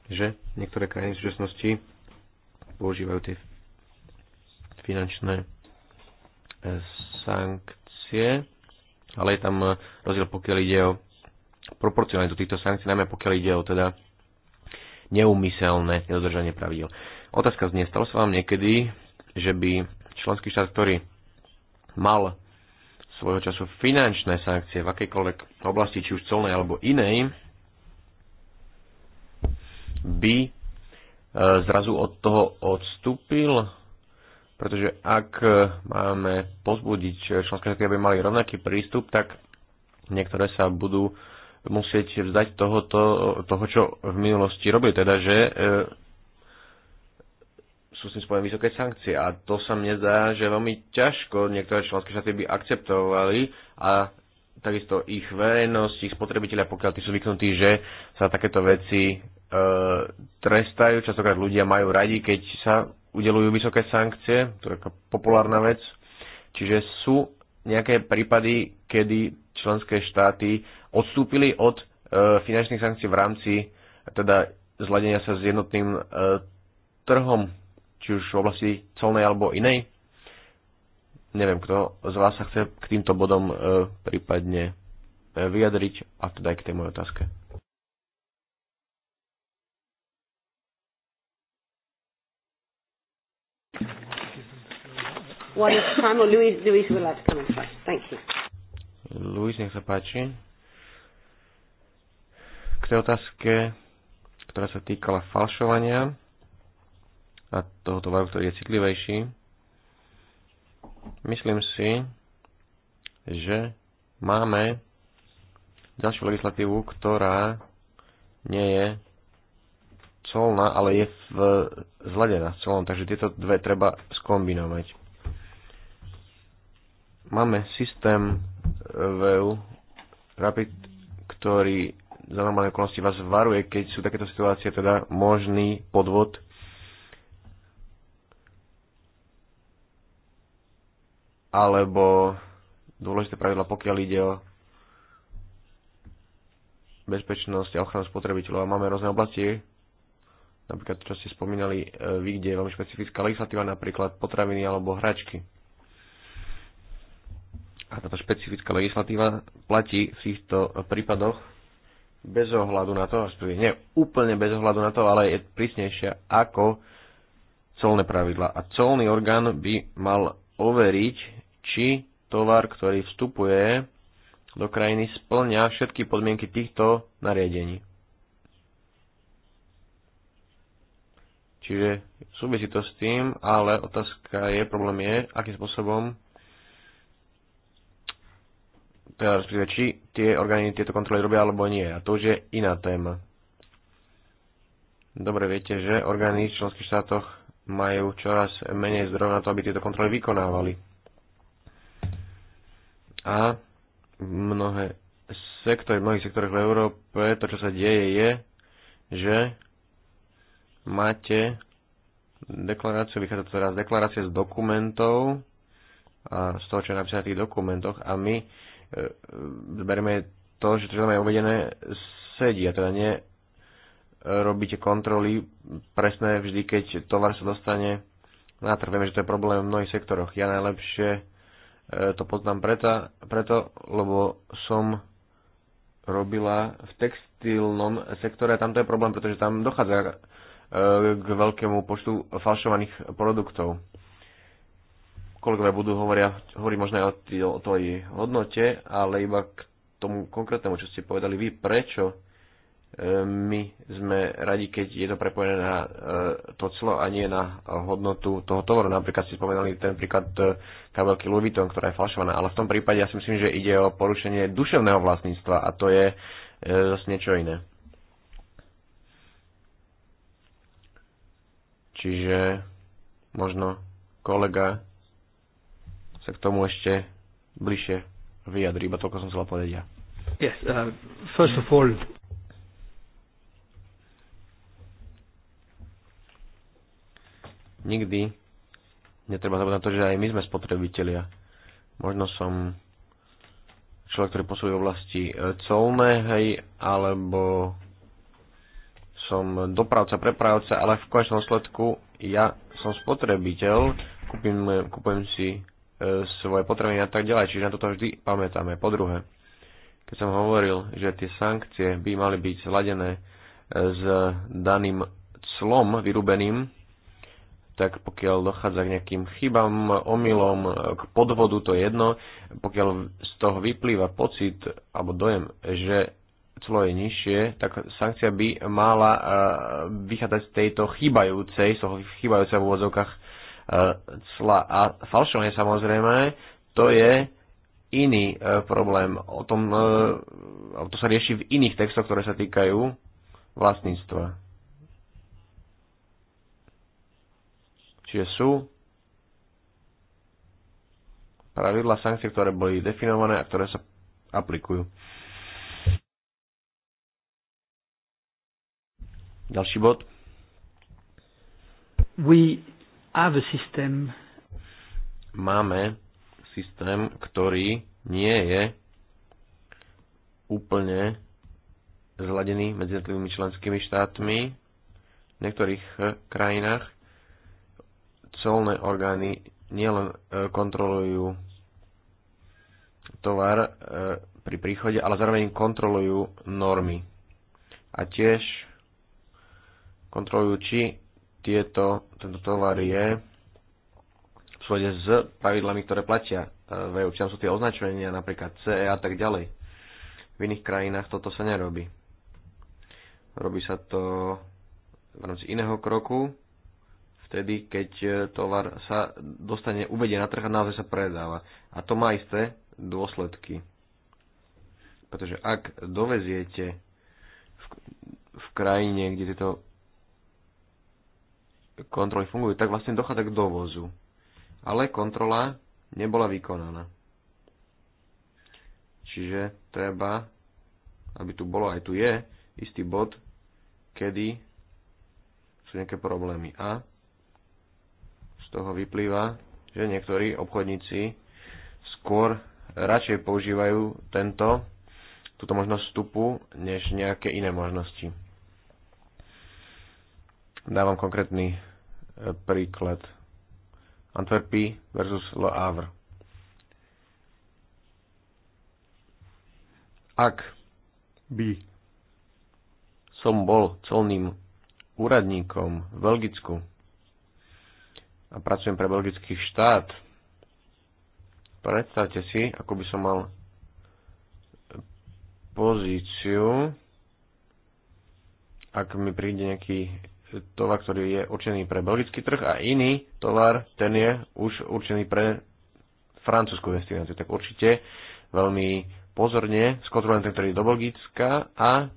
že niektoré krajiny v súčasnosti používajú tie finančné e, sankcie, ale je tam e, rozdiel, pokiaľ ide o proporcionalitu týchto sankcií, najmä pokiaľ ide o teda neumyselné nedodržanie pravidel. Otázka znie, stalo sa vám niekedy, že by členský štát, ktorý mal svojho času finančné sankcie v akejkoľvek oblasti, či už colnej alebo inej, by e, zrazu od toho odstúpil, pretože ak e, máme pozbudiť členské štáty, aby mali rovnaký prístup, tak niektoré sa budú musieť vzdať tohoto, toho, čo v minulosti robili, teda že e, sú s tým spojené vysoké sankcie a to sa mne zdá, že veľmi ťažko niektoré členské štáty by akceptovali a takisto ich verejnosť, ich spotrebitelia, pokiaľ tí sú vyknutí, že sa takéto veci e, trestajú. Častokrát ľudia majú radi, keď sa udelujú vysoké sankcie, to je taká populárna vec. Čiže sú nejaké prípady, kedy členské štáty odstúpili od e, finančných sankcií v rámci teda zladenia sa s jednotným e, trhom či už v oblasti colnej alebo inej. Neviem, kto z vás sa chce k týmto bodom e, prípadne e, vyjadriť a teda aj k tej mojej otázke. One Louis, nech sa páči. K tej otázke, ktorá sa týkala falšovania, a toho tovaru, ktorý je citlivejší, myslím si, že máme ďalšiu legislatívu, ktorá nie je colná, ale je v zladená s colom, takže tieto dve treba skombinovať. Máme systém VU Rapid, ktorý za normálne okolnosti vás varuje, keď sú takéto situácie, teda možný podvod alebo dôležité pravidla, pokiaľ ide o bezpečnosť a ochranu spotrebiteľov. A máme rôzne oblasti, napríklad čo ste spomínali e, vy, kde je veľmi špecifická legislatíva, napríklad potraviny alebo hračky. A táto špecifická legislatíva platí v týchto prípadoch bez ohľadu na to, nie úplne bez ohľadu na to, ale je prísnejšia ako colné pravidla. A colný orgán by mal overiť, či tovar, ktorý vstupuje do krajiny, splňa všetky podmienky týchto nariadení. Čiže súvisí to s tým, ale otázka je, problém je, akým spôsobom teda respektíve, či tie orgány tieto kontroly robia alebo nie. A to už je iná téma. Dobre viete, že orgány v členských štátoch majú čoraz menej zdrojov na to, aby tieto kontroly vykonávali a mnohé sektory, v mnohých sektoroch v Európe to, čo sa deje, je, že máte deklaráciu, vychádza to teraz deklarácie z dokumentov a z toho, čo je napísané v tých dokumentoch a my e, e berieme to, že to, čo tam je uvedené, sedí a teda nie robíte kontroly presné vždy, keď tovar sa dostane na trh. Vieme, že to je problém v mnohých sektoroch. Ja najlepšie E, to poznám preto, preto, lebo som robila v textilnom sektore a tam to je problém, pretože tam dochádza e, k veľkému počtu falšovaných produktov. Kolegovia budú hovoria, hovorí možno aj o tej hodnote, ale iba k tomu konkrétnemu, čo ste povedali vy, prečo my sme radi, keď je to prepojené na e, to clo a nie na hodnotu toho tovoru. Napríklad si spomenali ten príklad e, kabelky Louis Vuitton, ktorá je falšovaná, ale v tom prípade ja si myslím, že ide o porušenie duševného vlastníctva a to je e, zase niečo iné. Čiže možno kolega sa k tomu ešte bližšie vyjadri, iba toľko som chcela povedať ja. Yes, uh, first of all, nikdy netreba zabúdať to, že aj my sme spotrebitelia. Možno som človek, ktorý posúdi v oblasti e, colné, hej, alebo som dopravca, prepravca, ale v konečnom sledku ja som spotrebiteľ, kúpim, kúpujem si e, svoje potreby a tak ďalej, čiže na toto vždy pamätáme. Po druhé, keď som hovoril, že tie sankcie by mali byť zladené e, s daným clom vyrúbeným, tak pokiaľ dochádza k nejakým chybám, omylom, k podvodu, to je jedno, pokiaľ z toho vyplýva pocit alebo dojem, že clo je nižšie, tak sankcia by mala e, vychádzať z tejto chýbajúcej, z toho chýbajúceho v úvodzovkách e, cla. A falšovanie samozrejme, to je iný e, problém. O tom, to sa rieši v iných textoch, ktoré sa týkajú vlastníctva. lepšie sú pravidla sankcie, ktoré boli definované a ktoré sa aplikujú. Ďalší bod. We have a system. Máme systém, ktorý nie je úplne zladený medzi jednotlivými členskými štátmi v niektorých eh, krajinách colné orgány nielen e, kontrolujú tovar e, pri príchode, ale zároveň kontrolujú normy. A tiež kontrolujú, či tieto, tento tovar je v súde s pravidlami, ktoré platia e, v EU. tam sú tie označenia, napríklad CE a tak ďalej. V iných krajinách toto sa nerobí. Robí sa to v rámci iného kroku, vtedy, keď e, tovar sa dostane, uvedie na trh a naozaj sa predáva. A to má isté dôsledky. Pretože ak doveziete v, v krajine, kde tieto kontroly fungujú, tak vlastne dochádza k dovozu. Ale kontrola nebola vykonaná. Čiže treba, aby tu bolo aj tu je, istý bod, kedy sú nejaké problémy. A toho vyplýva, že niektorí obchodníci skôr radšej používajú tento, túto možnosť vstupu, než nejaké iné možnosti. Dávam konkrétny e, príklad. Antwerpy versus Le Havre. Ak by som bol colným úradníkom v Belgicku, a pracujem pre belgický štát. Predstavte si, ako by som mal pozíciu, ak mi príde nejaký tovar, ktorý je určený pre belgický trh a iný tovar, ten je už určený pre francúzsku destináciu. Tak určite veľmi pozorne skontrolujem ten, ktorý je do Belgicka a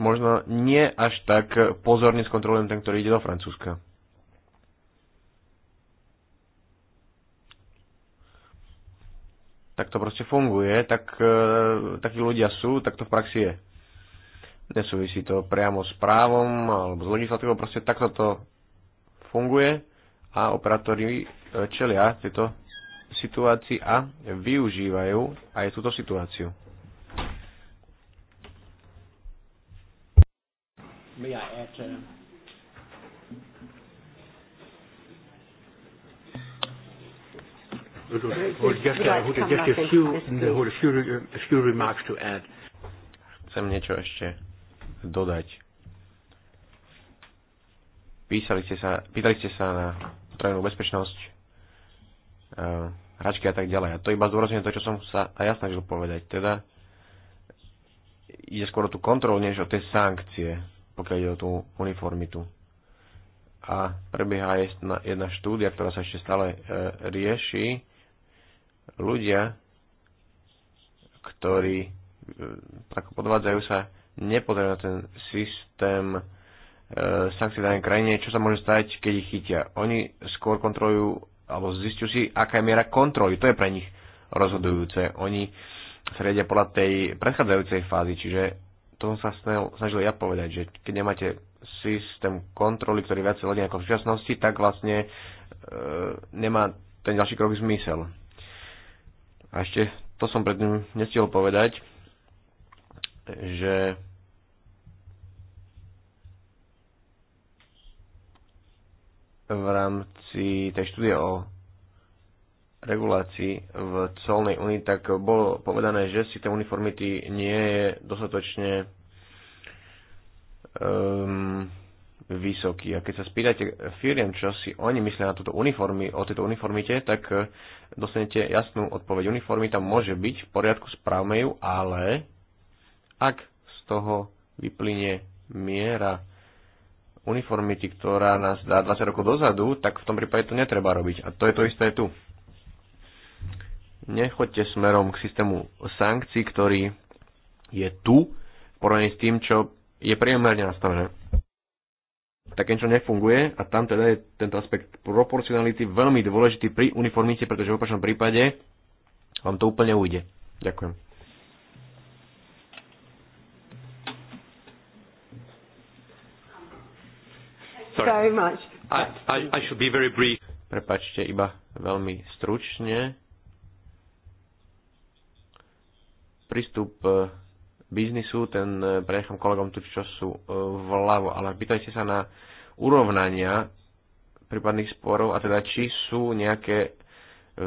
možno nie až tak pozorne skontrolujem ten, ktorý ide do Francúzska. tak to proste funguje, tak e, takí ľudia sú, tak to v praxi je. Nesúvisí to priamo s právom alebo s legislatívou, proste takto to funguje a operátori e, čelia tieto situácii a využívajú aj túto situáciu. May I add, uh... Uh, Chcem niečo ešte dodať. Písali ste sa, pýtali ste sa na potrebnú bezpečnosť, uh, hračky a tak ďalej. A to iba zdôrazňujem to, čo som sa aj ja snažil povedať. Teda ide skôr o tú kontrolu, než o tie sankcie, pokiaľ ide o tú uniformitu. A prebieha jedna štúdia, ktorá sa ešte stále uh, rieši ľudia, ktorí e, ako podvádzajú sa, nepozerajú na ten systém e, sankcií v danej krajine, čo sa môže stať, keď ich chytia. Oni skôr kontrolujú alebo zistiu si, aká je miera kontroly. To je pre nich rozhodujúce. Oni sa riadia podľa tej predchádzajúcej fázy, čiže to som sa snažil ja povedať, že keď nemáte systém kontroly, ktorý viac ľudí ako v súčasnosti, tak vlastne e, nemá ten ďalší krok zmysel. A ešte to som predtým nestihol povedať, že v rámci tej štúdie o regulácii v colnej unii, tak bolo povedané, že systém uniformity nie je dostatočne um, vysoký. A keď sa spýtate firiem, čo si oni myslia na túto uniformy, o tejto uniformite, tak e, dostanete jasnú odpoveď. Uniformita môže byť v poriadku, správme ju, ale ak z toho vyplynie miera uniformity, ktorá nás dá 20 rokov dozadu, tak v tom prípade to netreba robiť. A to je to isté tu. Nechoďte smerom k systému sankcií, ktorý je tu, porovnaní s tým, čo je priemerne nastavené také niečo nefunguje a tam teda je tento aspekt proporcionality veľmi dôležitý pri uniformite, pretože v opačnom prípade vám to úplne ujde. Ďakujem. Sorry. I, I, I should be very brief. Prepačte, iba veľmi stručne. Prístup eh, biznisu, ten e, prenechám kolegom tu, čo sú e, vľavo, ale pýtajte sa na urovnania prípadných sporov a teda či sú nejaké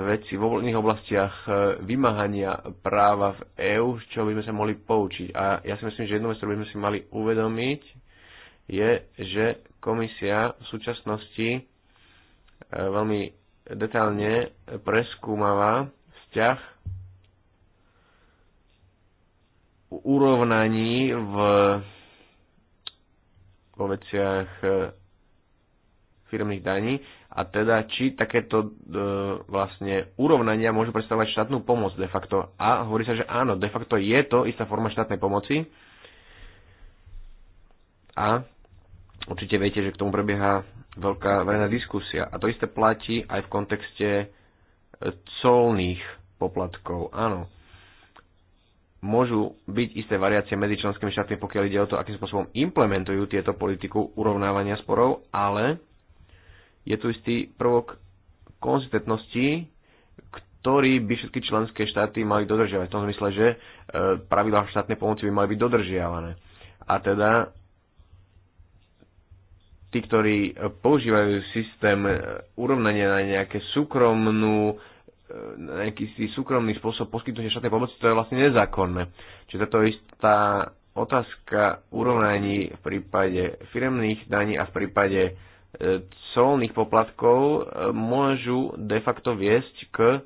veci vo voľných oblastiach e, vymáhania práva v EÚ, z čoho by sme sa mohli poučiť. A ja si myslím, že jednu vec, ktorú by sme si mali uvedomiť, je, že komisia v súčasnosti veľmi detailne preskúmava vzťah urovnaní v, vo veciach e, firmných daní a teda či takéto e, vlastne urovnania môžu predstavovať štátnu pomoc de facto. A hovorí sa, že áno, de facto je to istá forma štátnej pomoci a určite viete, že k tomu prebieha veľká verejná diskusia. A to isté platí aj v kontexte e, colných poplatkov. Áno, môžu byť isté variácie medzi členskými štátmi, pokiaľ ide o to, akým spôsobom implementujú tieto politiku urovnávania sporov, ale je tu istý prvok konzistentnosti, ktorý by všetky členské štáty mali dodržiavať. V tom zmysle, že e, pravidlá štátnej pomoci by mali byť dodržiavané. A teda tí, ktorí e, používajú systém e, urovnania na nejaké súkromnú E, nejaký súkromný spôsob poskytnutia štátnej pomoci, to je vlastne nezákonné. Čiže táto istá otázka urovnaní v prípade firemných daní a v prípade e, colných poplatkov e, môžu de facto viesť k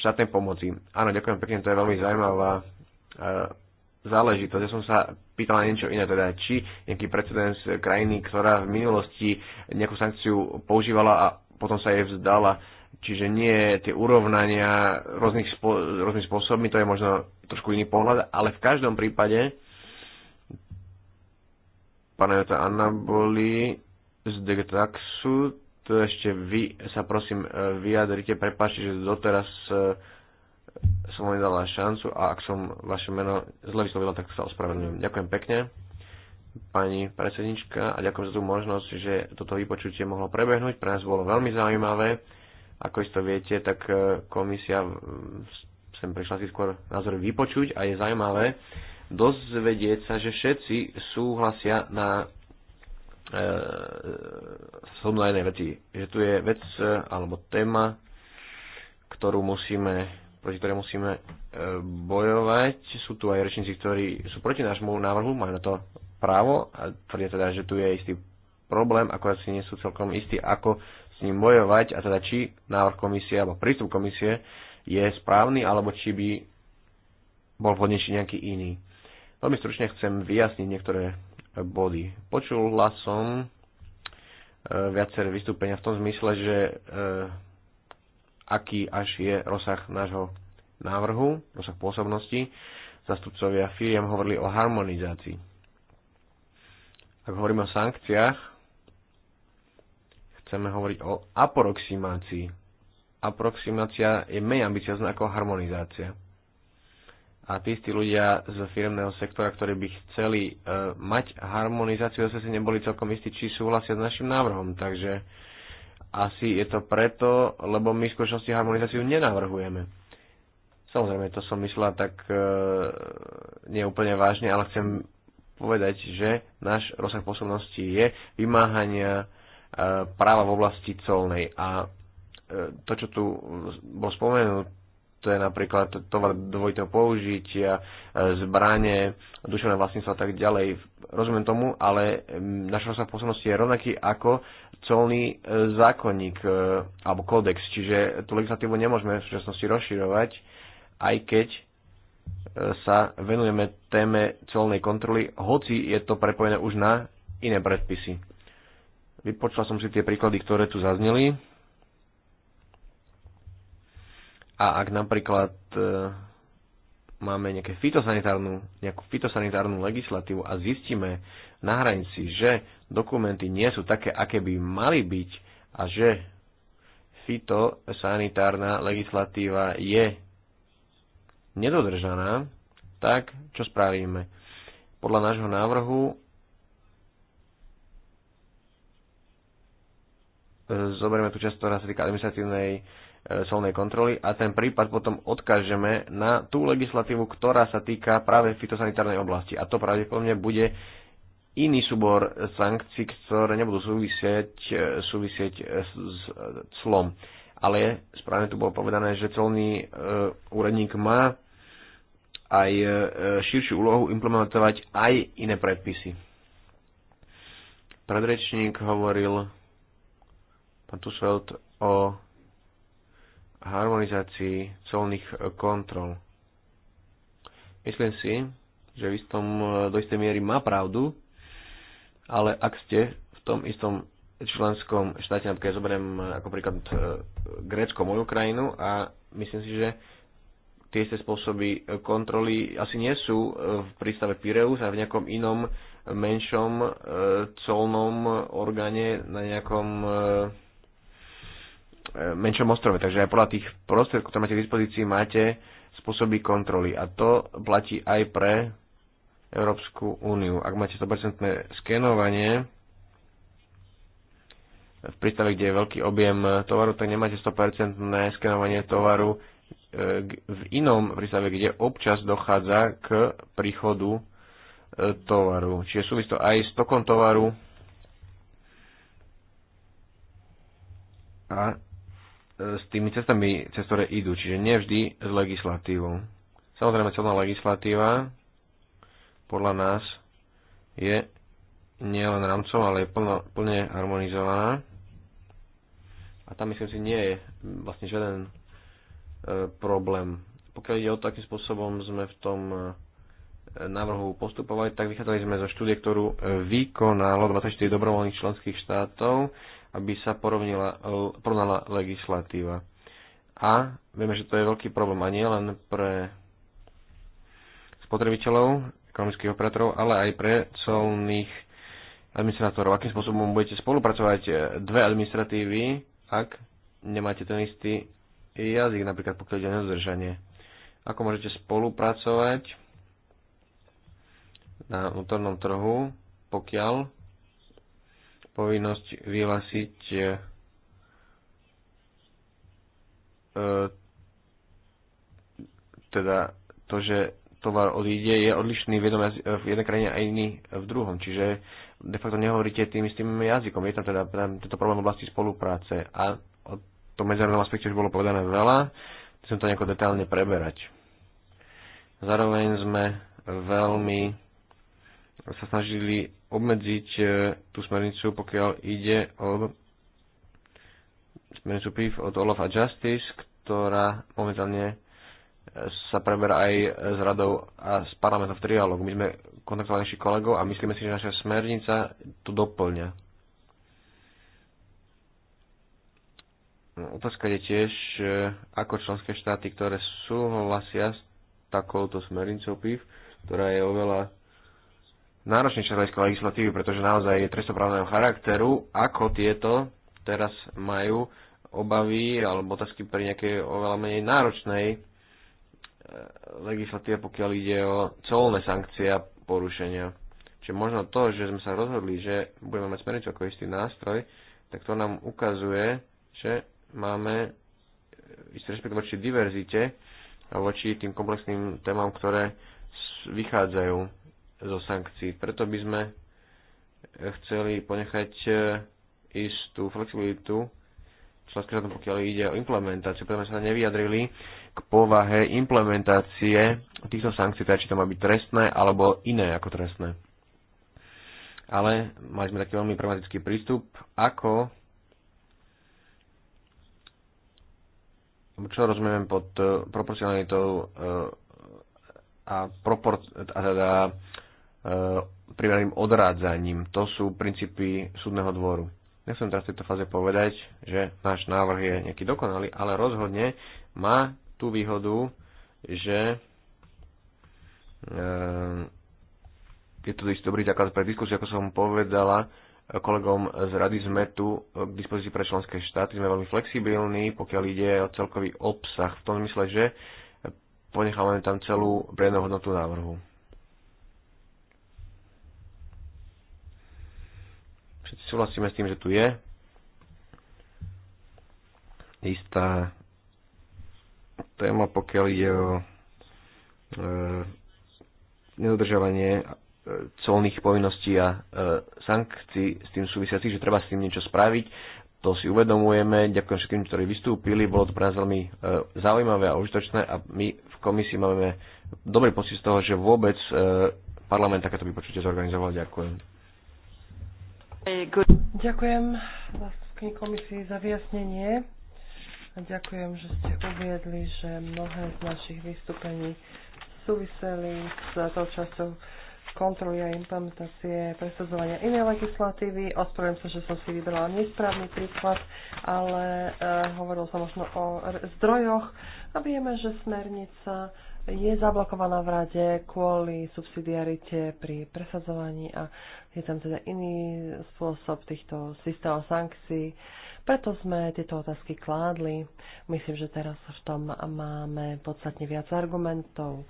štátnej pomoci. Áno, ďakujem pekne, to je veľmi zaujímavá záležitosť. Ja som sa pýtal na niečo iné, teda či nejaký precedens krajiny, ktorá v minulosti nejakú sankciu používala a potom sa jej vzdala. Čiže nie tie urovnania rôznych, spo, rôznymi spôsobmi, to je možno trošku iný pohľad, ale v každom prípade Panajota Anna boli z Degtaxu, to ešte vy sa prosím e, vyjadrite, prepáčte, že doteraz e, som vám nedala šancu a ak som vaše meno zle vyslovila, tak sa ospravedlňujem. Ďakujem pekne pani predsednička a ďakujem za tú možnosť, že toto vypočutie mohlo prebehnúť. Pre nás bolo veľmi zaujímavé. Ako isto viete, tak e, komisia sem prišla si skôr názor vypočuť a je zaujímavé dozvedieť sa, že všetci súhlasia na e, na jednej veci, že tu je vec e, alebo téma, ktorú musíme proti ktoré musíme e, bojovať. Sú tu aj rečníci, ktorí sú proti nášmu návrhu, majú na to právo a tvrdia teda, že tu je istý problém, akorát si nie sú celkom istí, ako s ním bojovať a teda či návrh komisie alebo prístup komisie je správny alebo či by bol vhodnejší nejaký iný. Veľmi stručne chcem vyjasniť niektoré body. Počul som e, viaceré vystúpenia v tom zmysle, že e, aký až je rozsah nášho návrhu, rozsah pôsobnosti. Zastupcovia firiem hovorili o harmonizácii. Ak hovoríme o sankciách, chceme hovoriť o aproximácii. Aproximácia je menej ambiciozná ako harmonizácia. A tí istí ľudia z firmného sektora, ktorí by chceli e, mať harmonizáciu, zase si neboli celkom istí, či súhlasia s našim návrhom. Takže asi je to preto, lebo my v skutočnosti harmonizáciu nenavrhujeme. Samozrejme, to som myslela tak e, neúplne vážne, ale chcem povedať, že náš rozsah posobnosti je vymáhania e, práva v oblasti colnej. A e, to, čo tu bolo spomenuté, to je napríklad tovar dvojitého použitia, e, zbranie, duševné vlastníctvo a tak ďalej. Rozumiem tomu, ale naša sa poslednosti je rovnaký ako colný e, zákonník e, alebo kódex, čiže tú legislatívu nemôžeme v súčasnosti rozširovať, aj keď sa venujeme téme colnej kontroly, hoci je to prepojené už na iné predpisy. Vypočula som si tie príklady, ktoré tu zazneli A ak napríklad e, máme nejaké fitosanitárnu, nejakú fitosanitárnu legislatívu a zistíme na hranici, že dokumenty nie sú také, aké by mali byť a že fitosanitárna legislatíva je nedodržaná, tak čo spravíme? Podľa nášho návrhu e, zoberieme tú časť, ktorá sa týka administratívnej E, solnej kontroly a ten prípad potom odkážeme na tú legislatívu, ktorá sa týka práve fitosanitárnej oblasti. A to pravdepodobne bude iný súbor sankcií, ktoré nebudú súvisieť, e, súvisieť e, s clom. Ale správne tu bolo povedané, že colný úradník má aj širšiu úlohu implementovať aj iné predpisy. Predrečník hovoril, pán Tusveld, o harmonizácii colných kontrol. Myslím si, že v istom, do istej miery má pravdu, ale ak ste v tom istom členskom štáte, napríklad ja zoberiem e, ako príklad e, Grécko, moju krajinu a myslím si, že tie isté spôsoby e, kontroly asi nie sú v prístave Pireus a v nejakom inom menšom colnom orgáne na nejakom E, menšom ostrove. Takže aj podľa tých prostriedkov, ktoré máte k dispozícii, máte spôsoby kontroly. A to platí aj pre Európsku úniu. Ak máte 100% skenovanie v prístave, kde je veľký objem tovaru, tak nemáte 100% skenovanie tovaru e, v inom prístave, kde občas dochádza k príchodu e, tovaru. Čiže súvisí to aj s tokom tovaru a s tými cestami, cez ktoré idú, čiže nevždy s legislatívou. Samozrejme, celá legislatíva podľa nás je nielen rámcov, ale je plno, plne harmonizovaná. A tam myslím si nie je vlastne žiaden e, problém. Pokiaľ ide o to, akým spôsobom sme v tom e, návrhu postupovali, tak vychádzali sme zo štúdie, ktorú e, vykonalo 24 dobrovoľných členských štátov aby sa e, porovnala legislatíva. A vieme, že to je veľký problém a nie len pre spotrebiteľov, ekonomických operátorov, ale aj pre colných administrátorov. Akým spôsobom budete spolupracovať e, dve administratívy, ak nemáte ten istý jazyk, napríklad pokiaľ ide o zdržanie. Ako môžete spolupracovať na vnútornom trhu, pokiaľ povinnosť vyhlásiť e, e, teda to, že tovar odíde, je odlišný v, jednom, v jednej krajine a iný v druhom. Čiže de facto nehovoríte tým istým jazykom. Je tam teda tam tento problém v oblasti spolupráce. A o tom medzinárodnom aspekte už bolo povedané veľa. Chcem to nejako detálne preberať. Zároveň sme veľmi sa snažili obmedziť e, tú smernicu, pokiaľ ide o smernicu PIF od Olaf a Justice, ktorá momentálne e, sa preberá aj s radou a s parlamentom v triálogu. My sme kontaktovali našich kolegov a myslíme si, že naša smernica to doplňa. Otázka je tiež, e, ako členské štáty, ktoré súhlasia s takouto smernicou PIF, ktorá je oveľa náročný čas hľadiska legislatívy, pretože naozaj je trestoprávneho charakteru, ako tieto teraz majú obavy alebo otázky pri nejakej oveľa menej náročnej e, legislatíve, pokiaľ ide o colné sankcie a porušenia. Čiže možno to, že sme sa rozhodli, že budeme mať smernicu ako istý nástroj, tak to nám ukazuje, že máme istý rešpekt voči diverzite a voči tým komplexným témam, ktoré vychádzajú zo sankcií. Preto by sme chceli ponechať e, istú flexibilitu členským štátom, pokiaľ ide o implementáciu, pretože sa nevyjadrili k povahe implementácie týchto sankcií, teda či to má byť trestné alebo iné ako trestné. Ale mali sme taký veľmi pragmatický prístup, ako čo rozumiem pod e, proporcionalitou e, a, propor, a teda E, primerným odrádzaním. To sú princípy súdneho dvoru. Nechcem teraz v tejto fáze povedať, že náš návrh je nejaký dokonalý, ale rozhodne má tú výhodu, že e, je to istý dobrý základ pre diskusiu, ako som povedala kolegom z rady, sme tu k dispozícii pre členské štáty, sme veľmi flexibilní, pokiaľ ide o celkový obsah, v tom mysle, že ponechávame tam celú brejnú hodnotu návrhu. Všetci súhlasíme s tým, že tu je istá téma, pokiaľ ide o e, nedodržovanie e, colných povinností a e, sankcií s tým súvisiacich, že treba s tým niečo spraviť. To si uvedomujeme. Ďakujem všetkým, ktorí vystúpili. Bolo to pre nás veľmi e, zaujímavé a užitočné a my v komisii máme dobrý pocit z toho, že vôbec e, parlament takéto vypočutie zorganizoval. Ďakujem. Ďakujem zástupkyni komisii za vyjasnenie a ďakujem, že ste uviedli, že mnohé z našich vystúpení súviseli s tou časťou kontroly a implementácie presadzovania inej legislatívy. Ospravedlňujem sa, že som si vybrala nesprávny príklad, ale e, eh, hovoril som možno o zdrojoch a vieme, že smernica je zablokovaná v rade kvôli subsidiarite pri presadzovaní a je tam teda iný spôsob týchto systémov sankcií. Preto sme tieto otázky kládli. Myslím, že teraz v tom máme podstatne viac argumentov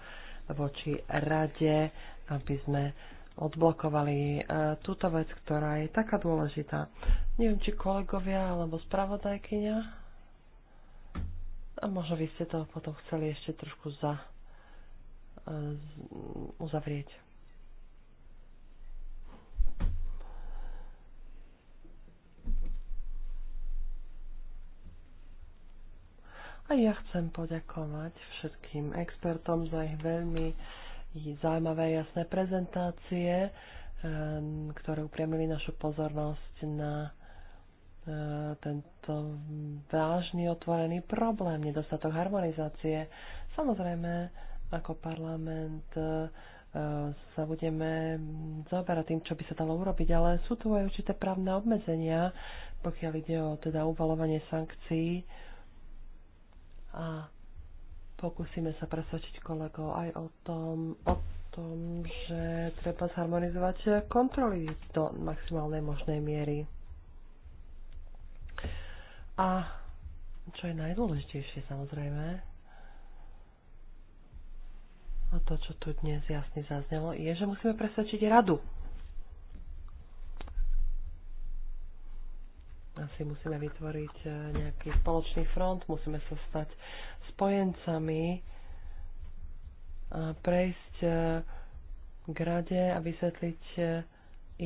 voči rade, aby sme odblokovali e, túto vec, ktorá je taká dôležitá. Neviem, či kolegovia alebo spravodajkyňa. A možno vy ste to potom chceli ešte trošku za Eh, uzavrieť. A ja chcem poďakovať všetkým expertom za ich veľmi zaujímavé jasné prezentácie, eh, ktoré upriamili našu pozornosť na eh, tento vážny otvorený problém, nedostatok harmonizácie. Samozrejme, ako parlament e, sa budeme zaoberať tým, čo by sa dalo urobiť, ale sú tu aj určité právne obmedzenia, pokiaľ ide o teda uvalovanie sankcií a pokúsime sa presvedčiť kolegov aj o tom, o tom, že treba zharmonizovať kontroly do maximálnej možnej miery. A čo je najdôležitejšie samozrejme, a to, čo tu dnes jasne zaznelo, je, že musíme presvedčiť radu. Asi musíme vytvoriť e, nejaký spoločný front, musíme sa stať spojencami, a prejsť e, k rade a vysvetliť e,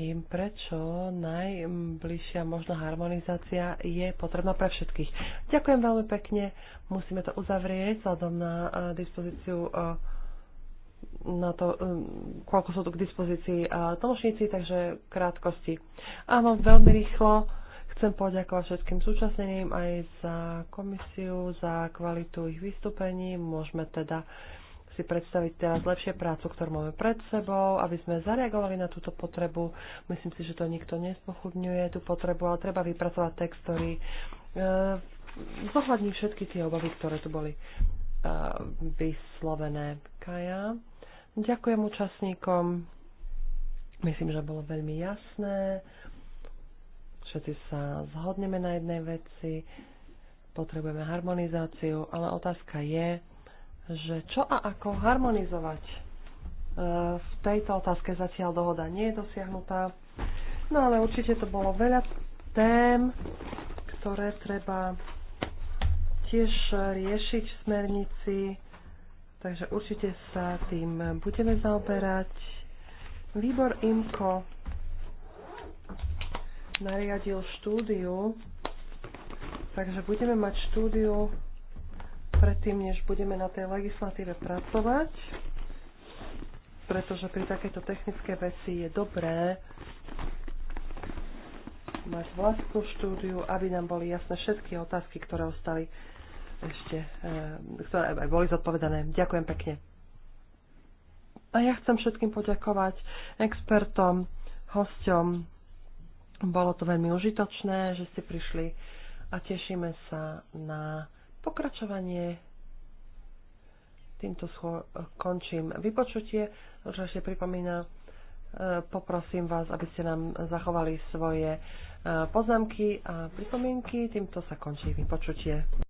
im, prečo najbližšia možná harmonizácia je potrebná pre všetkých. Ďakujem veľmi pekne. Musíme to uzavrieť vzhľadom na dispozíciu na to, um, koľko sú tu k dispozícii uh, tlmočníci, takže krátkosti. Áno, veľmi rýchlo chcem poďakovať všetkým súčasneným aj za komisiu, za kvalitu ich vystúpení. Môžeme teda si predstaviť teraz lepšie prácu, ktorú máme pred sebou, aby sme zareagovali na túto potrebu. Myslím si, že to nikto nespochudňuje tú potrebu, ale treba vypracovať text, ktorý uh, zohľadní všetky tie obavy, ktoré tu boli uh, vyslovené. Kaja. Ďakujem účastníkom. Myslím, že bolo veľmi jasné. Všetci sa zhodneme na jednej veci. Potrebujeme harmonizáciu, ale otázka je, že čo a ako harmonizovať. E, v tejto otázke zatiaľ dohoda nie je dosiahnutá. No ale určite to bolo veľa tém, ktoré treba tiež riešiť v smernici Takže určite sa tým budeme zaoberať. Výbor IMCO nariadil štúdiu, takže budeme mať štúdiu predtým, než budeme na tej legislatíve pracovať, pretože pri takéto technické veci je dobré mať vlastnú štúdiu, aby nám boli jasné všetky otázky, ktoré ostali ešte, eh, ktoré aj boli zodpovedané. Ďakujem pekne. A ja chcem všetkým poďakovať expertom, hosťom. Bolo to veľmi užitočné, že ste prišli a tešíme sa na pokračovanie. Týmto scho- končím vypočutie. Už ešte pripomína, eh, poprosím vás, aby ste nám zachovali svoje eh, poznámky a pripomienky. Týmto sa končí vypočutie.